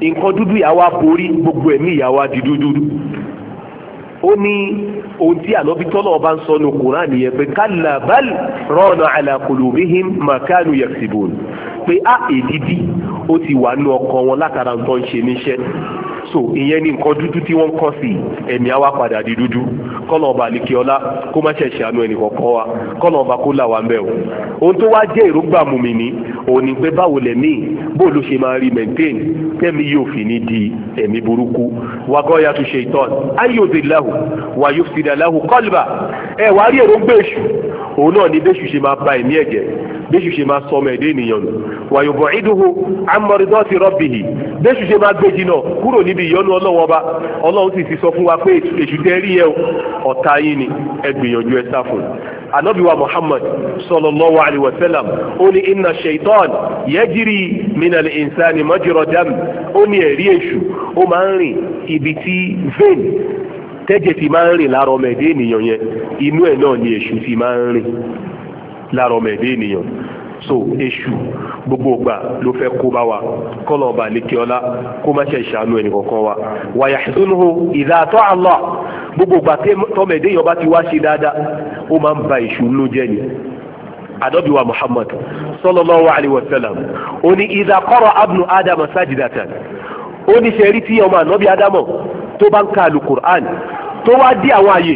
nǹkan dúdú yà wá borí gbogbo ẹ̀mí yà wá dúdú ó ní ohun tí ànábi tọ́lọ̀ ọba ń sọ ní Kùránì nìyẹn pé kálá bal rọ́ọ̀nà àlàkùlùmíhìn màkánù yẹ̀sìbòn pé á èdìdí ó ti wà nínú ọkàn wọn látara nǹkan ṣe níṣẹ́ so ìyẹn ni nǹkan dúdú tí wọ́n kọ́ sí ẹ̀mí àwa padà di dúdú kọ́nà ọba àlekíọ́lá kó má ṣẹ̀ṣẹ̀ àánú ẹnì kọ̀ọ̀kan wa kọ́nà ọba kó là wá ń bẹ̀ o ohun tó wá jẹ́ èròǹgbà mùmí ni òun ni pé báwo lẹ̀mí bó ló ṣe máa rí maintain tẹ́mi yóò fi ní di ẹ̀mí burúkú wagọ́yà tó ṣe ìtọ́n ayọ̀dẹ̀láhù wàyọ̀fìdàláhù kọ́lbà ẹ̀ wá rí èròǹgbà èṣù òun náà ni bẹ́sù ṣe máa ba ẹ̀mí ẹ̀jẹ̀ bẹ́sù ṣe máa sọmọ ẹ̀dẹ́ ènìyàn nù wàyọ̀bọ̀ ìdúhù amọ̀rìndọ́sì rọ́bìhì bẹ́sù ṣe máa gbé jìnnà kúrò níbi ìyọnu ọlọ́wọ́ ọba ọlọ́run sì ti sọ fún wa pé èṣù tẹ́ rí yẹn ọ̀tá yín ni ẹ gbìyànjú ẹ sá fún anabiwa muhammad sallallahu alaihi wa sallam ó inna shaitan yajiri minal insani majira dam ó ní ẹ̀rí èṣù ó máa ibi tí vein tẹ́jẹ̀ fi máa ń rìn lára ọmọ ẹ̀dẹ́ ènìyàn yẹn inú ẹ̀ náà ni èṣù fi máa ń rìn lára ọmọ ènìyàn so èṣù gbogbo ìgbà ló fẹ́ kó bá wa kọ́nà ọba àlékeọ́lá kó má ṣe ìṣàánú ẹnì wa wàyà ìdúnnú ìdáàtọ̀ Allah gbogbo ìgbà tọ́mọ ẹ̀dẹ́ yọba ti wá ṣe dáadáa ó máa ń ba èṣù nínú jẹ́ ni Muhammad sallallahu alayhi wa sallam ìdàkọ́rọ̀ abnu adam sajidatan adamu tó bá ń ka àlù Qur'an tó wá dé àwọn àyè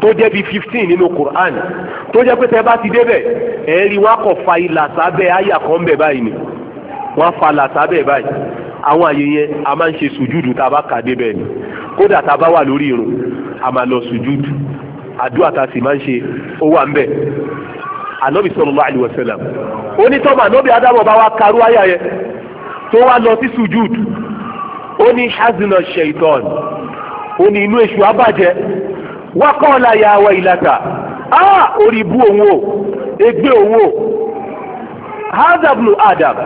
tó jẹ́ bíi fifteen nínú Qur'an tó jẹ́ pé tẹ́ bá ti débẹ̀ ẹ̀ rí wọn kọ̀ fa ilà sábẹ́ àyà kan bẹ̀ báyìí ni wọ́n fa ilà sábẹ́ báyìí àwọn àyè yẹn a máa ń ṣe sùjúdù tá a bá kà débẹ̀ ni kódà tá a bá wà lórí irun a máa lọ sùjúdù àdúrà tá a sì máa ń ṣe ó wà ń bẹ̀ ànábì sallallahu alaihi wasallam onítọ́mọ ànábì adámọ̀ bá wa karú àyà yẹn tó wá lọ sí sùjúdù ó ní hazina shaitan ó ní inú èṣù abàjẹ́ wákọ́ọ̀lá ya awa ìlàkà á orí bú òun o ègbé òun o hazabnu adam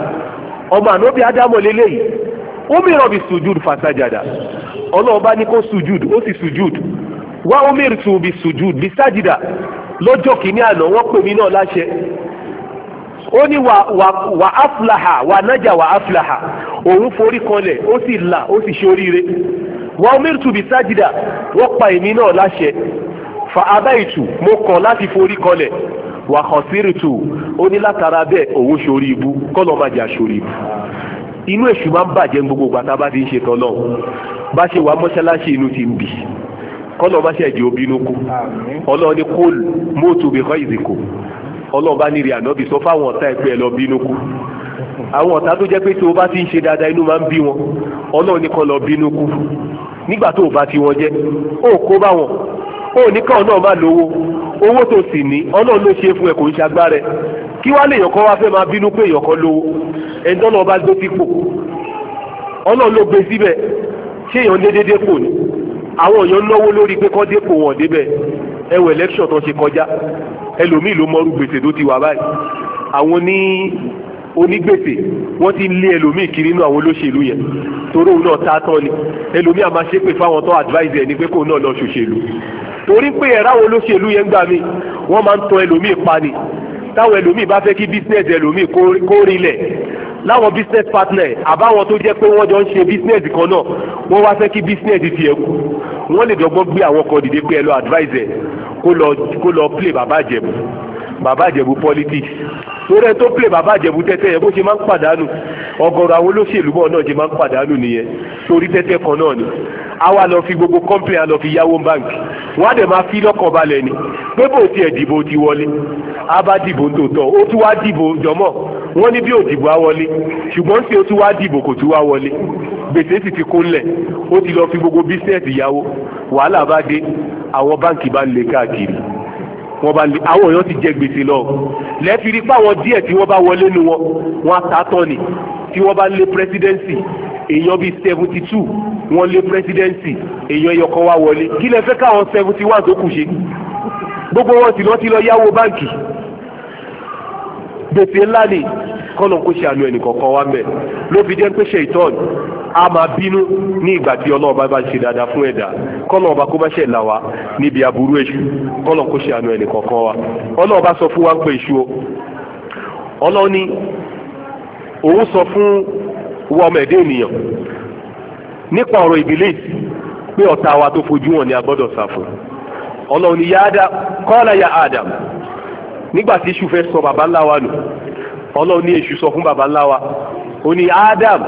ọmọ ànábì adamu lélẹ́yìí ó mìíràn bí sujud fasa ọlọ́run bá ní kó sujud ó sì sujud wá ó mìíràn tún bí sujud bí sájìdà lọ́jọ́ kìíní àná wọ́n pè mí náà láṣẹ ó ní wà áfúláhà wà nájà wà áfúláhà òun forí kanlẹ̀ ó sì là ó sì ṣoríire wa umirtu bi sajida wọ́n pa èmi náà láṣẹ fa abaitu mo kàn láti forí kanlẹ̀ wà khasirtu ó ní látara bẹ́ẹ̀ òun ṣorí ibu kọ́lọ́ máa jà ṣorí ibu inú èṣù máa ń bàjẹ́ gbogbo gbàtà bá ti ń ṣe tọ́lọ́ bá ṣe wà mọ́ṣáláṣí inú ti ń bì kọ́lọ́ bá ṣe ẹ̀jẹ̀ òbí inú ọlọ́run ní kóòlù mọ́tò bẹ̀kọ́ ìsìnkú ọlọ́run bá ní rí ànábì sọ fáwọn ọ̀tá ẹ̀pẹ́ ẹ̀ lọ bínú kú àwọn ọ̀tá tó jẹ́ pé tó o bá ti ń ṣe dáadáa inú máa ń bí wọn ọlọ́run nìkan lọ bínú kú nígbà tó o bá ti wọn jẹ́ ó kó bá wọn ó ní káwọn náà má lówó owó tó sì ní ọlọ́run ló ṣe fún ẹ kò ń ṣagbára kí wá lè yọ̀kọ́ wá fẹ́ máa bínú pé yọ̀kọ́ lówó ẹ̀ńtọ́ náà bá gbé sípò ọlọ́run ló gbé síbẹ̀ ṣé èèyàn dé dédé pò ní àwọn èèyàn náwó lórí pé kọ́ dépò wọn débẹ̀ ẹwọ election tó ṣe kọjá ẹlòmíì ló mọrú gbèsè tó ti wà báyìí àwọn ní onígbèsè wọ́n ti lé ẹlòmíì kiri inú àwọn olóṣèlú yẹn torí òun náà ta tán ni ẹlòmíì àmà ṣe pé fáwọn tó advise ẹ ní pé kó náà lọ ṣòṣèlú torí pé ẹ̀rá àwọn olóṣèlú yẹn gbà mí wọ́n máa ń tan ẹlòmíì pa ni táwọn ẹlòmíì bá fẹ́ kí business ẹlòmíì kó rinlẹ̀ láwọn business partner àbáwọn tó jẹ́ pé wọ́n jọ ń ṣe business kan náà wọ́n wá fẹ́ kí business ti ẹ̀ kú wọ́n lè dọ́gbọ́n gbé àwọn kan dìde pé ẹ lọ advise ẹ kó lọ play bàbá àjẹ̀bù bàbá àjẹ̀bù politics torí ẹ tó pèlè bàbá àjẹ̀bù tẹ́tẹ́ yẹn bó ṣe máa ń pàdánù ọ̀gọ̀rọ̀ àwọn olóṣèlú bọ̀ náà ṣe máa ń pàdánù nìyẹn torí tẹ́tẹ́ kan náà ni àwa lọ fi gbogbo kọ́ńpìlẹ̀ lọ fi yáwó báńkì wọ́n á dẹ̀ máa fi lọ́kàn balẹ̀ ni pé bó tiẹ̀ dìbò ti wọlé a bá dìbò ń tòótọ́ ó tún wá dìbò jọmọ́ wọ́n ní bí ò dìbò á wọlé ṣùgbọ́n ṣe ó tún wá dìbò kò tún wá wọlé gbèsè sì ti kó lẹ̀ ó ti lọ fi gbogbo bísíǹsì yáwó wàhálà bá dé àwọn báńkì bá ń le káàkiri wọ́n bá lè àwọn èèyàn ti jẹ gbèsè lọ lẹ́ẹ̀fi rí páwọn díẹ̀ tí wọ́n bá wọlé nu wọn wọn àtàtọ́ ni tí wọ́n bá lé pírẹsidẹ́ǹsì èèyàn bíi seventy two wọ́n lé pírẹsidẹ́ǹsì èèyàn ẹyọkan wá wọlé kí lẹ fẹ́ káwọn seventy one tó kù ṣe gbogbo wọn ti lọ ti lọ yáwó báǹkì gbèsè ńlá ni kọ́nà kó ṣe àánú ẹnì kọ̀ọ̀kan wá mẹ́ ló fi jẹ́ a máa bínú ní ìgbà tí ọlọ́ọ̀bá bá ṣe dáadáa fún ẹ̀dá kọ́nà ọba kó bá ṣe là wá níbi aburú èṣù kọ́nà àánú sọ fún wa ń pè o sọ fún wa ọmọ ènìyàn nípa ọ̀rọ̀ pé ọ̀tá wa tó fojú wọn ni a gbọ́dọ̀ fún ya Adam nígbà tí èṣù fẹ́ sọ bàbá ńlá wa nù ọlọ́run ní èṣù sọ fún bàbá ńlá wa ó ní Adam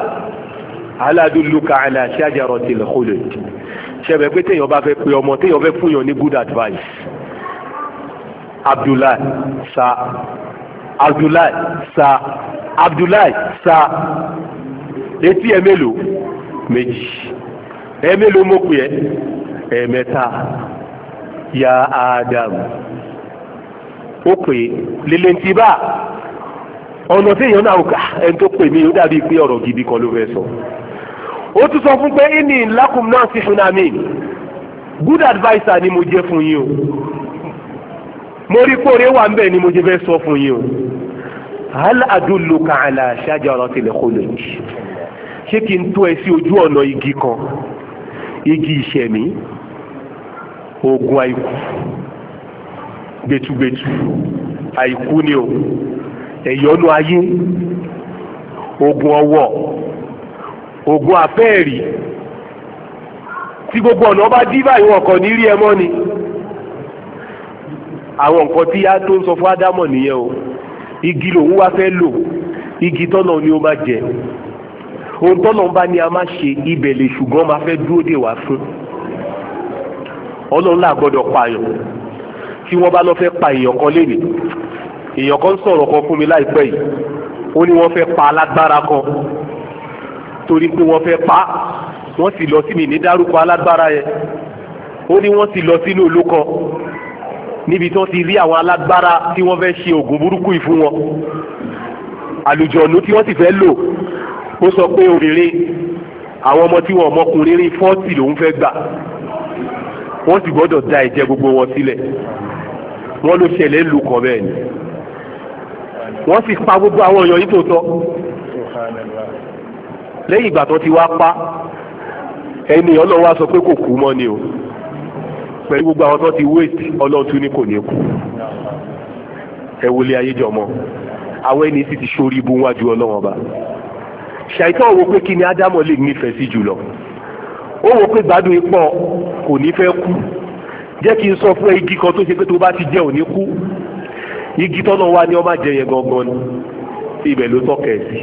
aládùlùkà àlà shajaratil khulud ṣẹ̀bẹ̀ pé téèyàn bá fẹ́ pe ọmọ téèyàn fẹ́ fún yàn ní good advice Abdullahi sa Abdullahi sa Abdullahi sa etí ẹ mélòó méjì ẹ mélòó mo pè ẹ ẹ mẹ́ta ya Adam ó lilentiba. é lélẹ́ntì bá ọ̀nà tí èèyàn náà kà ẹni tó pè mí ó dàbí pé ọ̀rọ̀ gidi kan ló fẹ́ sọ ó tún sọ fún pé ìní lakum nasihun amin good adviser ni mo jẹ́ fún yín o mo rí kóore wà ń bẹ̀ ni mo jẹ́ fẹ́ sọ fún yín o hal adulluka ala shajaratil khulud ṣé kí n tó ẹ sí ojú ọ̀nà igi kan igi ìṣẹ̀mí oògùn àìkú gbẹtugbẹtu àìkú ni o ẹ̀yọ́nú ayé ogun ọwọ́ ogun àfẹ́ẹ̀rí tí gbogbo ọ̀nà bá dí báyìí wọn kàn ní rí ni àwọn nǹkan tí a tó ń sọ fún ádámọ̀ nìyẹn o igi lòun wá fẹ́ lò igi tọ́nà ni ó máa jẹ ohun tọ́nà bá ní a máa ṣe ibẹ̀ lè ṣùgbọ́n máa fẹ́ dúró dè wá fún ọlọ́run là pààyàn tí wọ́n bá lọ fẹ́ pa èèyàn kan léni èèyàn kan sọ̀rọ̀ kan fún mi láìpẹ́ yìí ó ní wọ́n fẹ́ pa alágbára kan torí pé wọ́n fẹ́ pa wọ́n sì lọ sí mi ní dárúkọ alágbára yẹn ó ní wọ́n sì lọ sínú ìlú kan níbi tí wọ́n ti rí àwọn alágbára tí wọ́n fẹ́ ṣe oògùn burúkú yìí fún wọn àlùjọ̀nù tí wọ́n sì fẹ́ lò ó sọ pé obìnrin àwọn ọmọ tí wọn ọmọkùnrin rí fọ́ọ̀tì lòún fẹ́ gbà wọ́n sì gbọ́dọ̀ da ẹ̀jẹ̀ gbogbo wọn sílẹ̀ wọ́n ló ṣẹlẹ̀ lù kọ́ bẹ́ẹ̀ ni wọ́n sì pa gbogbo àwọn èèyàn yìí tó tọ́ lẹ́yìn ìgbà tó ti wá pa ẹni ọlọ́run wá sọ pé kò kú mọ́ ni o pẹ̀lú gbogbo àwọn tó ti wéètì ọlọ́run tún ní kò ní kú ẹ wọlé ayé jọmọ àwọn ẹni sì ti sórí ibú wájú ọlọ́run ọba ṣàìtàn wo pé kí ni ádámọ̀ lè nífẹ̀ẹ́ sí jùlọ ó wo pé gbádùn ipò kò ní fẹ́ kú jẹ́ kí n sọ fún ẹ igi kan tó ṣe pé tó bá ti jẹ́ òní kú igi tọ́nà wa ni ọ máa jẹ yẹn gangan ni ibẹ̀ ló tọ́kẹ̀ sí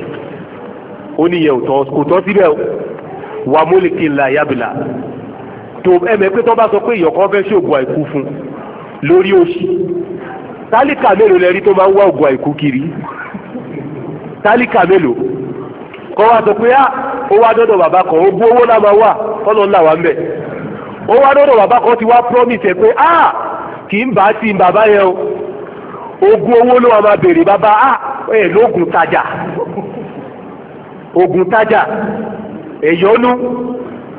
ó ní yẹn kò tọ́ síbẹ̀ wà mólèkì ńlá yábìlà tó ẹ̀mẹ́ pé tó bá sọ pé ìyọ̀kan fẹ́ ṣògùn àìkú fún lórí òṣì tálíkà mélòó lẹ́rí tó máa ń wá ògùn àìkú kiri tálíkà mélòó kọ́ wa sọ pé ah, ó wá dọ́dọ̀ bàbá kan ó bú owó náà máa wà kọ́ lọ́ọ́ là ń bẹ̀ ó wá lọ́dọ̀ bàbá kan ti wá promise ẹ̀ pé ah kì í bá ti bàbá yẹn o ogun owó ló wà máa béèrè bàbá ah ẹ̀ lóògùn tajà ogun tajà ẹ̀yọ́nú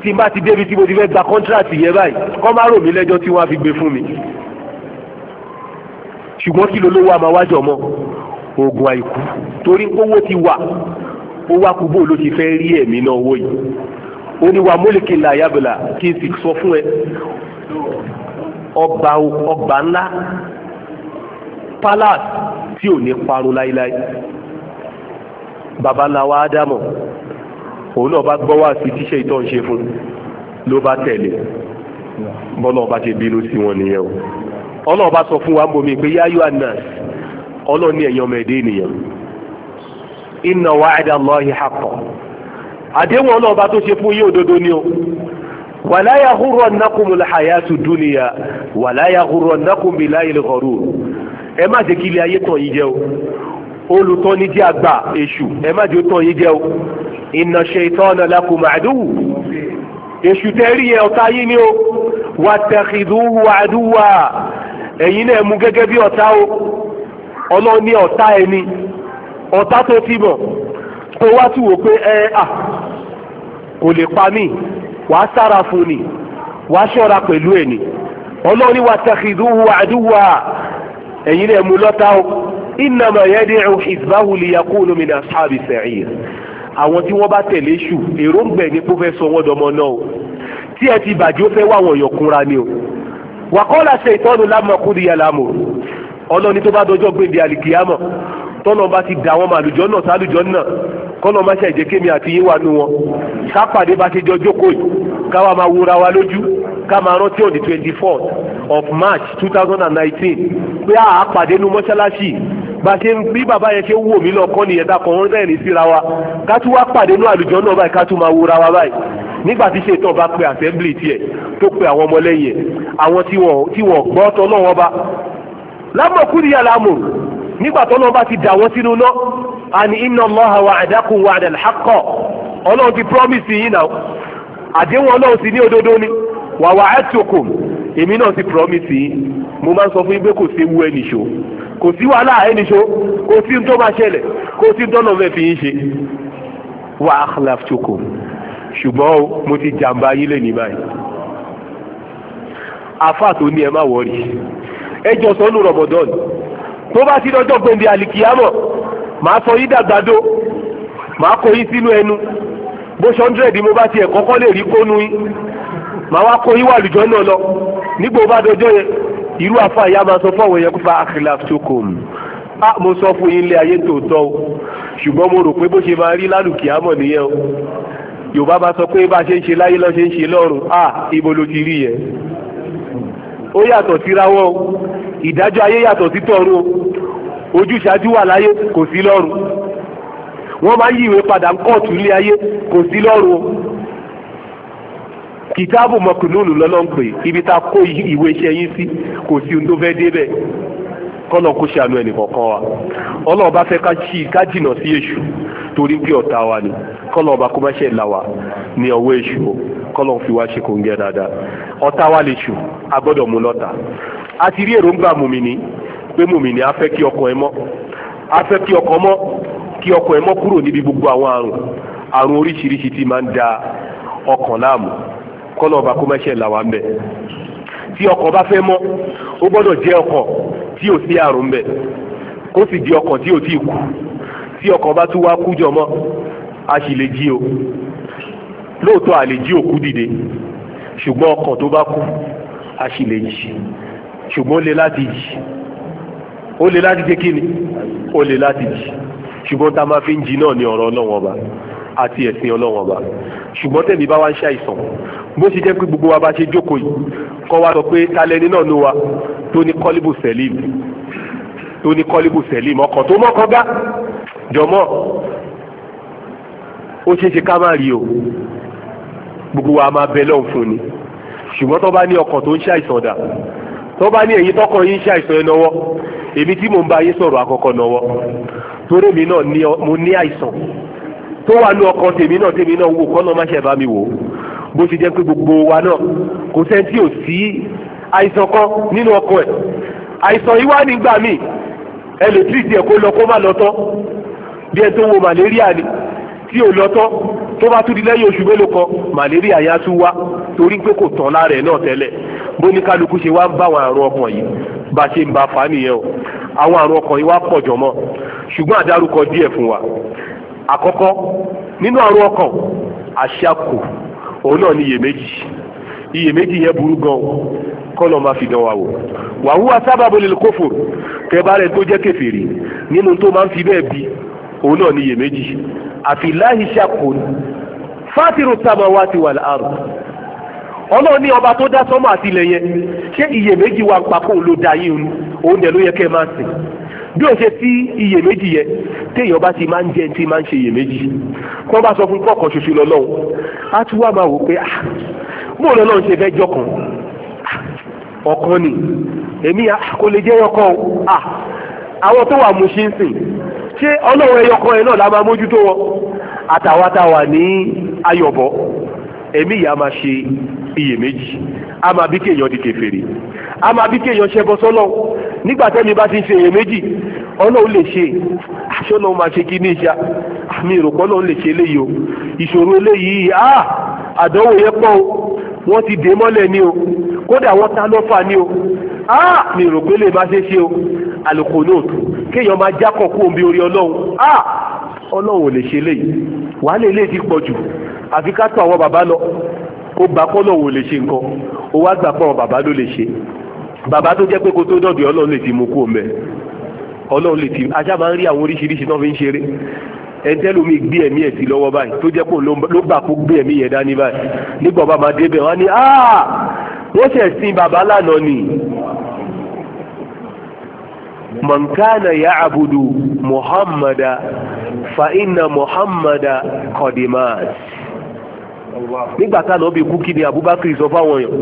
tí n bá ti débi tí mo ti fẹ́ gba kọ́ńtíráàtì yẹn báyìí kọ́ má rò mí lẹ́jọ́ tí wọ́n á fi gbé fún mi ṣùgbọ́n kí ló lówó àmàwájọ mọ́ oògùn àìkú torí owó ti wà ó wá kú ló ti fẹ́ rí ẹ̀mí náà owó yìí oníwà mólèkè là kí n sì sọ fún ẹ ọba ọba ńlá palace tí ò ní parun láíláí babaláwa ádámù òun náà bá gbọ́ wá sí tíṣẹ́ ìtọ́ ń ṣe fún ló bá tẹ̀lé bọ́lá ọba ṣe bínú sí wọn nìyẹn o ọlọ́ọ̀ sọ fún wa ń bomi pé yáyọ ẹ̀yàn ọmọ ẹ̀dẹ́ àdéhùn ọlọ́ọ̀bá tó ṣe fún yín òdodo ni o wàláyà húrọ̀ nákùnmù làyàtù dúnìyà wàláyà húrọ̀ nákùnmù láyìlì ọ̀rù ẹ má jẹ́ kí ilé ayé tàn yín jẹ o olùtọ́ni jẹ́ àgbà èṣù ẹ má jẹ́ ó tàn yín jẹ o inna shaytana lakum àdúwù èṣù tẹ́ rí yẹn ọ̀tá yín ni o wàtẹ̀kìdúwù àdúwà ẹ̀yin náà mú gẹ́gẹ́ bí ọ̀tá o ọlọ́ni ọ̀tá ẹni ọ̀tá tó ti mọ̀ tó wá ti wò pé ẹ eh, à ah, kò lè pa mí wàá sára fún ni wàá ṣọ́ra pẹ̀lú ẹ̀ ni ọlọ́run ní wa takhiduhu aduwa ẹ̀yin náà mú lọ́tà o innama yad'u hizbahu liyakunu min ashabi sa'ir àwọn tí wọ́n bá tẹ̀lé ṣù èròǹgbẹ̀ ní pọ́fẹ́sọ̀ wọn dọmọ náà tí ẹ ti bàjẹ́ ó fẹ́ wá àwọn kúnra ni o wàkọ́lá ṣe ìtọ́nu lámọ̀kúndì yàlámù kọ́nà má ṣe ìjẹ́ kémi àti yín wà nù wọn sápàdé bá ti jọ jókòó yìí káwa máa wúra wa lójú ká máa rántí òní twenty fourth of march two thousand and nineteen pé àá pàdé nu mọ́ṣáláṣí bá ṣe ń bí bàbá yẹn ṣe ń wò mí lọ kọ́ nìyẹn dákọ̀ wọ́n rẹ́rìn síra wa ká tún wá pàdé nú àlùjọ náà báyìí ká tún máa wúra wa báyìí nígbà tí ṣètò bá pe assembly tiẹ̀ tó pe àwọn ọmọlẹ́yìn ẹ̀ àwọn tí wọ́n gbọ́ tọ́ náà wọ́n bá lámọ̀kúrìyà lámọ̀rù nígbà tó lọ́ba ti dà wọ́n sínú náà àní inna Allaha wa'adakum wa'dal haqqa ọlọ́run ti promise yín náà àdéhùn ọlọ́run sì ní òdodo ni wa wa'adtukum èmi náà ti promise yín mo máa ń sọ fún yín pé kò sí ewu ẹnìṣó kò sí wàhálà ẹnìṣó kò sí tó máa ṣẹlẹ̀ kò sí dọ́nà mẹ́fì yín ṣe wa akhlaftukum ṣùgbọ́n mo ti jàǹbá yín lẹ́ni báyìí àfáà tó ní ẹ má wọrí ẹjọ́ sọ́nù rọ̀bọ̀dọ́nù tó bá ti dọjọ́ gbèndé àlìkìyámọ̀ màá sọ yí dàgbàdo màá kó yí sínú ẹnu bó ṣọ́ndrẹ́d mo bá tiẹ̀ kọ́kọ́ lè rí kónú yín màá wá kó yí wà lùjọ́ náà lọ nígbò bá dọjọ́ yẹn irú afa ìyá máa sọ fọwọ́ yẹn kópa akilaf tó kò mù á mo sọ fún yín lé ayé tòótọ́ o ṣùgbọ́n mo rò pé bó ṣe máa rí lálùkìyámọ̀ nìyẹn o yorùbá bá sọ pé bá ṣe ń ṣe láyé lọ́ ṣe ń ṣe lọ́rùn á ibo ló ti rí yẹn ó yàtọ̀ síra o ìdájọ́ ayé yàtọ̀ sí o ojúṣàájú wà láyé kò sí lọ́run wọ́n máa ń yí ìwé padà kóòtù ilé ayé o kìtáàbù mọ̀kùnúnù ibi ta kó ìwé iṣẹ́ yín sí kò sí ohun tó fẹ́ débẹ̀ kọ́nà kó ṣàánú ẹnì kọ̀ọ̀kan wa ọlọ́run bá fẹ́ ká jìnà sí wa ni kọ́nà ọba kó là o. kọ́lọ̀ fi wá ṣe kò ń gẹ́ dáadáa ọ̀tá wa lè ṣù a gbọ́dọ̀ mú lọ́tà a ti rí èròǹgbà mùmìnì pé mùmìnì a fẹ́ kí ọkàn ẹ mọ́ a fẹ́ kí ọkàn mọ́ kí ọkàn ẹ mọ́ kúrò níbi gbogbo àwọn àrùn àrùn oríṣiríṣi ti máa ń da ọkàn láàmú kọ́lọ̀ ọba kó mẹ́ṣẹ̀ là bẹ̀ tí ọkàn bá fẹ́ mọ́ ó gbọ́dọ̀ jẹ́ ọkàn tí ò sí àrùn bẹ̀ kó sì di ọkàn tí ò tí ì kú tí ọkàn bá tún wá kú jọmọ́ a sì lè jí o lóòótọ́ a lè jí òkú dìde ṣùgbọ́n ọkàn tó bá kú a sì lè jí ṣùgbọ́n ó lè láti jí ó lè láti jẹ́ kí ni ó lè láti jí ṣùgbọ́n tá a máa fi ń jí náà ní ọ̀rọ̀ ọlọ́wọ́n ọba àti ẹ̀sìn ọlọ́wọ́n ọba ṣùgbọ́n tẹ̀mí bá wá ń ṣàìsàn bó ṣe jẹ́ pé gbogbo wa bá ṣe jókòó yìí kọ́ wa sọ pé talẹ́ni náà ló wa tó ní kọ́líbù sẹ́lìm tó ní kọ́líbù sẹ́lìm ọkàn tó mọ́kàn gá jọmọ́ ó ṣeé ṣe ká má rí o gbogbo wa máa bẹ lọ́hùn fún ni ṣùgbọ́n tó bá ní ọkàn tó ń ṣàìsàn dà tó bá ní èyí tọkàn yín ṣàìsàn ẹ nọwọ́ èmi tí mò ń bá yín sọ̀rọ̀ àkọ́kọ́ nọwọ́ torí mi náà mo ní àìsàn tó wà ní ọkàn tèmi náà tèmi náà wò kọ́nà má ṣe bá mi wò bó ṣe jẹ́ pé gbogbo wa náà kò sẹ́ni tí ò sí àìsàn kan nínú ọkàn ẹ̀ àìsàn yìí wá nígbà míì ẹ lè tírìtì ẹ̀ kó lọ kó má lọ tán bí ẹ tó wo màléríà ni tí ò lọ tán tó bá tún di lẹ́yìn oṣù mélòó kan màléríà yá tún wá torí pé kò tán lára ẹ̀ náà tẹ́lẹ̀ bó ní kálukú ṣe wá ń bá àwọn àrùn ọkàn yìí bá ṣe ń bá fà á nìyẹn o àwọn àrùn ọkàn yìí wá pọ̀ jọmọ́ ṣùgbọ́n àdárúkọ díẹ̀ fún wa àkọ́kọ́ nínú àrùn ọkàn àṣàkù òun náà ní iyèméjì iyèméjì yẹn burú gan kọ́lọ̀ máa fi dán wa wò wàhùwà sábàbò lè kófò kẹbàárẹ̀ tó jẹ́ kẹfìrì òun náà ní iyèméjì àfi láhi ṣàkóń fátìrù sàmáwá ti wà láàrùn ọlọ́run ní ọba tó dá sọ́mọ́ àti ilẹ̀ yẹn ṣé iyèméjì wà papọ̀ ló da yín òun òun dẹ̀ ló yẹ kẹ́ ẹ máa sìn bí o ṣe sí iyèméjì yẹn téèyàn bá ti máa ń jẹ tí máa ń ṣe iyèméjì kí wọ́n bá sọ fún kọ̀ọ̀kan ṣoṣo lọ́lọ́run á tún wá máa wò pé ah, bóun lọ́lọ́run ṣe fẹ́ jọkàn ah, ọ̀kan ni èmi ah, kò lè jẹ́ ọkàn o àwọn tó wà mú ṣí ń sìn ṣé ọlọ́run ẹyọkan ẹ náà la máa mójútó wọn àtàwátàwà ní ayọ̀bọ̀ ẹ̀mí ìyá máa ṣe iyèméjì a máa bí kéèyàn di kèfèrí a máa bí kéèyàn ṣẹbọ sọ́lọ́ nígbà tẹ́mi bá ti ń ṣe iyèméjì ọlọ́run lè ṣe àṣọ náà máa ṣe kí ní ìṣá àmì ìròpọ̀ náà lè ṣe eléyìí o ìṣòro eléyìí a ah! àdánwò yẹn pọ̀ wọ́n ti dè mọ́lẹ̀ ni o kódà wọ́n ta lọ́fà ni o ah mi rò pé lè má ṣe ṣe o àlùkòlóòtù kéèyàn máa jákọ̀ kú omi orí ọlọ́run ah ọlọ́run ò lè ṣe léyìí wàhálà eléyìí ti pọ̀ jù àfi ká tó àwọn bàbá lọ ó gbà kọ́ lọ́run ò lè ṣe nǹkan ó wá gbà pọ̀ bàbá ló lè ṣe bàbá tó jẹ́ pé kó tó dọ̀dọ̀ ọlọ́run lè ti mú kú omi ọlọ́run lè ti ajá máa ń rí àwọn oríṣiríṣi náà fi ń ṣeré ẹ̀ńtẹ́lómi gbé ẹ̀mí ẹ̀ sí lọ́wọ́ báyìí tó jẹ́ pé ló gbà kó gbé ẹ̀mí yẹn dání báyìí nígbà bá máa débẹ̀ wọ́n á ní ah! wọ́n ṣe sin bàbá lánà ni mọ̀nkánà ya àbùdù muhammada fa inna muhammada kọ̀dìmáàt nígbà táwọn ọbẹ̀ kú kí ni abubakar sọ fáwọn èèyàn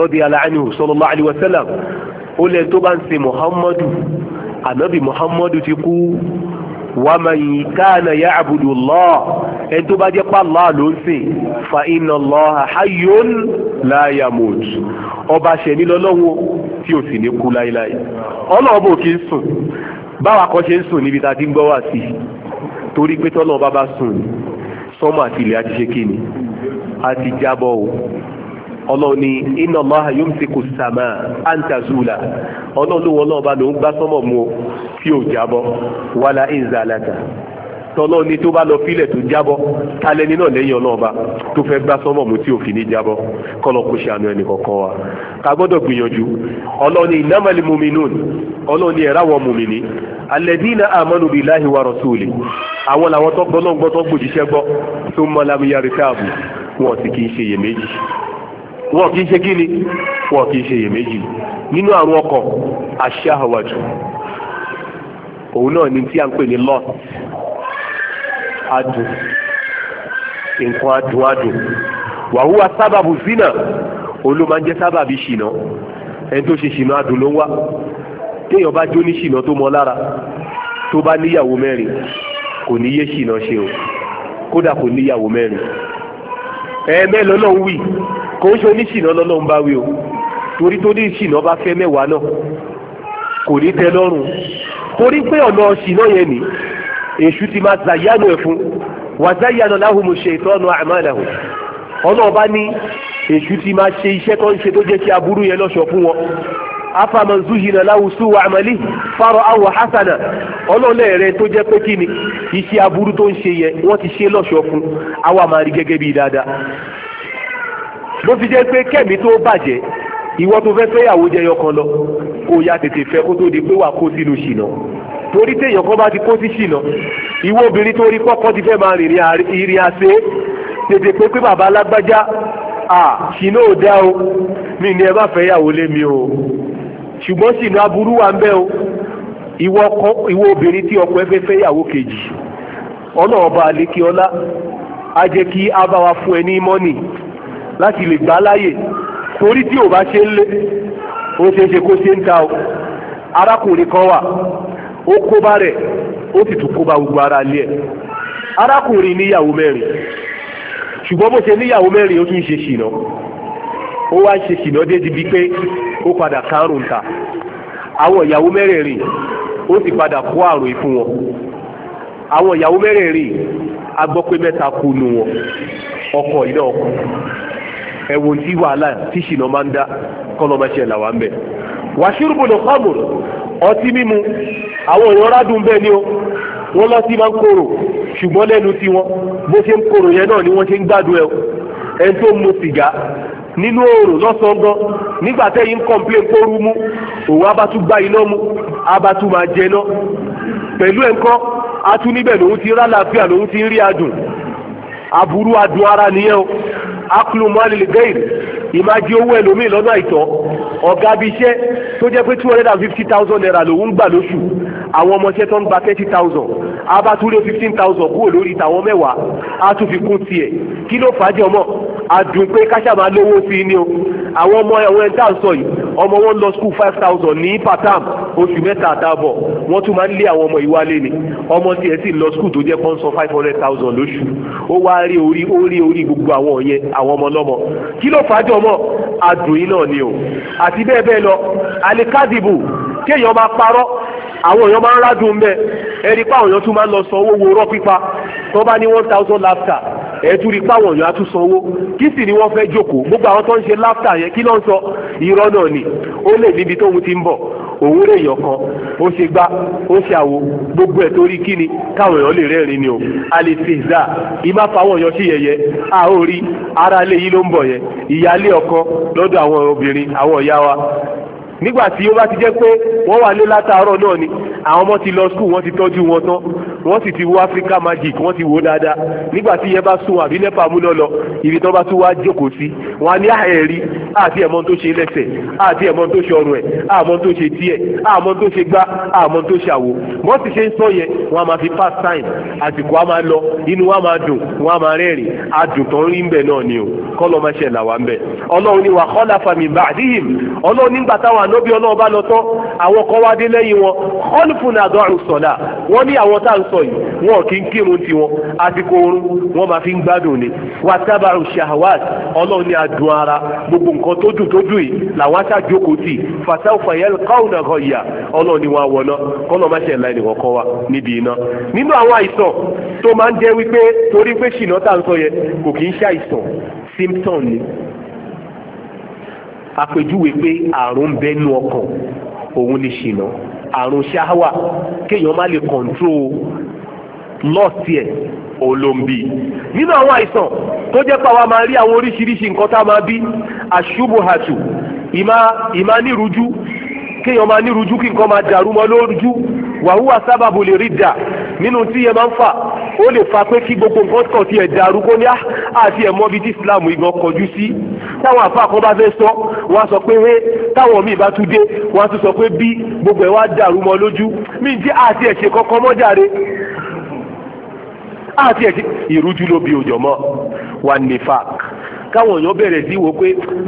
rọ́dí aláàánú sallallahu alaihi ó lẹ́yìn tó bá ń sin muhammadu ànábì muhammadu ti kú wàmàyí kánà ya àbùdù Allah ẹni bá jẹ́ pé Allah fa inna Allah ọba ṣẹ̀mí lọ́lọ́wọ́ tí ò sì ní kú láíláí ọlọ́ọ̀bù kì í sùn báwa kan ṣe ń sùn níbi tá gbọ́ wá sí torí pé tọ́lọ́ bá bá sùn sọ́mọ́ àti ilẹ̀ àti jábọ̀ o ni samaa náà bá lòún o wala tọ́lọ́ ni tó bá lọ fílẹ̀ tó jábọ́ tálẹ́ni náà lẹ́yìn ọlọ́ọ̀ba tó fẹ́ gbá sọ́mọ̀ mú tí òfin ní jábọ́ kọ́lọ́ kó ṣe àánú ẹnì kọ̀ọ̀kan wa ká gbọ́dọ̀ gbìyànjú ọlọ́ni ìnámàlì muminun ọlọ́ni ẹ̀rá wọn mumini alẹ́dínà àmọ́nù billahi wa rasuli àwọn làwọn tó gbọ́ náà gbọ́ tó gbòjíṣẹ́ gbọ́ tó mọ lámúyárí káàbù wọn sì kì í ṣe iyèméjì wọn kì í ṣe kíni wọn kì í ṣe iyèméjì nínú àrùn ọkọ̀ àṣà àwàjù òun náà ni tí a ń pè ní lọ́ọ̀tì adùn nǹkan adùn adùn wàhùwà sábàbù zina òun ló máa ń jẹ́ sábàbí ṣìnà ẹni tó ṣe ṣìnà adùn ló ń wá téèyàn bá jó ní ṣìnà tó mọ lára tó bá níyàwó mẹ́rin kò ní yé ṣìnà ṣe o kódà kò níyàwó mẹ́rin ẹ̀ẹ́mẹ́ lọ́lọ́run wí kò ń ṣe oníṣìnà lọ́lọ́run bá wí o torí tó ní ìṣìnà bá fẹ́ mẹ́wàá náà kò ní tẹ́ lọ́rùn torí pé ọ̀nà ṣìnà yẹn ni èṣù ti máa zàyánu ẹ̀ fún wàzáyánu láhùmù ṣe ìtọ́nu àmàlàhù ọlọ́ọ̀bá ní èṣù ti máa ṣe iṣẹ́ tó ń ṣe tó jẹ́ kí aburú yẹn lọ́ṣọ̀ fún wọn afaman zuhina lahu suwa amali faro awo hasana ọlọ́lẹ̀ rẹ tó jẹ́ pé kíni iṣẹ́ aburú tó ń ṣe yẹ wọ́n ti ṣe lọ́ṣọ̀ọ́ fún àwa máa rí gẹ́gẹ́ bíi dáadáa ló fi jẹ́ pé kẹ́mi tó bàjẹ́ ìwọ tó fẹ́ fẹ́yàwó jẹyọ kan lọ kó ya tètè fẹ́ kó tó di pé wà kó sínú ṣìnà torí téèyàn kan bá ti kó sí ṣìnà ìwọ obìnrin tó rí kọ́kọ́ ti fẹ́ máa rìnrìn ìrìn àṣẹ tètè pé pé bàbá alágbájá à ṣìnà ò dá o mi ni ẹ má fẹ́ yàwó lé mi o ṣùgbọ́n ṣìnà aburú wà ń bẹ o ìwọ obìnrin tí ọkọ ẹ fẹ́ fẹ́ yàwó kejì ọ̀nà ọba àlékí ọlá á jẹ́ kí á bá wa fún ẹ ní mọ́nì láti lè gbá láyè torí tí ò bá ṣe ń lé ó ṣeé ṣe kó ṣe ń ta o arákùnrin kan wà O koba rẹ̀ ó sì tún kóbá gbogbo ara lé ẹ̀ arákùnrin níyàwó mẹ́rin ṣùgbọ́n bó ṣe níyàwó mẹ́rin ó tún ṣe ṣìnà ó wá ń ṣe ṣìnà débi bíi pé ó padà kárùn ta àwọn ìyàwó mẹ́rẹ̀ẹ̀rin ó sì padà kó àrùn ìfún wọn àwọn ìyàwó mẹ́rẹ̀ẹ̀rin a pé mẹ́ta nu wọn ọkọ ilé ọkọ ẹ̀wọ̀n tí wàhálà tí ṣìnà máa ń dá kọ́ lọ́mọ ṣe làwọn ọtí mímu àwọn èèyàn rádùn bẹ́ẹ̀ ni o wọ́n lọ́tí máa ń korò ṣùgbọ́n lẹ́nu tí wọ́n bó ṣe ń korò yẹn náà ni wọ́n ṣe ń gbádùn ẹ̀ ẹ̀ tó mu sìgá nínú oòrùn lọ́sàn-án gan nígbà tẹ́yìn kọ̀m̀plẹ̀n kóoru mú òun abátú gba iná mú abátú máa jẹná pẹ̀lú ẹ̀ńkọ́ atú níbẹ̀ lòun ti rálàáfíà lòun ti ń rí adùn aburú adùn ara nìyẹn o aklu mọ́lì gẹ́ìrì ìmájí owó ẹlòmíì lọ́nà àìtọ́ ọ̀gá bíi iṣẹ́ tó jẹ́ pé two hundred and fifty thousand naira lòún gbà lóṣù àwọn ọmọọṣẹ́ tó ń gba thirty thousand abatúrò fifteen thousand kúrò lórí tàwọn mẹ́wàá á tún fi kún tiẹ̀ kí ló fà ọmọ àdùn pé káṣá máa lówó sí i ni o àwọn ọmọ ẹ̀wọ̀n ẹ̀dá sọ yìí ọmọ wọn lọ school five thousand ní patam oṣù mẹ́ta àtààbọ̀ wọ́n tún máa ń lé àwọn ọmọ ìwálé ni ọmọ tiẹ̀ sì lọ school tó jẹ́ pọ́ńsọ five hundred thousand lóṣù ó wá rí orí ó orí gbogbo àwọn yẹn àwọn ọmọ lọ́mọ kí ló fàájọ mọ́ adùn náà ni o àti bẹ́ẹ̀ bẹ́ẹ̀ lọ alikadibu kéèyàn máa parọ́ àwọn èèyàn máa ń rádùn ń bẹ pa àwọn tún máa ń lọ san owó rọ́ pípa tó bá ní one thousand laughter ẹ̀ẹ́dù rí pàwọn èèyàn á san owó kí sì ni wọ́n fẹ́ jókòó gbogbo àwọn tó ń ṣe laughter yẹn kí ló ń sọ irọ́ náà ni ó lè níbi tóun ti ń bọ̀ òun lè yàn kan ó ṣe gbá ó ṣe àwo gbogbo ẹ̀ torí kí ni káwọn èèyàn lè rẹ́rìn ni o a lè ṣe ìdá ìmá fáwọn èèyàn sí yẹyẹ a ó rí ara lé yìí ló ń bọ̀ yẹn ìyáálé ọkọ lọ́dọ̀ àwọn obìnrin àwọn ìyá wa nígbà tí ó bá ti jẹ́ pé wọ́n wà lé látàárọ̀ náà ni àwọn ọmọ ti lọ skul wọ́n ti tọ́jú wọn tán wọ́n sì ti wo Africa Magic wọ́n ti wo dáadáa nígbà tí yẹn bá sùn àbí nẹ́pà mú lọ lọ ibi bá tún wá jókòó sí wọn á ní àhẹ́rí àti ẹ̀mọ́ tó ṣe lẹ́sẹ̀ àti ẹ̀mọ́ tó ṣe ọrùn ẹ̀ àmọ́ tó ṣe díẹ̀ àmọ́ tó ṣe gbá àmọ́ tó ṣe àwo wọ́n ti ṣe ń sọ yẹn wọ́n á máa fi pass time àsìkò á máa lọ inú wa máa dùn wọ́n á máa rẹ́rìn adùn tán rí ń bẹ̀ náà ni o kọ́lọ́ máa ṣẹ̀ làwa ń bẹ̀ ọlọ́run ni wà khalafa min ba'dihim ọlọ́run nígbà táwọn ànábì ọlọ́run bá lọ tán àwọn kan wá dé lẹ́yìn wọn khalfun ada'u sọ̀dà wọ́n ní àwọn tá à ń sọ yìí wọn kì í kírun tiwọn àsìkò oorun wọ́n máa fi ń gbádùn ni wàtábàrù shahawat ọlọ́run nǹkan tó dùn tó dùn yìí làwọn aṣáájókòó tì fasawfa yalqawna ghayya ọlọ́run ni wọ́n á wọ̀nà kọ́nà má ṣe ẹ̀ kọ́ wa níbi iná. nínú àwọn àìsàn tó máa ń jẹ́ wípé torí pé ṣìnà tá à ń sọ yẹn kò kì í ṣe àìsàn symptom ni àpèjúwe pé àrùn bẹ́nu ọkàn òun ni ṣìnà àrùn ṣáwà kéèyàn má lè control lọ́ọ̀tì ẹ̀ olóńbí nínú àwọn àìsàn tó jẹ́ pé àwa máa rí àwọn oríṣiríṣi nǹkan tá a máa bí àṣubuhàtù ìmá ìmá nírújú kéèyàn máa nírújú kí nǹkan máa dàrú mọ́ lójú wàhùwà sábàbù lè rí dà nínú tí yẹn máa ń fà ó lè fa pé kí gbogbo nǹkan kan tiẹ̀ dàrú kó ní àti ah, ẹ̀ mọ́bi tí Islam igan kọjú sí táwọn àfa kan bá fẹ́ sọ wọ́n sọ pé hé táwọn míì bá tún dé wọ́n tún sọ pé bí gbogbo ẹ̀ wá dàrú mọ́ lójú míì tí àti ẹ̀ ṣe kankan mọ́ jàre àti ẹ̀sí ìrújú ló bí òjò mọ́ wà ní fàk káwọn èèyàn bẹ̀rẹ̀ sí wo pé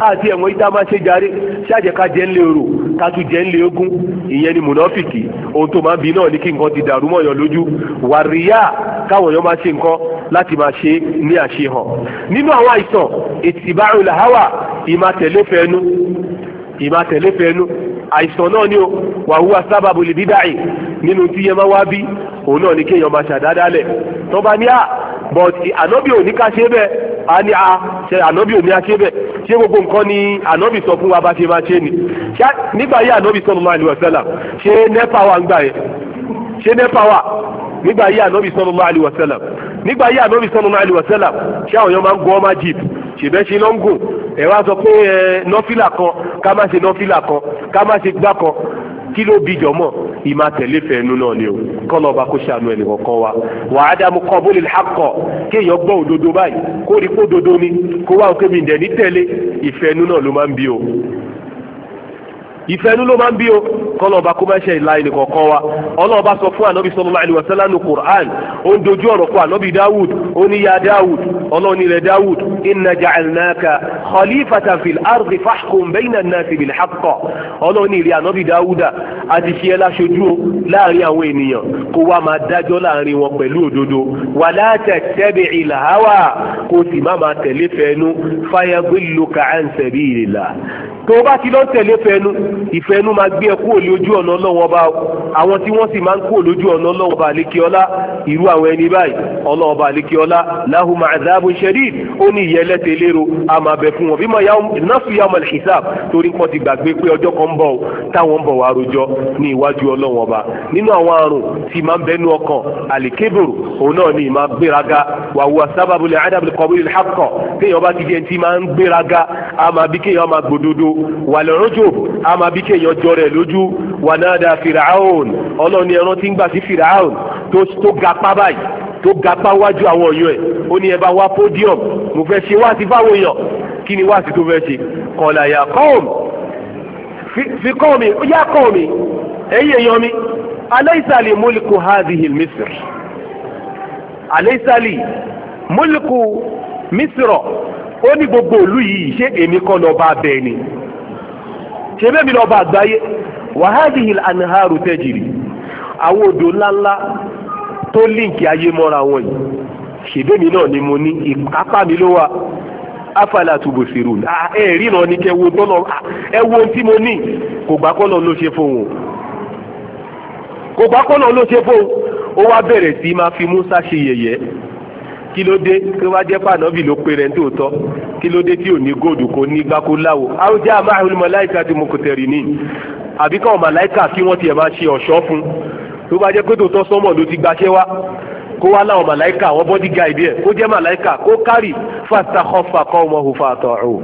àti ẹ̀wọ̀n ìta máa ṣe jarí ṣáàjẹ́ ká jẹ́ ńlẹ̀ orò ká tún jẹ́ ńlẹ̀ ogún ìyẹn ni mùnáfìkì ohun tó máa ń bi náà ni kí nǹkan ti dàrú mọ́yàn lójú wàríyá káwọn èèyàn máa ṣe nǹkan láti máa ṣe ní àṣehàn nínú àwọn àìsàn ìtìbáru ìmàtẹ̀lẹ́fẹ̀ẹ́nu ìmá tẹ̀lé fẹ́nu àìsàn náà ni ó wà hùwà sábàbù lè dídàì nínú tí yẹn máa wá bí òun náà ni kéèyàn máa ṣàdádálẹ̀ tó bá ní à but ànábì ò ní ká ṣe bẹ́ẹ̀ a ní a ṣe ànábì ò ní a ṣe bẹ́ẹ̀ ṣé gbogbo nǹkan ni ànábì sọ fún wa bá ṣe máa ṣe ni nígbà yí ànábì sallallahu alaihi wasallam ṣé nẹ́pà wà ń gbà yẹn ṣé nẹ́pà wà nígbà yí ànábì sallallahu alaihi wasallam nígbà yí ànábì sallallahu alaihi wasallam ṣé àwọn èèyàn máa ń gun ọmọ jeep ṣèbẹ́ ṣe ló ń gùn ẹ wá sọ pé ẹ nọ́fìlà kan ká má ṣe nọ́fìlà kan ká má ṣe gbá kan kí ló bí jọmọ ìmá tẹ̀lé fẹ̀ẹ́nu náà ni o kọ́nà ọba kó ṣàánú ẹnì kọ̀ọ̀kan wa wà á dá mu kọ́ bó lè hakọ̀ kéèyàn gbọ́ òdodo báyìí kó rí kó dodo ni kó wá òkè mi dẹ̀ ní tẹ̀lé ìfẹ́nu náà ló máa ń bí o ìfẹ́nu ló máa ń bí o kọlọ́ọ̀bá kó má ṣe ìlà ẹnì kọ̀ọ̀kan wa ọlọ́ọ̀bá sọ fún ànábì sallallahu alaihi wasallam Qur'an ó ń dojú ọ̀rọ̀ fún ànábì Dawud ó ní ya Dawud ọlọ́run ní rẹ̀ Dawud inna ja'alnaka khalifatan fil ardi fahkum bayna an-nasi bil haqq ọlọ́run ní rẹ̀ ànábì Dawuda àti ṣe ẹ́ láṣojú láàrin àwọn ènìyàn kó wá máa dájọ́ láàrin wọn pẹ̀lú òdodo wala tattabi'il hawa kó sì má máa tẹ̀lé fẹ́nu fayadilluka an sabilillah tó o bá ti lọ tẹ̀lé fẹ́nu ìfẹ́nu máa gbé ẹ kúrò lójú ọ̀nà Ọlọ́run Ọba àwọn tí wọ́n sì máa ń kúrò lójú ọ̀nà Ọlọ́run ọlá láhùmá àdáàbò ṣẹ̀díd ó ní ìyẹn lẹ́tẹ̀ lérò a máa bẹ fún wọn bí nọ́ọ̀sù yà ọmọ ìṣàb torí pọ́n ti gbàgbé pé ọjọ́ kan ń bọ̀ táwọn ń bọ̀ wá rojọ́ ní iwájú ọlọ́wọ́n ọba nínú àwọn àrùn tí máa ń bẹnu ọkàn àlìkébòrò òun náà ni ìmá gbéraga wàhùwà sábàbù lè àdàbù kọ̀wé ìlhàkọ̀ kéèyàn bá ti di ẹni tí máa ń gbéraga a bí kéèyàn máa gbòdodo wàlẹ̀ rọ́jò a bí kéèyàn jọrẹ̀ lójú wànádà fìràhùn ọlọ́ni ẹran tí ń gbà sí fìràhùn tó ga pa tó gapá wájú àwọn ọ̀yọ́ ẹ̀ ó ní ẹ bá wá pódíọ̀m mo fẹ́ ṣe wá sí fáwọn èèyàn kí ni wá sí tó fẹ́ ṣe kọ̀ọ̀là yà kọ́ọ̀m fi kọ́ọ̀ mi yá kọ́ọ̀ ẹ̀yìn èèyàn mi aláìsàlì múlùkù hadhihi misr aláìsàlì múlùkù misrọ̀ ó ní gbogbo ìlú yìí ṣé èmi kọ́ lọ́ọ́ bá bẹ́ẹ̀ ni ṣe bẹ́ẹ̀ mi lọ́ọ́ bá àgbáyé wàhádìí tó líǹkì ayé mọ́ra wọn yìí ṣèbémi náà ni mo ní apá mi ló wà afala tubosiru ẹ ríran ní kẹ wo tọ́lọ ẹ wo ohun tí mo ní kò gbà kọ́lọ́ ló ṣe fóun kò gbà kọ́lọ́ ló ṣe fóun ó wá bẹ̀rẹ̀ sí máa fi Musa ṣe yẹ̀yẹ́ kí ló dé kí wá jẹ́ pànábì ló pe rẹ̀ ń tòótọ́ kí ló dé tí ò ní góòdù kò ní gbáko láwo àwùjá àmàlùmọ̀ láìka tí mo kò tẹ̀rì ní àbíkọ́ ọ̀mà láìka kí wọ́n tiẹ̀ máa ṣe ọ̀ṣọ́ fún un tó bá jẹ́ pé tòótọ́ sọ́mọ̀ ló ti gbaṣẹ́ wá kó wá láwọn màláìka àwọn bọ́dí ga ìbí ẹ̀ kó jẹ́ màláìka kó kárì fàtàkọ́fà kọ́ ọmọ òhun fàtọ̀ọ̀hún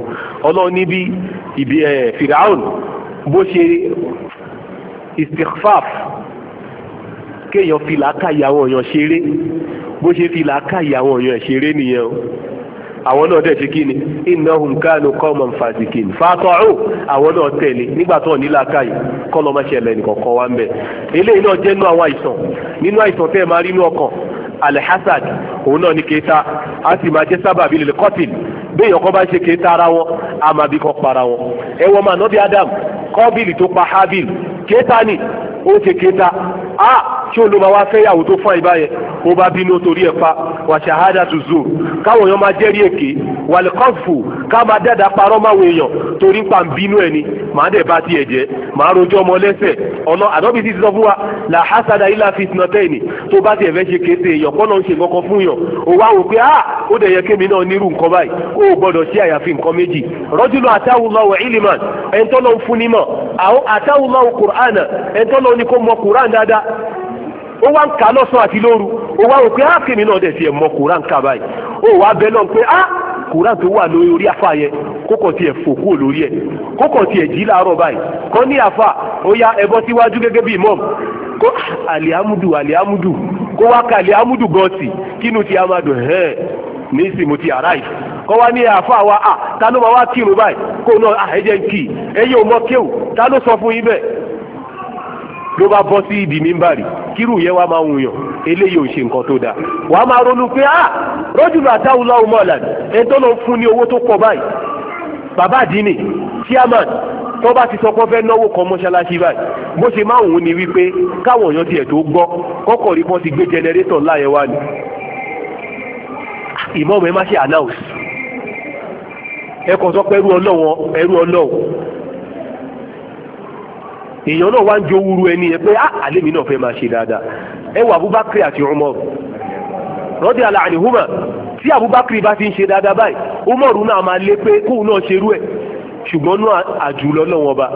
ọlọ́run níbi ìbí ẹ̀ fìràhùn bó ṣe istikfaf kéèyàn fi làákàyà àwọn èèyàn ṣeré bó ṣe fi làákàyà àwọn èèyàn ṣeré nìyẹn o àwọn náà dẹ̀ ṣe kí ni innahum kanu qawman fasikin fata'u àwọn náà tẹ̀lé nígbà tó ní làákàyè kọ́ lọ́ máa ṣẹlẹ̀ nìkọ̀ọ̀kan wa ń bẹ̀ eléyìí náà jẹ́ nínú àwọn àìsàn nínú àìsàn tẹ́ ẹ máa rí inú ọkàn alhasad òun náà ní kẹta a sì máa jẹ́ sábàbí lil qatil béèyàn kan bá ṣe kéta ara wọn àmàbí kan para wọn ẹ wọ́n máa nọ́bí Adam kọ́bìlì tó pa Habil kéta ni ó ṣe kéta a ṣé o ló máa wá fẹ́ yàwó tó fún àyíbá yẹn kó bá bínú torí ẹ̀ pa wà ṣàhádà tó zò káwọn èèyàn máa jẹ́rìí èké wàlẹ̀ ká máa dáadáa parọ́ máwọn èèyàn torí pa ń bínú ẹ̀ ni màá dẹ̀ bá tiẹ̀ jẹ́ màá rojọ́ ọmọ lẹ́sẹ̀ ọ̀nà àdọ́bí ti sọ fún wa là hásàdà ilà fitna tẹ́ẹ̀nì tó bá tiẹ̀ fẹ́ ṣe kété èèyàn kọ́ náà ń ṣe nǹkan fún yàn ó wá wò pé ah ó dẹ̀ yẹ kémi náà nírú nǹkan báyìí ó gbọ́dọ̀ ṣe àyàfi nǹkan méjì rọ́júlọ àtàwùlọ́wọ̀ ìlímàn ẹni tó ń fún nímọ̀ àtàwùlọ́wọ̀ kùránà ẹni tó kùrán tó wà lórí orí afa yẹn kókò tiẹ̀ fò kúrò lórí ẹ̀ kókò tiẹ̀ jí láàárọ̀ báyìí kọ́ ní afa ó yá ẹbọ síwájú gẹ́gẹ́ bí mọ́m kó àlìámúdù àlìámúdù kó wá ka àlìámúdù gan kínú ti amadu hẹ́ẹ̀ ní ìsìn ti arrive kọ́ wá ní afa wa a ta ló ma wá kírun báyìí kó náà ẹ̀jẹ̀ ń kì í ẹ̀yẹ́ ò mọ kéwù ta sọ fún yín bẹ́ẹ̀ ló bá bọ́ sí ìdí mímbàrí kírù yẹn wá máa ń wùyàn eléyìí ò ṣe nǹkan tó dáa wà á máa ronú pé ah rọ́jùlọ àtàwùlá ọmọ ọ̀làdì ẹni tó lọ fún ní owó tó pọ̀ báyìí bàbá àdínì chairman tó bá ti sọ pé fẹ́ náwó kan mọ́ṣáláṣí báyìí bó ṣe máa ń wù ní wípé káwọn èèyàn tiẹ̀ tó gbọ́ kọ́kọ́ rí wọ́n ti gbé jẹnẹrétọ̀ ńlá yẹn wá ni ah, ìmọ̀ọ́mọ̀ ẹ má ṣe announce ẹ kàn sọ pé ẹrú ọlọ́wọ́ ẹrú ọlọ́wọ́ èèyàn náà wá ń jó wúru ẹni yẹn pé á ah, àlèmi náà fẹ́ máa ṣe dáadáa ẹ wọ Abubakar àti Umar radiyallahu anhuma tí Abubakar bá ti ń ṣe dáadáa báyìí Umar náà máa lé pé kóun náà ṣerú ẹ̀ ṣùgbọ́n náà àjùlọ náà wọn bá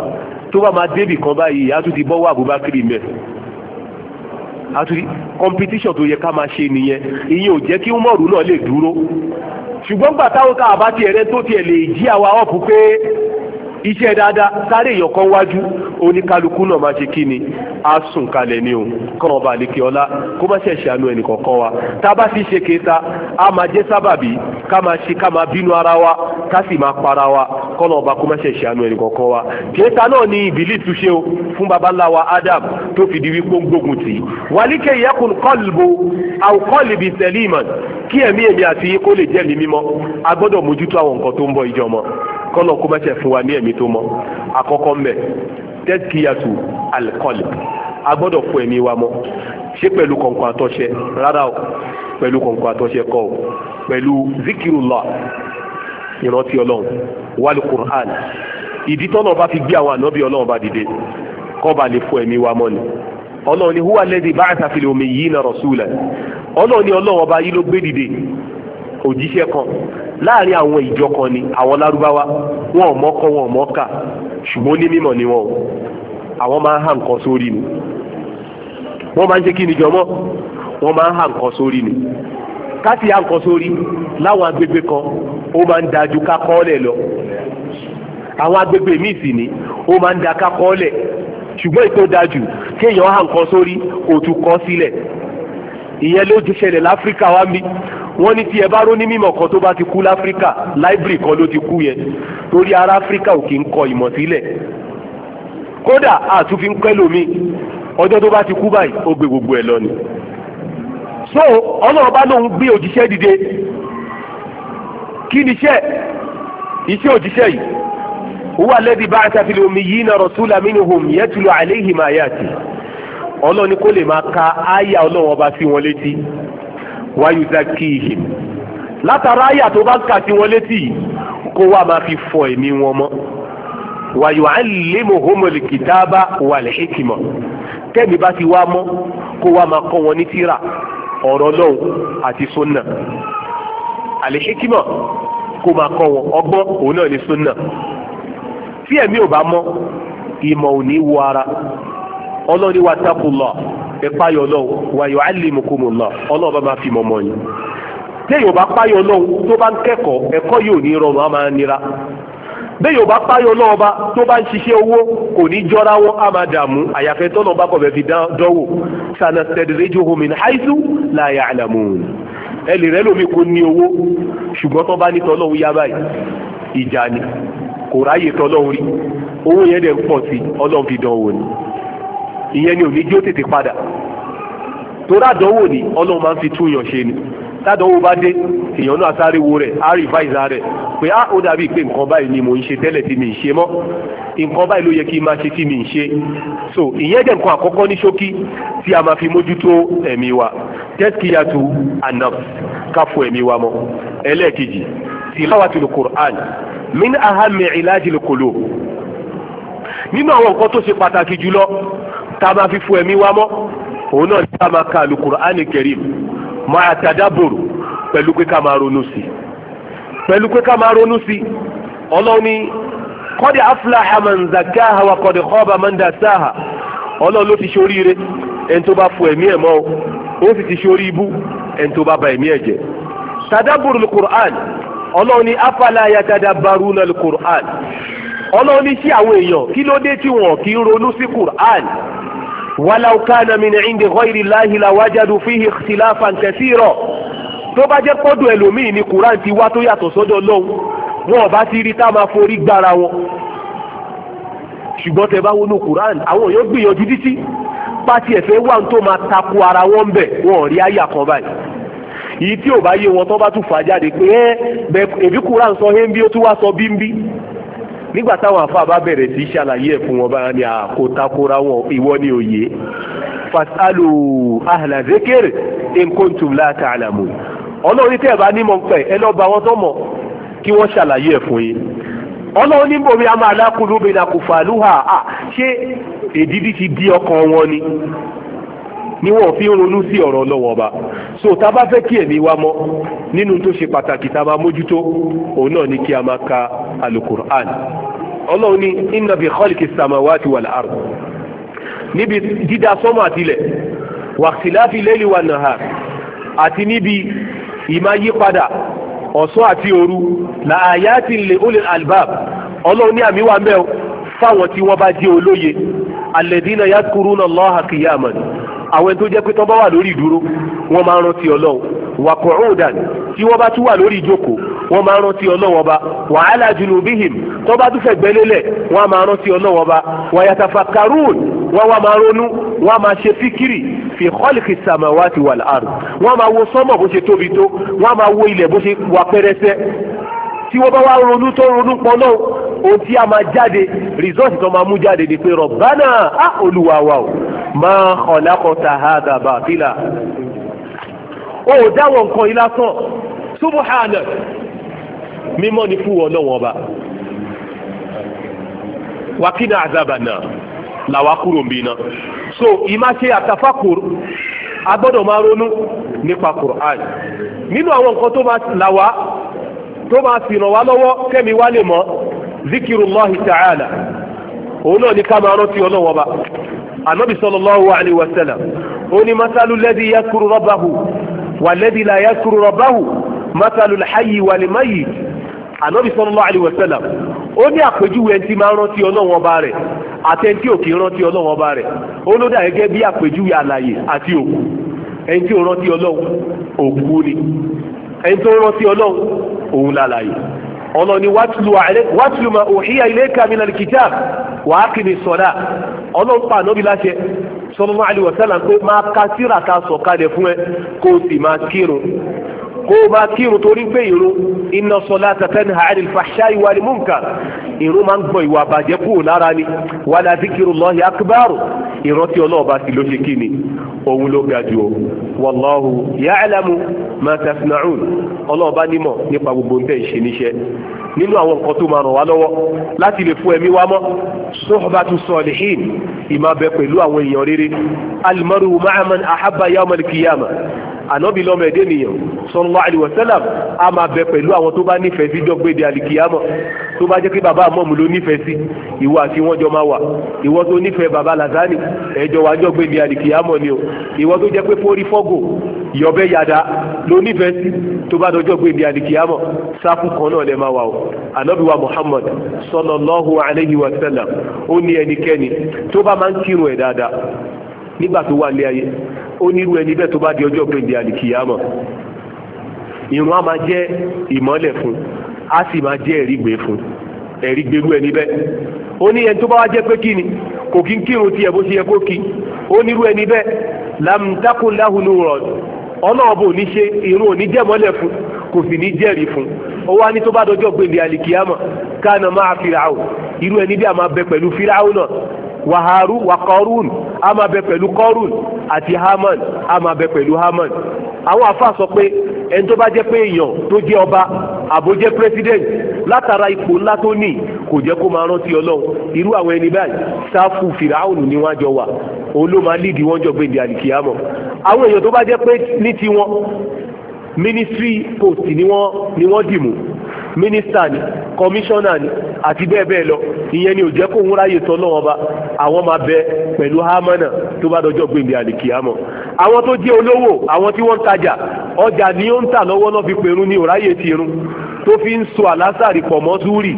tó bá máa débì kan báyìí á tún ti bọ́wọ́ Abubakar mẹ́ á tún competition tó yẹ ká máa ṣe nìyẹn ìyẹn ò jẹ́ kí Umar náà lè dúró ṣùgbọ́n gbà táwọn káàbá tiẹ̀ rẹ tó tiẹ̀ lè jí àwa ọ̀pù pé iṣẹ́ dáadáa sáré ìyọ̀kan wájú oníkálukú náà máa ṣe kí ni a sùn kalẹ̀ ni o kọ́ ọba àlekè ọlá kó má ṣe ṣàánú ẹnì kọ̀ọ̀kan wa tá a bá sì ṣe kéta a máa jẹ́ sábàbí ká máa ṣe ká máa bínú ara wa ká sì máa para wa kọ́ ọba kó má ṣe ṣàánú ẹnì kọ̀ọ̀kan wa kéta náà ni ìbílí túnṣe o fún baba wa Adam tó fi di wípé ó ń gbógun tì í wàlíkè yẹkùn kọ́lìbù àwòkọ́lìbì sẹ́líìmọ̀ kí ẹ̀mí ẹ̀mí àti yín kó lè jẹ́ mi mímọ́ a gbọ́dọ̀ mójútó àwọn nǹkan tó ń bọ̀ ìjọ mọ́ kọ́nà kó bá ṣe fún wa ní ẹ̀mí tó mọ́ àkọ́kọ́ mbẹ̀ tẹ́kíyàtù alikọ́lì a gbọ́dọ̀ fún ẹ̀mí wa mọ́ ṣé pẹ̀lú kọ̀ǹkọ̀ àtọ́ṣe rárá o pẹ̀lú kọ̀ǹkọ̀ àtọ́ṣe kọ́ o pẹ̀lú zikirullah ìrántí ọlọ́run wàlú Qur'an ìdí tọ́nà bá fi gbé àwọn ànábì ọlọ́run bá dìde kọ́ bá lè fún ẹ̀mí wa mọ́ ni ọlọ́run ni huwa lẹ́dí bá àtàfilẹ̀ omi yìí náà rọ̀ṣúlẹ̀ ọlọ́run ni ọlọ́run ọba yìí ló gbé dìde òjíṣẹ́ kan láàrin àwọn ìjọ kan ni àwọn lárúbáwá wọn ò mọ́kọ wọn ò mọ́kà ṣùgbọ́n ó ní mímọ̀ ni wọn o àwọn máa ń hàn nǹkan sórí ni wọ́n máa ń ṣe kí ni jọmọ́ wọ́n máa ń hàn nǹkan sórí ni káti hàn nǹkan sórí láwọn agbègbè kan ó máa ń dájú ká kọ́ọ́lẹ̀ lọ àwọn agbègbè míì sì ni ó máa ń da ká kọ́ọ́lẹ̀ ṣùgbọ́n ètò dájú kéèyàn hàn nǹkan sórí kò kọ́ sílẹ̀ ìyẹn ló ti ṣẹlẹ̀ láfíríkà wa mi wọ́n ní tí ẹ bá róní mímọ̀ kan tó bá ti kú láfíríkà láìbírì kan ló ti kú yẹn torí ará áfíríkà ò kì í kọ ìmọ̀ sílẹ̀ kódà àtúnfi ń ọjọ́ tó bá ti kú báyìí ó gbé gbogbo ẹ̀ lọ ni. so ọlọ́run bá lóun gbé òjíṣẹ́ dìde kí ni iṣẹ́ iṣẹ́ òjíṣẹ́ yìí huwa alladhi ba'atha fil ummiyina rasulan minhum yatlu alayhim ayati ọlọ́run ni kó lè máa ka áyà ọlọ́run ọba sí wọn létí wáyúdá kíhì látara àyà tó bá kà sí wọn létí kó wá máa fi fọ ẹ̀mí wọn mọ́ wàyò àlèmọ̀hómọ̀lì kìtàbà wà lẹ́hìkìmọ̀ tẹ́mi bá ti wá mọ́ kó wá máa kọ́ wọn ní tíra ọ̀rọ̀ lọ́hùn àti sunna àlèhìkìmọ̀ kó máa kọ́ wọn ọgbọ́n òun náà ní sunna tí ẹ̀mí ò bá mọ́ ìmọ̀ ò ní wọ ara ọlọ́run ní wattaqullah ẹ̀páyọ̀ ọlọ́run wa yu'allimukumullah ọlọ́run bá máa fi mọ̀ mọ̀ yín téèyàn bá páyọ̀ ọlọ́run tó bá ń kẹ́kọ̀ọ́ ẹ̀kọ́ yóò ní rọrùn á máa nira béèyàn bá páyọ̀ ọlọ́run bá tó bá ń ṣiṣẹ́ owó kò ní jọra wọn á máa dààmú àyàfẹ́ tọ́nà bá kọ̀ fẹ́ fi dánwò sanastadrijuhum min haythu la ya'lamun ẹlì rẹ lómi kò ní owó ṣùgbọ́n tó bá ní ìyẹn ni òní jí ó tètè padà torí àdánwò ni ọlọ́run máa ń fi túyàn ṣe ni tádánwò bá dé èèyàn náà sáré wo rẹ̀ á rìváìsà rẹ̀ pé á ah, ó dàbí pé nǹkan báyìí ni mò ń ṣe tẹ́lẹ̀ tí mi ń ṣe mọ́ nǹkan báyìí ló yẹ kí n máa ṣe tí mi ń ṣe so ìyẹn jẹ́ nǹkan àkọ́kọ́ ní ṣókí tí a máa fi mójútó ẹ̀mí wa tẹ́síkìyàtú anaf káfọ ẹ̀mí wa mọ́ ẹlẹ́ẹ̀kejì tìláwàtìlù Qur'an min ahami ìlàjìlù kòló nínú àwọn nǹkan tó ṣe pàtàkì jùlọ ká máa fi fún ẹ̀mí wa mọ́ òun náà ní ká máa ka alukur'ani kerim máa tàdábòrò pẹ̀lú pé ká máa ronú sí pẹ̀lú pé ká máa ronú sí ọlọ́run ní kọ́dé afúláhà man zakaha wa kọ́dé kọ́ba man dasaha ọlọ́run ló ti ṣe oríire ẹni tó bá fún ẹ̀mí ẹ̀ mọ́ ó sì ti ṣe orí ibú ẹni tó bá ba ẹ̀mí ẹ̀ jẹ́ tàdábòrò alukur'ani ọlọ́run ní afala yatadabbaruna alukur'ani ọlọ́run ní sí àwọn èèyàn kí ló dé tí wọn kì í ronú sí Qur'an walau kana min indi ghayri Allahi lawajadu fihi ikhtilafan kathira tó bá jẹ́ pọ́dọ̀ ẹlòmíì ni Qur'an ti wá tó yàtọ̀ sọ́dọ̀ lọ́hùn wọn ò bá ti rí tá a máa forí gbára wọn ṣùgbọ́n tẹ bá wọnú Qur'an àwọn èèyàn gbìyànjú títí pàtí ẹ̀fẹ́ wà tó máa tako ara wọn ń bẹ̀ wọn ò rí àyà kan báyìí èyí tí ò bá yé wọn tó bá tún fà jáde pé ẹ bẹ èbí Qur'an sọ hẹ́ńbí ó tún wá sọ bíńbí nígbà táwọn àfa bá bẹ̀rẹ̀ sí ṣàlàyé ẹ̀ fún wọn báyà ní àkótakóra wọn ìwọ ní òye fasalu ahla zikir in kuntum la ta'lamun ọlọ́run tẹ́ ẹ̀ bá nímọ̀ pẹ̀ ẹ lọ́ọ́ bá wọn tó mọ̀ kí wọ́n ṣàlàyé ẹ̀ fún yín ọlọ́run ní bòmí àmà alákùnrin obìnrin ṣé èdìdí ti di ọkàn wọn ni ni wọ́n fi ń ronú sí ọ̀rọ̀ lọ́wọ́ ọba so tá a bá fẹ́ kí ẹ̀mí wa mọ́ nínú tó ṣe pàtàkì tá a máa mójútó òun náà ni kí a máa ka alukur'an ọlọ́run ní inna bi khalqi samawati wal ard níbi dídá sọ́mọ́ àtilẹ̀ wàkìláfi lẹ́lì wa nahar àti níbi ìmáyípadà ọ̀sán àti òru la ayatin li ulil albab ọlọ́run ní àmì wa mẹ́o fáwọn tí wọ́n bá jẹ́ olóye alladhina yadhkuruna Allaha qiyaman àwọn ẹni tó jẹ́ pé tán bá wà lórí ìdúró wọ́n máa ń rántí ọlọ́run wà kọ̀ọ̀dàn tí wọ́n bá tún wà lórí ìjókòó wọ́n máa ń rántí ọlọ́run ọba wà ala junubihim tó bá tún fẹ́ gbẹ́lélẹ̀ wọ́n á máa rántí ọlọ́run ọba wà yatafakkarun wọ́n wá máa ronú wọ́n á máa ṣe fíkìrì fi khalqi samawati wal ard wọ́n á máa wo sọ́mọ̀ bó ṣe tóbi tó wọ́n á máa wo ilẹ̀ bó ṣe wà pẹ́rẹsẹ́ tí wọ́n bá wá ronú tó ronú pọ́nọ́ ohun tí a máa jáde rìsọ́ọ̀tì tó máa mú jáde ni pé Rabbana á olúwa o máa khalaqta hadha batila ó dáwọ̀ nǹkan yìí lásán subhana mímọ́ ni fún ọlọ́wọ́n ọba wákìnà àzàbànà làwa kúrò ń bí iná so ìmáṣe àtàfàkùrù agbọ́dọ̀ máa ronú nípa Qur'an nínú àwọn nǹkan tó máa làwa tó máa sì ràn wá lọ́wọ́ kẹ́mi wá lè zikirullahi ta'ala òun náà ni ká máa rántí ọlọ́wọ́n ọba anabi sallallahu alayhi wa sallam ó ní masalu lẹ́dí yakuru rọ́bàhù wà lẹ́dí la yakuru rọ́bàhù masalu lahayi wà lè mayi anabi sallallahu alayhi wa sallam ó ní àpèjúwe ẹni tí máa rántí ọlọ́wọ́n bá rẹ̀ àti ẹni tí ò kì í rántí ọlọ́wọ́n bá rẹ̀ ó ló dà gẹ́gẹ́ bí àpèjúwe ni ẹni tó rántí ọlọ́wọ́ òun lálàyé ọlọ́ni wátìlú ma òhíyà ilayka minal kitab wa aqimi sọ̀dá ọlọ́run pa ànábì láṣẹ sallallahu alaihi wasallam pé máa ka síra ta sọ̀kalẹ̀ fún ẹ kó o sì máa kírun kó o máa kírun torí pé ìrun inna salata tanha 'anil fahsha'i wal munkar ìrun máa ń gbọ̀n ìwà àbàjẹ́ kúrò lára ni wa la dhikrullahi akbar ìrántí ọlọ́ọ̀bá sí ló ṣe kí ni òun ló ga jù ọ wallahu ya'lamu ma tasna'un ọlọ́ọ̀bá nímọ̀ nípa gbogbo ń tẹ̀ ṣe níṣẹ́ nínú àwọn nǹkan tó máa ràn wá lọ́wọ́ láti lè fún ẹ̀mí wa mọ́ suhbatu salihin ìmàbẹ pẹ̀lú àwọn èèyàn rere almaru ma'a man ahabba yawm al-qiyamah ànábì lọ́mọ ẹ̀dẹ́ nìyàn sallallahu alaihi wasallam a máa bẹ pẹ̀lú àwọn tó bá nífẹ̀ẹ́ sí jọ́gbéde àlìkìyàmọ̀ tó bá jẹ́ kí bàbá àmọ́mù ló nífẹ̀ẹ́ sí ìwọ àti wọ́n jọ máa wà ìwọ tó nífẹ̀ẹ́ bàbá làzánì ẹjọ́ wa jọ́ gbẹ̀mí àdìkìyàmọ̀ ni o ìwọ tó jẹ́ pé forí fọ́gò yọ̀bẹ́ yàda lónífẹ̀ẹ́ sí tó bá dọjọ́ gbẹ̀mí àdìkìyàmọ̀ sáfù kan náà lè máa wà o ànábì wa Muhammad sallallahu alayhi wa sallam ó ní ẹnikẹ́ni tó bá máa ń kírun ẹ̀ dáadáa nígbà tó wà lé ayé ó nírú ẹni bẹ́ẹ̀ tó bá di ọjọ́ gbẹ̀mí àdìkìyàmọ̀ ìrun á máa jẹ́ ìmọ́lẹ̀ fún á sì máa jẹ́ ẹ̀rí gbé fún ẹ̀rí gbérú ẹni bẹ́ẹ̀ ó ní ẹni tó bá wá jẹ́ pé kí ni kò kí ń kírun tiẹ̀ bó ṣe yẹ kó kí ó nírú ẹni bẹ́ẹ̀ lamtakun lahunu rọd ọ ò ní ṣe irun ò ní fún kò sì ní jẹ́rìí fún ó wá ní tó bá dọjọ́ gbèlè àlìkíyàmọ̀ kánà máa fìràwọ̀ irú ẹni bí a wa Harun wa Qarun a máa bẹ pẹ̀lú Qarun àti Haman a máa bẹ pẹ̀lú Haman àwọn afa sọ pé ẹni tó bá jẹ́ pé èèyàn tó jẹ́ ọba àbó jẹ́ president látara ipò ńlá tó ní kò jẹ́ kó máa rántí ọlọ́run irú àwọn ẹni báyìí sáfù fìràhùn ni wọ́n jọ wà òun ló máa lídìí wọ́n jọ gbé di àlìkìyàmọ̀ àwọn èèyàn tó bá jẹ́ pé ní tiwọn ministry post ni wọ́n ni wọ́n dì mú Minister, ni kọmíṣánná ni àti bẹ́ẹ̀ bẹ́ẹ̀ lọ ìyẹn ni ò jẹ́ kó ń ráyè tán náà ọba àwọn máa bẹ pẹ̀lú hámánà tó bá dọjọ́ gbèǹdé àlìkìyàmọ̀ àwọn tó jẹ́ olówó àwọn tí wọ́n ń tajà ọjà ni ó ń tà lọ́wọ́ náà fi pẹ̀rún ní òráyè ti irun tó fi ń so àlásàrì pọ̀ mọ́ súrì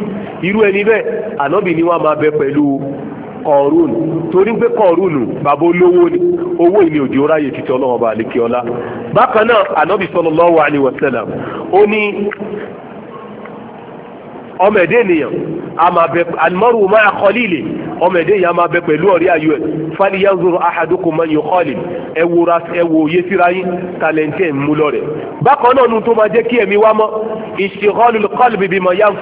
irú ẹni bẹ́ẹ̀ ànábì ni wọ́n máa bẹ pẹ̀lú kọ̀ọ̀rùn torí pé kọ̀ọ̀rùn bàbá olówó ni owó ìní òjò ráyè títí ọlọ́wọ́ bá àlekè ọlá bákan náà ànábì sallallahu alaihi wasallam ó ní ọmọ ẹ̀dẹ́ ènìyàn ma máa kọ́lí ilé ọmọ ẹ̀dẹ́ ènìyàn máa bẹ pẹ̀lú ọ̀rí ayọ̀ ẹ̀ fàlíyànzoro ahadukum man yuqalil ẹ wo oyè síra yín tàlẹ́ǹtì ẹ̀ ń mú bákan náà nu tó máa jẹ́ kí ẹ̀mí wá mọ́ ìṣèkọ́lù kọ́lù bíbí mọ̀ yá ń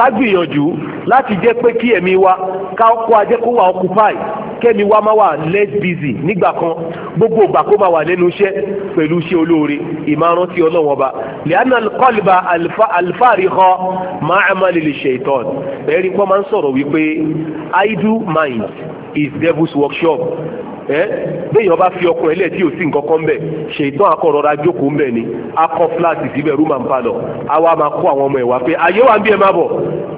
ká gbìyànjú láti jẹ́ pé kí ẹ̀mí wa ká kó ajẹ́ kó wà occupy kẹ́mi wa máa wà less busy nígbà kan gbogbo ìgbà kó máa wà lẹ́nu iṣẹ́ pẹ̀lú iṣẹ́ olóore ìmáràn tí ọlọ́wọ́n ba lẹ́yìn alqalba alfarikha máa ń amalè lè ṣe ìtọ́n ẹ̀rí pọ́n máa ń sọ̀rọ̀ wípé idle mind is devil's workshop ẹ eh? béèyàn bá fi ọkọ ẹlẹ tí ò sí nǹkan kan bẹ ṣètò akọrọra jókòó mbẹ ni akọ fúláàtì síbẹ̀ rúmà ń palọ àwa máa kó àwọn ọmọ ẹ wá pé àyè wa ń bí ẹ máa bọ̀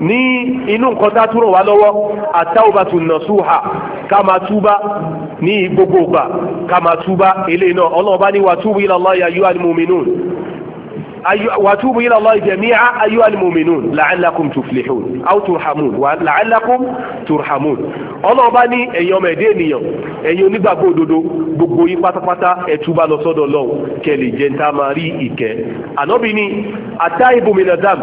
ní inú nǹkan tá a túrọ̀ wá lọ́wọ́ àtàwùbàtù nàṣúhà ká máa túbá ní gbogbo ìgbà ká máa túbá eléyìí náà ọlọ́ọ̀bá ní wàá túbú ila Allah ya ayyuhal mu'minun واتوبوا إلى الله جميعا أيها المؤمنون لعلكم تفلحون أو ترحمون لعلكم ترحمون ọlọ́run bá ní ẹ̀yin ọmọ ẹ̀dẹ́ ènìyàn ẹ̀yin onígbàgbọ́ òdodo gbogbo yín pátápátá ẹ̀túbà lọ sọ́dọ̀ lọ́wọ́ kẹlẹ̀ jẹta máa rí ìkẹ́ ànábì ní ata ibùmínà dam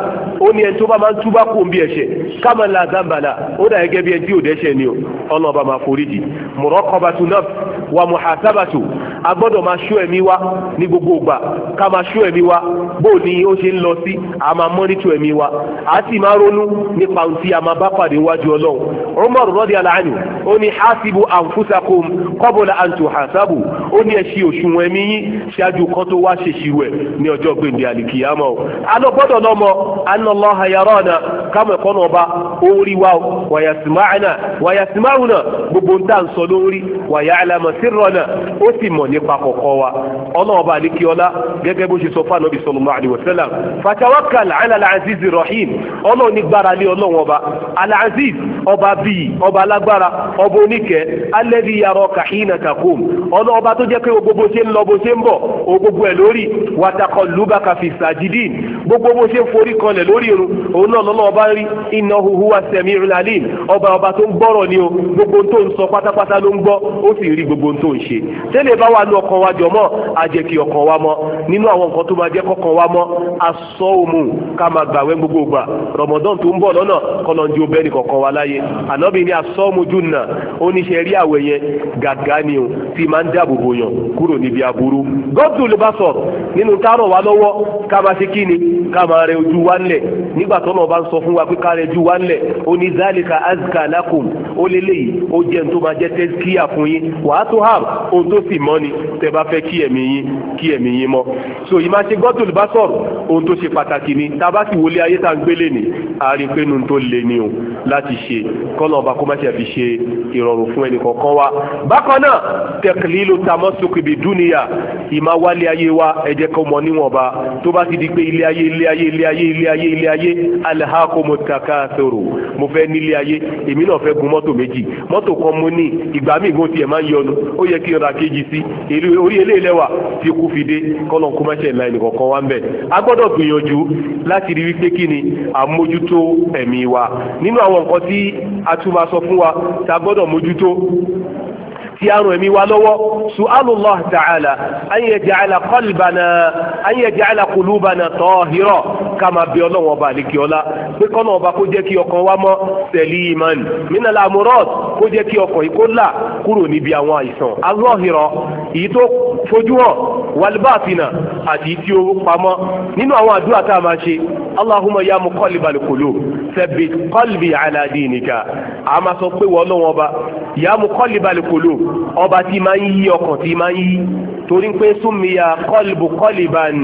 ó ní ẹni tó bá máa ń túbà kó ń bí ẹ̀ṣẹ̀ káma la dambala ó dà gẹ́gẹ́ bí ẹni tí ò dẹ́ṣẹ̀ ni o ọlọ́run bá máa forí jì muraqabatu nafs wa muhasabatu agbọ́dọ̀ máa ṣọ́ ẹ̀mí wa ní gbogbo ìgbà ká máa ṣọ́ ẹ̀mí wa bó bó ni ó ṣe ń lọ sí a máa mọ́nítù ẹ̀mí wa a sì máa ronú nípa ohun tí a máa bá pàdé wájú ọlọ́run Umar radiyallahu anhu ó ní hasibu anfusakum qabla an tuhasabu ó ní ẹ ṣe òṣùwọ̀n ẹ̀mí yín ṣáájú kan tó wá ṣe ṣirú ẹ̀ ní ọjọ́ gbèǹde àlìkìyàmọ́ alọ́gbọ́dọ̀ lọ́mọ anallaha yarana kámọ̀ ẹ̀kọ́ náà bá ó rí wa wàyàsímáàna wàyàsímáàna gbogbo ń tà ń sọ lórí wàyàlámà sírọ̀nà ó sì mọ̀ alayhi wa sallam fatawakkal ala al-aziz rahim ọlọ́run ní gbára lé ọlọ́run ọba al-aziz ọba bíi ọba alágbára ọba oníkẹ́ alladhi yaraka hina taqum ọlọ́run ọba tó jẹ́ pé gbogbo ṣe ń lọ bó ṣe ń bọ̀ o gbogbo ẹ̀ lórí wa taqallubaka fi sajidin gbogbo bó ṣe ń forí kanlẹ̀ lórí irun òun náà lọ́lọ́ ọba rí innahu huwa sami'ul alim ọba ọba tó ń gbọ́rọ̀ ni o gbogbo tó ń sọ pátápátá ló ń gbọ́ ó sì rí gbogbo tó ń ṣe tẹ́lẹ̀ bá wà ní ọkàn wa jọmọ́ àjẹkì ọkàn wa mọ́ nínú àwọn nǹkan tó máa jẹ́ kọ́kàn wa mọ́ asọ́ọ̀mù ká máa gbàwẹ̀ gbogbo gbà rọmọdán tó ń bọ̀ lọ́nà kọlọ́njú obẹ́ni kọ̀ọ̀kan wa láyé ànábì ní asọ́ọ̀mù júnà ó ní ṣe rí àwẹ̀ yẹn gàgá ni o ti máa ń dáàbò bò yàn kúrò níbi aburú gọ́dù ló bá sọ̀rọ̀ nínú tárọ̀ wa lọ́wọ́ ká máa ṣe kí ni ká máa rẹ ojú wa ńlẹ̀ nígbà tó náà bá ń sọ fún wa pé ká rẹ ojú wa ńlẹ̀ ó ní zálìkà azka lakum ó lélẹ́yìí ó jẹ́ tó máa jẹ́ tẹ́síkíyà fún yín wàá tó hàm ohun tó sì mọ́ ni tẹ bá fẹ́ kí ẹ̀mí yín kí ẹ̀mí yín mọ́ so ìmáṣe gọ́dù ló bá sọ kọ́sọ̀rù ohun tó ṣe pàtàkì ni tá a bá sì wọlé ayé tá a ń gbélé ni a rí tó le ni o láti ṣe kọ́nà ọba kó má ṣe fi ṣe ìrọ̀rùn fún ẹnì kọ̀ọ̀kan wa. bákan náà tẹ̀kìlílù tamọ́sókè bí dúnìyà ìmá wálé ayé wa ẹ̀jẹ̀ kan mọ níwọ̀nba tó bá ti di pé ilé ayé ilé ayé ilé ayé ilé ayé ilé ayé alhakumu takasoro mo fẹ́ nílé ayé èmi náà fẹ́ gun mọ́tò méjì mọ́tò kan mo ní ìgbà míì mo tiẹ̀ máa ń yọnu ó yẹ kí n ra kéjì sí orí eléyìí lẹ́wà tí kú fi dé kọ́nà kó má ìlànà ìkọ̀ọ̀kan wa ń bẹ̀ a gbọ́dọ̀ gbìyànjú láti rí wípé kí ni àmójútó ẹ̀mí wa nínú àwọn nǹkan tí a tún máa sọ fún wa tá a gbọ́dọ̀ mójútó tí a ràn ẹ̀mí wa lọ́wọ́ su'alullah ta'ala an yaj'ala qalbana an yaj'ala qulubana tahira ká máa bẹ ọlọ́run ọba àlekè ọlá pé kọ́nà ọba kó jẹ́ kí ọkàn wa mọ́ tẹ̀lé imani mina la amurọ́t kó jẹ́ kí ọkàn yìí kó là kúrò níbi àwọn àìsàn alọ́hìrọ̀ èyí tó fojú hàn walibatina àti tí ó pamọ́ nínú àwọn àdúrà tá a máa ṣe allahumma ya muqallibal qulub thabbit qalbi ala dinika a máa sọ pé wọ́n ọlọ́run ọba ya muqallibal qulub ọba tí máa ń yí ọkàn tí máa ń yí torí pé súnmìyà kọlìbù kọlìbàn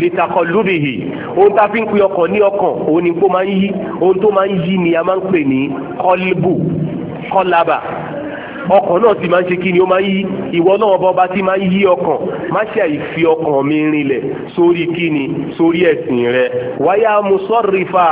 lìtàkọlùbìhì ohun tá a fi ń pe ọkàn ní ọkàn òun ni kó máa ń yí ohun tó máa ń yí ni a máa ń pè ní kọlìbù kọlàbà ọkàn náà ti máa ń ṣe kí ni ó máa ń yí ìwọ náà ọba ọba ti máa ń yí ọkàn má ṣe àìfi ọkàn mi rinlẹ̀ sórí kí ni sórí ẹ̀sìn rẹ wáyà musọ́rìfà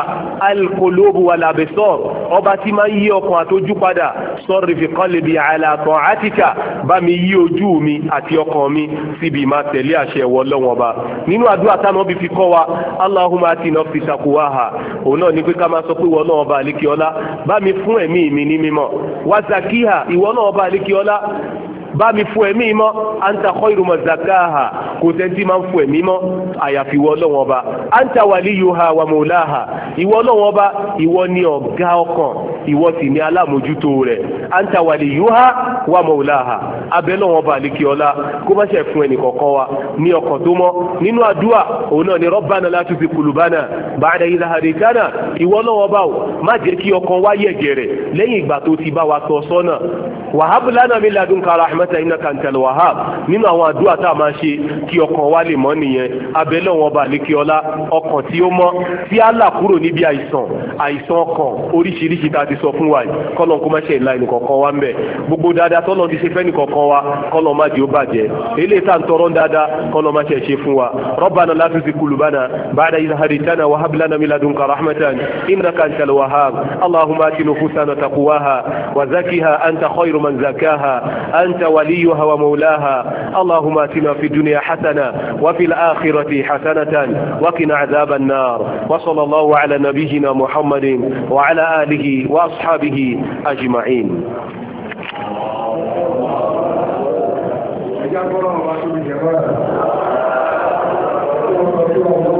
alkolobu alabesọ ọba ti máa ń yí ọkàn àtọjú padà sọ́rìfì kọ́lẹ̀bì àlàkàn àtìkà bá mi yí ojú mi àti ọkàn mi síbi máa tẹ̀lé àṣẹ ìwọ lọ́wọ́n ọba nínú àdúrà táwọn bí fi kọ́ wa allahumma atina fi takuwaha òun náà ni pé ká máa sọ pé ìwọ náà ọba àlékiọlá bá mi fún ẹ̀mí mi ní mímọ́ wàzàkíhà ìwọ náà ọba àlékí ọlá bá mi fún ẹ̀mí mọ́ anta khairu man zakaha kò tẹ́tí máa ń fún ẹ̀mí mọ́ àyàfi ìwọ ọlọ́wọ́n ọba anta waliyuha wa mawlaha ìwọ ọlọ́wọ́n ọba ìwọ ni ọ̀gá ọkàn ìwọ sì ni alámòjútó rẹ̀ anta waliyuha wa mawlaha abẹ́lọ́wọ́n ọba àlekí ọlá kó bá ṣe fún ẹnì kọ̀ọ̀kan wa ní ọkàn tó mọ́ nínú àdúrà òun náà ni rabbana la tuzi qulubana ba'da idh hadaytana ìwọ ọlọ́wọ́n ọba ò má jẹ́ kí ọkàn wa yẹ̀ gẹ̀rẹ̀ lẹ́yìn ìgbà tó ti bá wa tọ́ sọ́nà wa hab lana min ladunka rahmata innaka antal wahhab nínú àwọn àdúrà tá a máa ṣe kí ọkàn wa lè mọ́ nìyẹn abẹ́lẹ̀ wọn bá lékè ọlá ọkàn tí ó mọ́ tí á là kúrò níbi àìsàn àìsàn ọkàn oríṣiríṣi tá a ti sọ fún wa yìí kọ́lọ̀ kó má ṣe ìlà ẹnìkọ̀ọ̀kan wa ń bẹ̀ gbogbo dáadáa tọ́lọ́ ti ṣe fẹ́ nìkọ̀ọ̀kan wa kọ́lọ̀ má di ó bàjẹ́ eléyìí tá à ń tọrọ وليها ومولاها اللهم اتنا في الدنيا حسنة وفي الآخرة حسنة وقنا عذاب النار وصلى الله على نبينا محمد وعلى آله وأصحابه أجمعين Thank you.